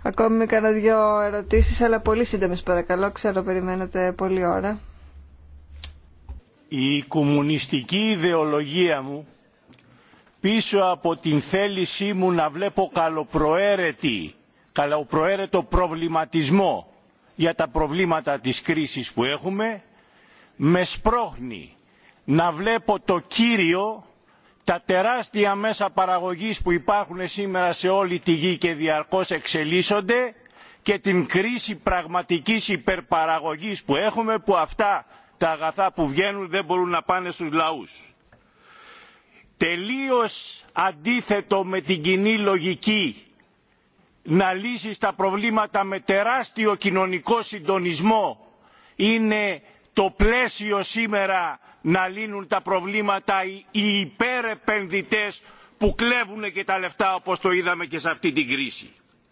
Ακόμη κανένα δυο ερωτήσεις, αλλά πολύ σύντομες παρακαλώ. Ξέρω περιμένετε πολλή ώρα. Η κομμουνιστική ιδεολογία μου πίσω από την θέλησή μου να βλέπω καλοπροαίρετη, καλοπροαίρετο προβληματισμό για τα προβλήματα της κρίσης που έχουμε με σπρώχνει να βλέπω το κύριο τα τεράστια μέσα παραγωγής που υπάρχουν σήμερα σε όλη τη γη και διαρκώς εξελίσσονται και την κρίση πραγματικής υπερπαραγωγής που έχουμε που αυτά τα αγαθά που βγαίνουν δεν μπορούν να πάνε στους λαούς. Τελείως αντίθετο με την κοινή λογική να λύσει τα προβλήματα με τεράστιο κοινωνικό συντονισμό είναι το πλαίσιο σήμερα να λύνουν τα προβλήματα οι υπερεπενδυτές που κλέβουν και τα λεφτά όπως το είδαμε και σε αυτή την κρίση.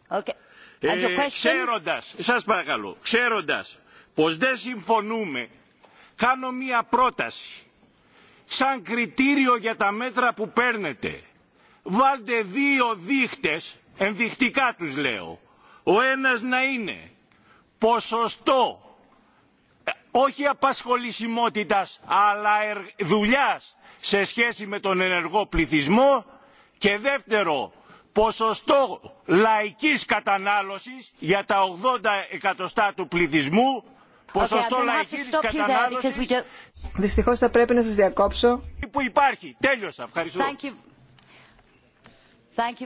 Okay. Ε, ξέροντας, σας παρακαλώ, ξέροντας πως δεν συμφωνούμε, κάνω μία πρόταση. Σαν κριτήριο για τα μέτρα που παίρνετε, βάλτε δύο δείχτες ενδεικτικά τους λέω, ο ένας να είναι ποσοστό ε, όχι απασχολησιμότητας αλλά δουλειάς σε σχέση με τον ενεργό πληθυσμό και δεύτερο ποσοστό λαϊκής κατανάλωσης για τα 80 εκατοστά του πληθυσμού ποσοστό λαϊκής κατανάλωσης Δυστυχώς θα πρέπει να σας διακόψω που υπάρχει. Τέλειωσα. Ευχαριστώ. Thank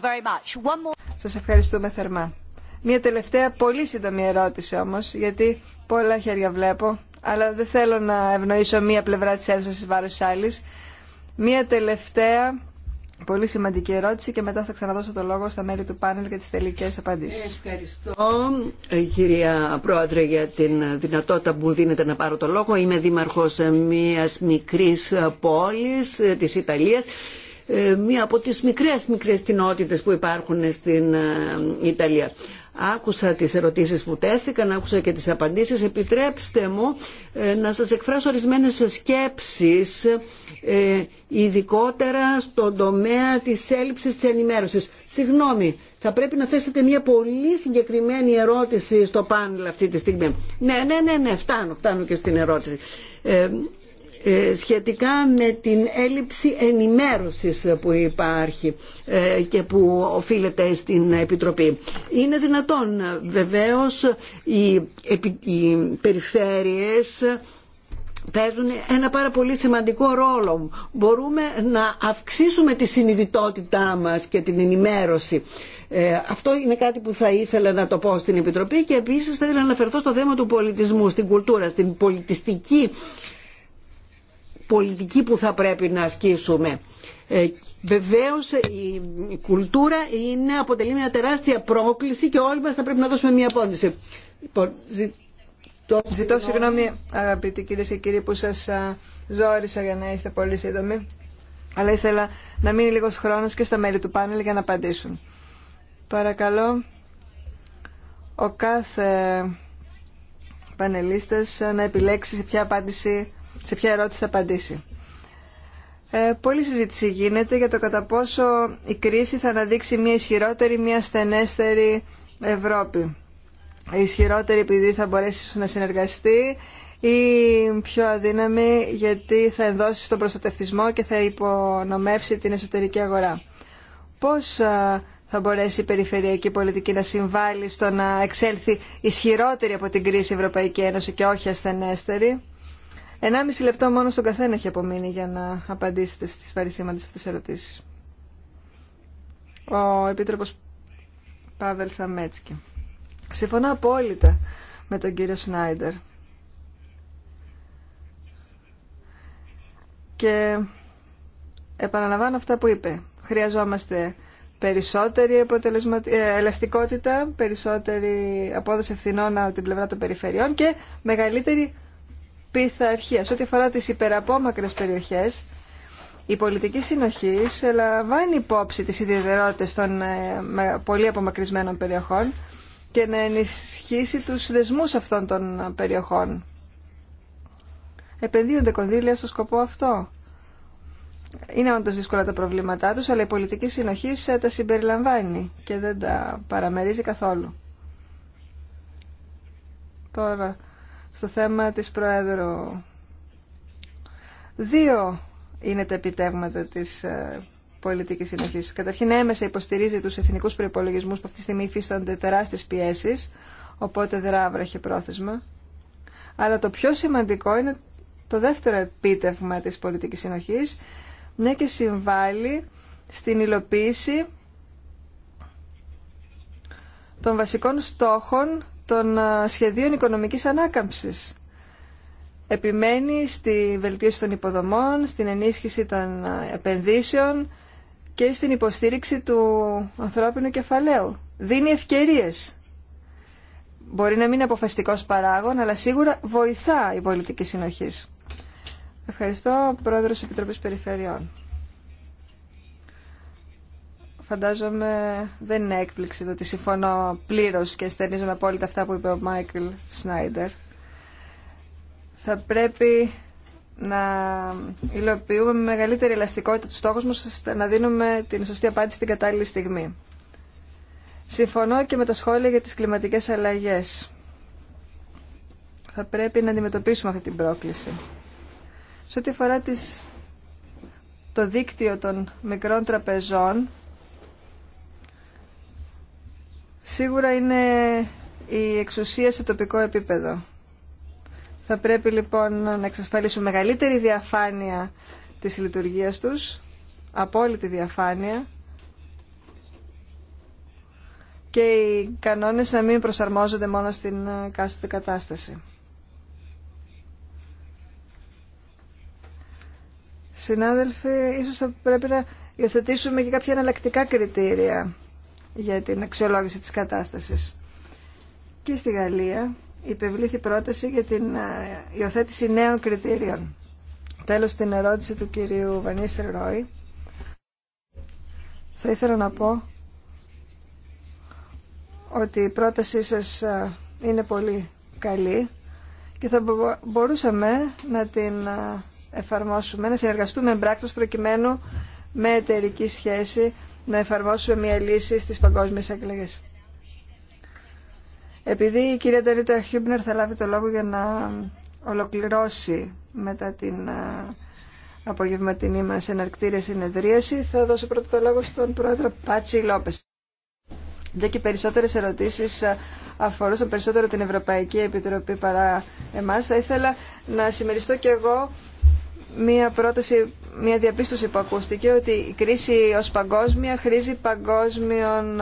Σας ευχαριστούμε θερμά. Μία τελευταία πολύ σύντομη ερώτηση όμως, γιατί πολλά χέρια βλέπω, αλλά δεν θέλω να ευνοήσω μία πλευρά της ένωσης βάρος της άλλης. Μία τελευταία πολύ σημαντική ερώτηση και μετά θα ξαναδώσω το λόγο στα μέλη του πάνελ για τις τελικές απαντήσεις. Ευχαριστώ ε, κυρία Πρόεδρε για την δυνατότητα που μου να πάρω το λόγο. Είμαι δήμαρχος μιας μικρής πόλης ε, της Ιταλίας ε, μία από τις μικρές μικρές κοινότητες που υπάρχουν στην ε, Ιταλία. Άκουσα τις ερωτήσεις που τέθηκαν, άκουσα και τις απαντήσεις. Επιτρέψτε μου ε, να σας εκφράσω ορισμένες σκέψεις, ειδικότερα στον τομέα της έλλειψης της ενημέρωσης. Συγγνώμη, θα πρέπει να θέσετε μια πολύ συγκεκριμένη ερώτηση στο πάνελ αυτή τη στιγμή. Ναι, ναι, ναι, ναι φτάνω, φτάνω και στην ερώτηση. Ε, σχετικά με την έλλειψη ενημέρωσης που υπάρχει ε, και που οφείλεται στην Επιτροπή. Είναι δυνατόν βεβαίως οι περιφέρειες παίζουν ένα πάρα πολύ σημαντικό ρόλο. Μπορούμε να αυξήσουμε τη συνειδητότητά μας και την ενημέρωση. Ε, αυτό είναι κάτι που θα ήθελα να το πω στην Επιτροπή και επίσης θα ήθελα να αναφερθώ στο θέμα του πολιτισμού, στην κουλτούρα, στην πολιτιστική πολιτική που θα πρέπει να ασκήσουμε. Ε, Βεβαίω η κουλτούρα είναι, αποτελεί μια τεράστια πρόκληση και όλοι μας θα πρέπει να δώσουμε μια απάντηση. Λοιπόν, Ζητώ συγγνώμη αγαπητοί κυρίε και κύριοι που σας ζόρισα για να είστε πολύ σύντομοι αλλά ήθελα να μείνει λίγος χρόνος και στα μέλη του πάνελ για να απαντήσουν. Παρακαλώ ο κάθε πανελίστας να επιλέξει ποια απάντηση σε ποια ερώτηση θα απαντήσει. Ε, πολλή συζήτηση γίνεται για το κατά πόσο η κρίση θα αναδείξει μια ισχυρότερη, μια στενέστερη Ευρώπη. Η ισχυρότερη επειδή θα μπορέσει να συνεργαστεί ή πιο αδύναμη γιατί θα ενδώσει στον προστατευτισμό και θα υπονομεύσει την εσωτερική αγορά. Πώς θα μπορέσει η περιφερειακή πολιτική να συμβάλλει στο να εξέλθει ισχυρότερη από την κρίση η Ευρωπαϊκή Ένωση και όχι ασθενέστερη. 1,5 λεπτό μόνο στον καθένα έχει απομείνει για να απαντήσετε στις παρησίμαντες αυτές τις ερωτήσεις. Ο Επίτροπος Πάβελ Σαμέτσκι. Συμφωνώ απόλυτα με τον κύριο Σνάιντερ. Και επαναλαμβάνω αυτά που είπε. Χρειαζόμαστε περισσότερη ε, ελαστικότητα, περισσότερη απόδοση ευθυνών από την πλευρά των περιφερειών και μεγαλύτερη πειθαρχία. Σε ό,τι αφορά τι υπεραπόμακρε περιοχές, η πολιτική συνοχή λαμβάνει υπόψη τις ιδιαιτερότητες των ε, πολύ απομακρυσμένων περιοχών και να ενισχύσει τους δεσμού αυτών των περιοχών. Επενδύονται κονδύλια στο σκοπό αυτό. Είναι όντω δύσκολα τα προβλήματά τους, αλλά η πολιτική συνοχή τα συμπεριλαμβάνει και δεν τα παραμερίζει καθόλου. Τώρα, στο θέμα της Προέδρου. Δύο είναι τα επιτεύγματα της ε, πολιτικής συνοχής. Καταρχήν έμεσα υποστηρίζει τους εθνικούς προπολογισμού που αυτή τη στιγμή υφίστανται τεράστιες πιέσεις, οπότε δράβραχε πρόθεσμα. Αλλά το πιο σημαντικό είναι το δεύτερο επίτευγμα της πολιτικής συνοχής, μια και συμβάλλει στην υλοποίηση των βασικών στόχων των ε, σχεδίων οικονομικής ανάκαμψης. Επιμένει στη βελτίωση των υποδομών, στην ενίσχυση των ε, επενδύσεων και στην υποστήριξη του ανθρώπινου κεφαλαίου. Δίνει ευκαιρίες. Μπορεί να μην είναι αποφασιστικός παράγων, αλλά σίγουρα βοηθά η πολιτική συνοχής. Ευχαριστώ, Πρόεδρος Επιτροπής Περιφερειών φαντάζομαι δεν είναι έκπληξη το ότι συμφωνώ πλήρως και στενίζομαι απόλυτα αυτά που είπε ο Μάικλ Σνάιντερ. Θα πρέπει να υλοποιούμε με μεγαλύτερη ελαστικότητα τους στόχους μας ώστε να δίνουμε την σωστή απάντηση στην κατάλληλη στιγμή. Συμφωνώ και με τα σχόλια για τις κλιματικές αλλαγές. Θα πρέπει να αντιμετωπίσουμε αυτή την πρόκληση. Σε ό,τι αφορά τις... το δίκτυο των μικρών τραπεζών, σίγουρα είναι η εξουσία σε τοπικό επίπεδο. Θα πρέπει λοιπόν να εξασφαλίσουμε μεγαλύτερη διαφάνεια της λειτουργίας τους, απόλυτη διαφάνεια και οι κανόνες να μην προσαρμόζονται μόνο στην ε, κάστοτε κατάσταση. Συνάδελφοι, ίσως θα πρέπει να υιοθετήσουμε και κάποια εναλλακτικά κριτήρια για την αξιολόγηση της κατάστασης. Και στη Γαλλία υπευλήθη πρόταση για την ε, υιοθέτηση νέων κριτήριων. Τέλος, στην ερώτηση του κυρίου Βανίστερ Ρόι, θα ήθελα να πω ότι η πρότασή σας ε, είναι πολύ καλή και θα μπορούσαμε να την ε, εφαρμόσουμε, να συνεργαστούμε εμπράκτως προκειμένου με εταιρική σχέση να εφαρμόσουμε μια λύση στις παγκόσμιες εκλογές. Επειδή η κυρία Τερίτο Χιούμπνερ θα λάβει το λόγο για να ολοκληρώσει μετά την ε, απογευματινή μας εναρκτήρια συνεδρίαση, θα δώσω πρώτο το λόγο στον πρόεδρο Πάτσι Λόπε. Δε και περισσότερες ερωτήσεις ε, αφορούσαν περισσότερο την Ευρωπαϊκή Επιτροπή παρά εμάς. Θα ήθελα να συμμεριστώ κι εγώ μία πρόταση, μία διαπίστωση που ακούστηκε ότι η κρίση ως παγκόσμια χρήζει παγκόσμιων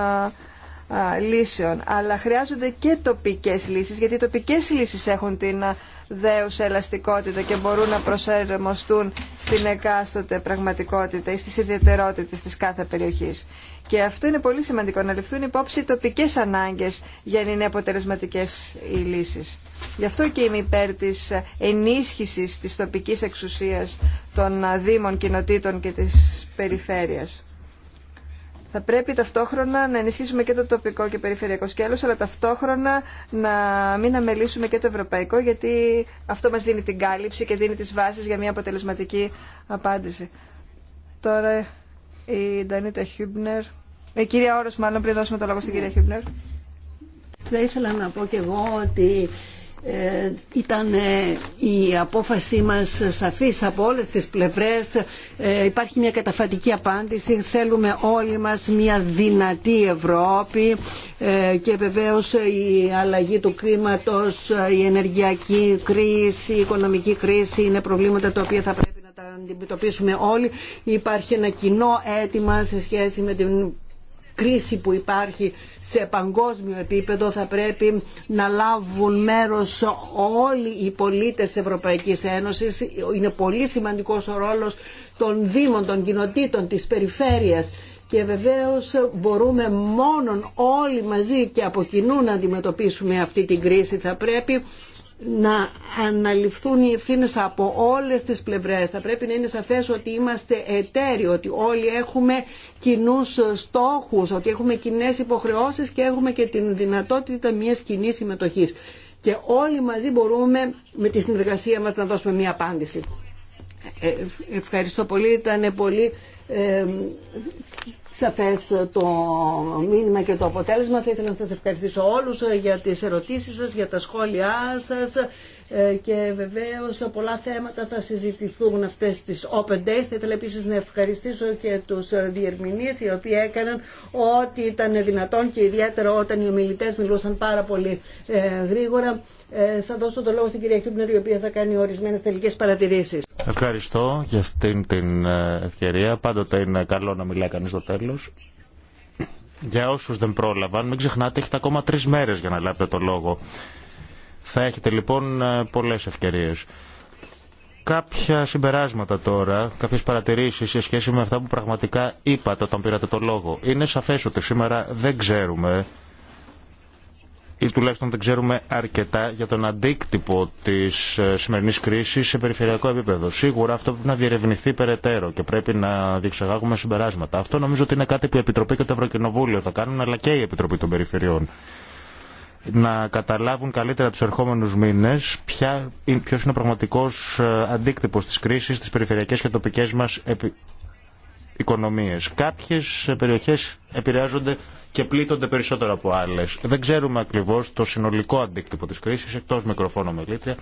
λύσεων. Αλλά χρειάζονται και τοπικές λύσεις, γιατί οι τοπικές λύσεις έχουν την δέουσα ελαστικότητα και μπορούν να προσαρμοστούν στην εκάστοτε πραγματικότητα ή στις ιδιαιτερότητες της κάθε περιοχής. Και αυτό είναι πολύ σημαντικό, να ληφθούν υπόψη οι τοπικές ανάγκες για να είναι αποτελεσματικές οι λύσεις. Γι' αυτό και είμαι υπέρ της ενίσχυσης της τοπικής εξουσίας των Δήμων, Κοινοτήτων και της Περιφέρειας θα πρέπει ταυτόχρονα να ενισχύσουμε και το τοπικό και περιφερειακό σκέλος, αλλά ταυτόχρονα να μην αμελήσουμε και το ευρωπαϊκό, γιατί αυτό μας δίνει την κάλυψη και δίνει τις βάσεις για μια αποτελεσματική απάντηση. Τώρα η Ντανίτα Χιούμπνερ, η κυρία Όρος μάλλον, πριν δώσουμε το λόγο στην κυρία Χιούμπνερ. Θα ήθελα να πω και εγώ ότι ε, ήταν ε, η απόφασή μας σαφής από όλες τις πλευρές. Ε, υπάρχει μια καταφατική απάντηση. Θέλουμε όλοι μας μια δυνατή Ευρώπη και βεβαίως η αλλαγή του κλίματος, η ενεργειακή κρίση, η οικονομική κρίση είναι προβλήματα τα οποία θα πρέπει να τα αντιμετωπίσουμε όλοι. Υπάρχει ένα κοινό αίτημα σε σχέση με την κρίση που υπάρχει σε παγκόσμιο επίπεδο θα πρέπει να λάβουν μέρος όλοι οι πολίτες της Ευρωπαϊκής Ένωσης. Είναι πολύ σημαντικός ο ρόλος των Δήμων, των κοινοτήτων, της περιφέρειας και βεβαίως μπορούμε μόνον όλοι μαζί και από κοινού να αντιμετωπίσουμε αυτή την κρίση. Θα πρέπει να αναλυφθούν οι ευθύνε από όλες τις πλευρές. Θα πρέπει να είναι σαφές ότι είμαστε εταίροι, ότι όλοι έχουμε κοινού στόχους, ότι έχουμε κοινέ υποχρεώσεις και έχουμε και την δυνατότητα μιας κοινή συμμετοχή. Και όλοι μαζί μπορούμε με τη συνεργασία μας να δώσουμε μια απάντηση. Ε, ευχαριστώ πολύ. Ήταν πολύ ε, σαφές το μήνυμα και το αποτέλεσμα. Θα ήθελα να σας ευχαριστήσω όλους ε, για τις ερωτήσεις σας, για τα σχόλιά σας ε, και βεβαίως πολλά θέματα θα συζητηθούν αυτές τις Open Days. Θα ήθελα επίσης να ευχαριστήσω και τους διερμηνείς οι οποίοι έκαναν ό,τι ήταν δυνατόν και ιδιαίτερα όταν οι ομιλητές μιλούσαν πάρα πολύ ε, γρήγορα. Ε, θα δώσω το λόγο στην κυρία Χιούμπνερ η οποία θα κάνει ορισμένες τελικές παρατηρήσεις. Ευχαριστώ για αυτήν την ευκαιρία. Πάντοτε είναι καλό να μιλάει κανείς στο τέλος. Για όσους δεν πρόλαβαν, μην ξεχνάτε έχετε ακόμα τρεις μέρες για να λάβετε το λόγο. Θα έχετε λοιπόν ε, πολλές ευκαιρίες. Κάποια συμπεράσματα τώρα, κάποιες παρατηρήσεις σε σχέση με αυτά που πραγματικά είπατε όταν πήρατε το λόγο. Είναι σαφές ότι σήμερα δεν ξέρουμε ή τουλάχιστον δεν ξέρουμε αρκετά για τον αντίκτυπο της ε, σημερινής κρίσης σε περιφερειακό επίπεδο. Σίγουρα αυτό πρέπει να διερευνηθεί περαιτέρω και πρέπει να διεξαγάγουμε συμπεράσματα. Αυτό νομίζω ότι είναι κάτι που η Επιτροπή και το Ευρωκοινοβούλιο θα κάνουν, αλλά και η Επιτροπή των Περιφερειών να καταλάβουν καλύτερα τους ερχόμενους μήνες ποια, ποιος είναι ο πραγματικός ε, αντίκτυπος της κρίσης στις περιφερειακές και τοπικές μας οικονομίες. Κάποιες περιοχές επηρεάζονται και πλήττονται περισσότερο από άλλε. Δεν ξέρουμε ακριβώ το συνολικό αντίκτυπο τη κρίση, εκτό μικροφόνο μελήτρια,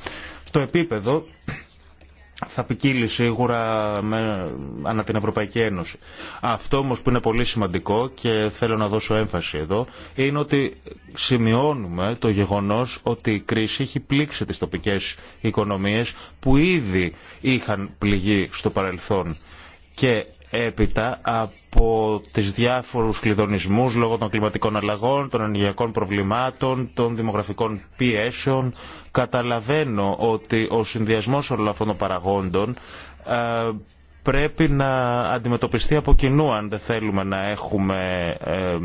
στο επίπεδο θα ποικίλει σίγουρα με, ανά την Ευρωπαϊκή Ένωση. Αυτό όμως που είναι πολύ σημαντικό και θέλω να δώσω έμφαση εδώ είναι ότι σημειώνουμε το γεγονός ότι η κρίση έχει πλήξει τις τοπικές οικονομίες που ήδη είχαν πληγεί στο παρελθόν και έπειτα από τις διάφορους κλειδονισμούς λόγω των κλιματικών αλλαγών, των ενεργειακών προβλημάτων, των δημογραφικών πιέσεων. Καταλαβαίνω ότι ο συνδυασμός όλων αυτών των παραγόντων ε, πρέπει να αντιμετωπιστεί από κοινού αν δεν θέλουμε να έχουμε ε,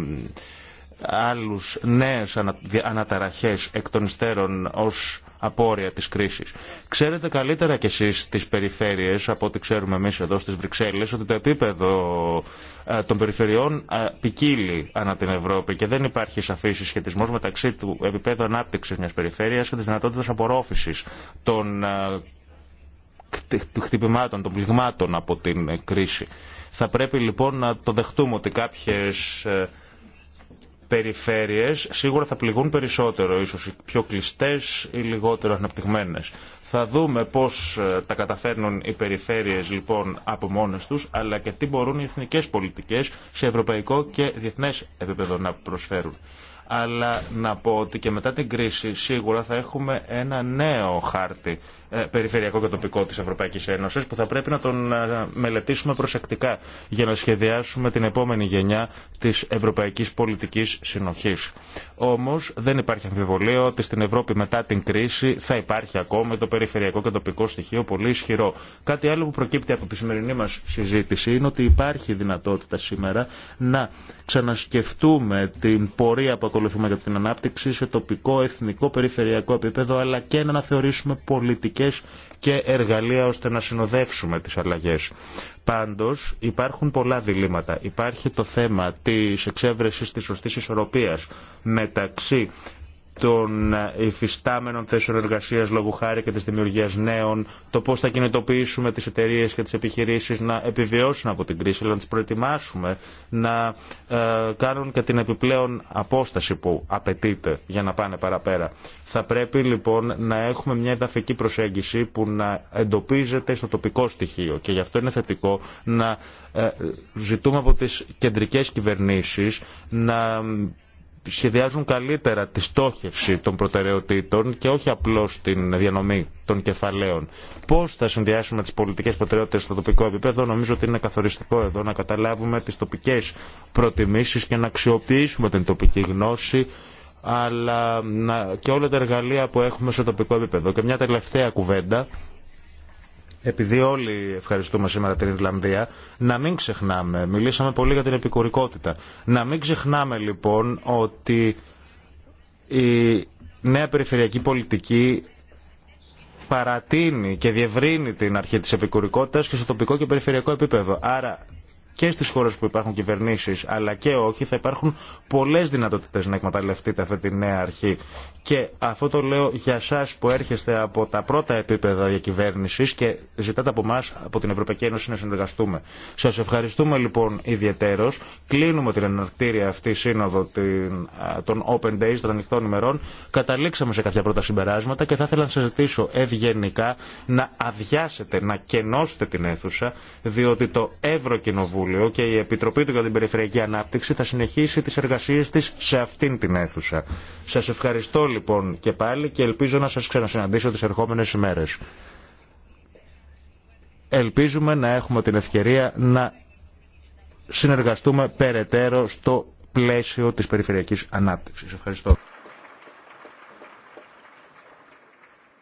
άλλους νέες αναταραχές εκ των υστέρων ως απόρρια της κρίσης. Ξέρετε καλύτερα κι εσείς τις περιφέρειες από ό,τι ξέρουμε εμείς εδώ στις Βρυξέλλες ότι το επίπεδο ε, των περιφερειών ε, ποικίλει ανά την Ευρώπη και δεν υπάρχει σαφής συσχετισμός μεταξύ του επίπεδου ανάπτυξης μιας περιφέρειας και της δυνατότητας απορρόφησης των ε, χτυπημάτων, των πληγμάτων από την κρίση. Θα πρέπει λοιπόν να το δεχτούμε ότι κάποιες περιφέρειες σίγουρα θα πληγούν περισσότερο, ίσως οι πιο κλειστές ή λιγότερο αναπτυγμένες. Θα δούμε πώς ε, τα καταφέρνουν οι περιφέρειες λοιπόν από μόνες τους, αλλά και τι μπορούν οι εθνικές πολιτικές σε ευρωπαϊκό και διεθνές επίπεδο να προσφέρουν αλλά να πω ότι και μετά την κρίση σίγουρα θα έχουμε ένα νέο χάρτη ε, περιφερειακό και τοπικό της Ευρωπαϊκής Ένωσης που θα πρέπει να τον ε, μελετήσουμε προσεκτικά για να σχεδιάσουμε την επόμενη γενιά της Ευρωπαϊκής Πολιτικής Συνοχής. Όμως δεν υπάρχει αμφιβολία ότι στην Ευρώπη μετά την κρίση θα υπάρχει ακόμα το περιφερειακό και τοπικό στοιχείο πολύ ισχυρό. Κάτι άλλο που προκύπτει από τη σημερινή μας συζήτηση είναι ότι υπάρχει δυνατότητα σήμερα να ξανασκεφτούμε την πορεία που ασχοληθούμε για την ανάπτυξη σε τοπικό, εθνικό, περιφερειακό επίπεδο, αλλά και να αναθεωρήσουμε πολιτικές και εργαλεία ώστε να συνοδεύσουμε τις αλλαγές. Πάντως υπάρχουν πολλά διλήμματα. Υπάρχει το θέμα της εξέβρεσης της σωστής ισορροπίας μεταξύ των υφιστάμενων θέσεων εργασία λόγου χάρη και τη δημιουργία νέων, το πώ θα κινητοποιήσουμε τι εταιρείε και τι επιχειρήσει να επιβιώσουν από την κρίση, αλλά να τι προετοιμάσουμε να ε, κάνουν και την επιπλέον απόσταση που απαιτείται για να πάνε παραπέρα. Θα πρέπει λοιπόν να έχουμε μια εδαφική προσέγγιση που να εντοπίζεται στο τοπικό στοιχείο και γι' αυτό είναι θετικό να ε, ζητούμε από τι κεντρικέ κυβερνήσει να σχεδιάζουν καλύτερα τη στόχευση των προτεραιοτήτων και όχι απλώς την διανομή των κεφαλαίων. Πώς θα συνδυάσουμε τις πολιτικές προτεραιότητες στο τοπικό επίπεδο, νομίζω ότι είναι καθοριστικό εδώ να καταλάβουμε τις τοπικές προτιμήσεις και να αξιοποιήσουμε την τοπική γνώση αλλά και όλα τα εργαλεία που έχουμε στο τοπικό επίπεδο. Και μια τελευταία κουβέντα επειδή όλοι ευχαριστούμε σήμερα την Ιρλανδία, να μην ξεχνάμε, μιλήσαμε πολύ για την επικουρικότητα, να μην ξεχνάμε λοιπόν ότι η νέα περιφερειακή πολιτική παρατείνει και διευρύνει την αρχή της επικουρικότητας και στο τοπικό και περιφερειακό επίπεδο. Άρα και στι χώρε που υπάρχουν κυβερνήσει αλλά και όχι, θα υπάρχουν πολλέ δυνατότητε να εκμεταλλευτείτε αυτή τη νέα αρχή. Και αυτό το λέω για εσά που έρχεστε από τα πρώτα επίπεδα διακυβέρνηση και ζητάτε από εμά, από την Ευρωπαϊκή Ένωση, να συνεργαστούμε. Σα ευχαριστούμε λοιπόν ιδιαίτερω. Κλείνουμε την εναρκτήρια αυτή σύνοδο την, των Open Days, των ανοιχτών ημερών. Καταλήξαμε σε κάποια πρώτα συμπεράσματα και θα ήθελα να σα ζητήσω ευγενικά να αδειάσετε, να κενώσετε την αίθουσα, διότι το Ευρωκοινοβούλιο και η Επιτροπή του για την Περιφερειακή Ανάπτυξη θα συνεχίσει τις εργασίες της σε αυτήν την αίθουσα. Σας ευχαριστώ λοιπόν και πάλι και ελπίζω να σας ξανασυναντήσω τις ερχόμενες ημέρες. Ελπίζουμε να έχουμε την ευκαιρία να συνεργαστούμε περαιτέρω στο πλαίσιο της περιφερειακής ανάπτυξης. Ευχαριστώ.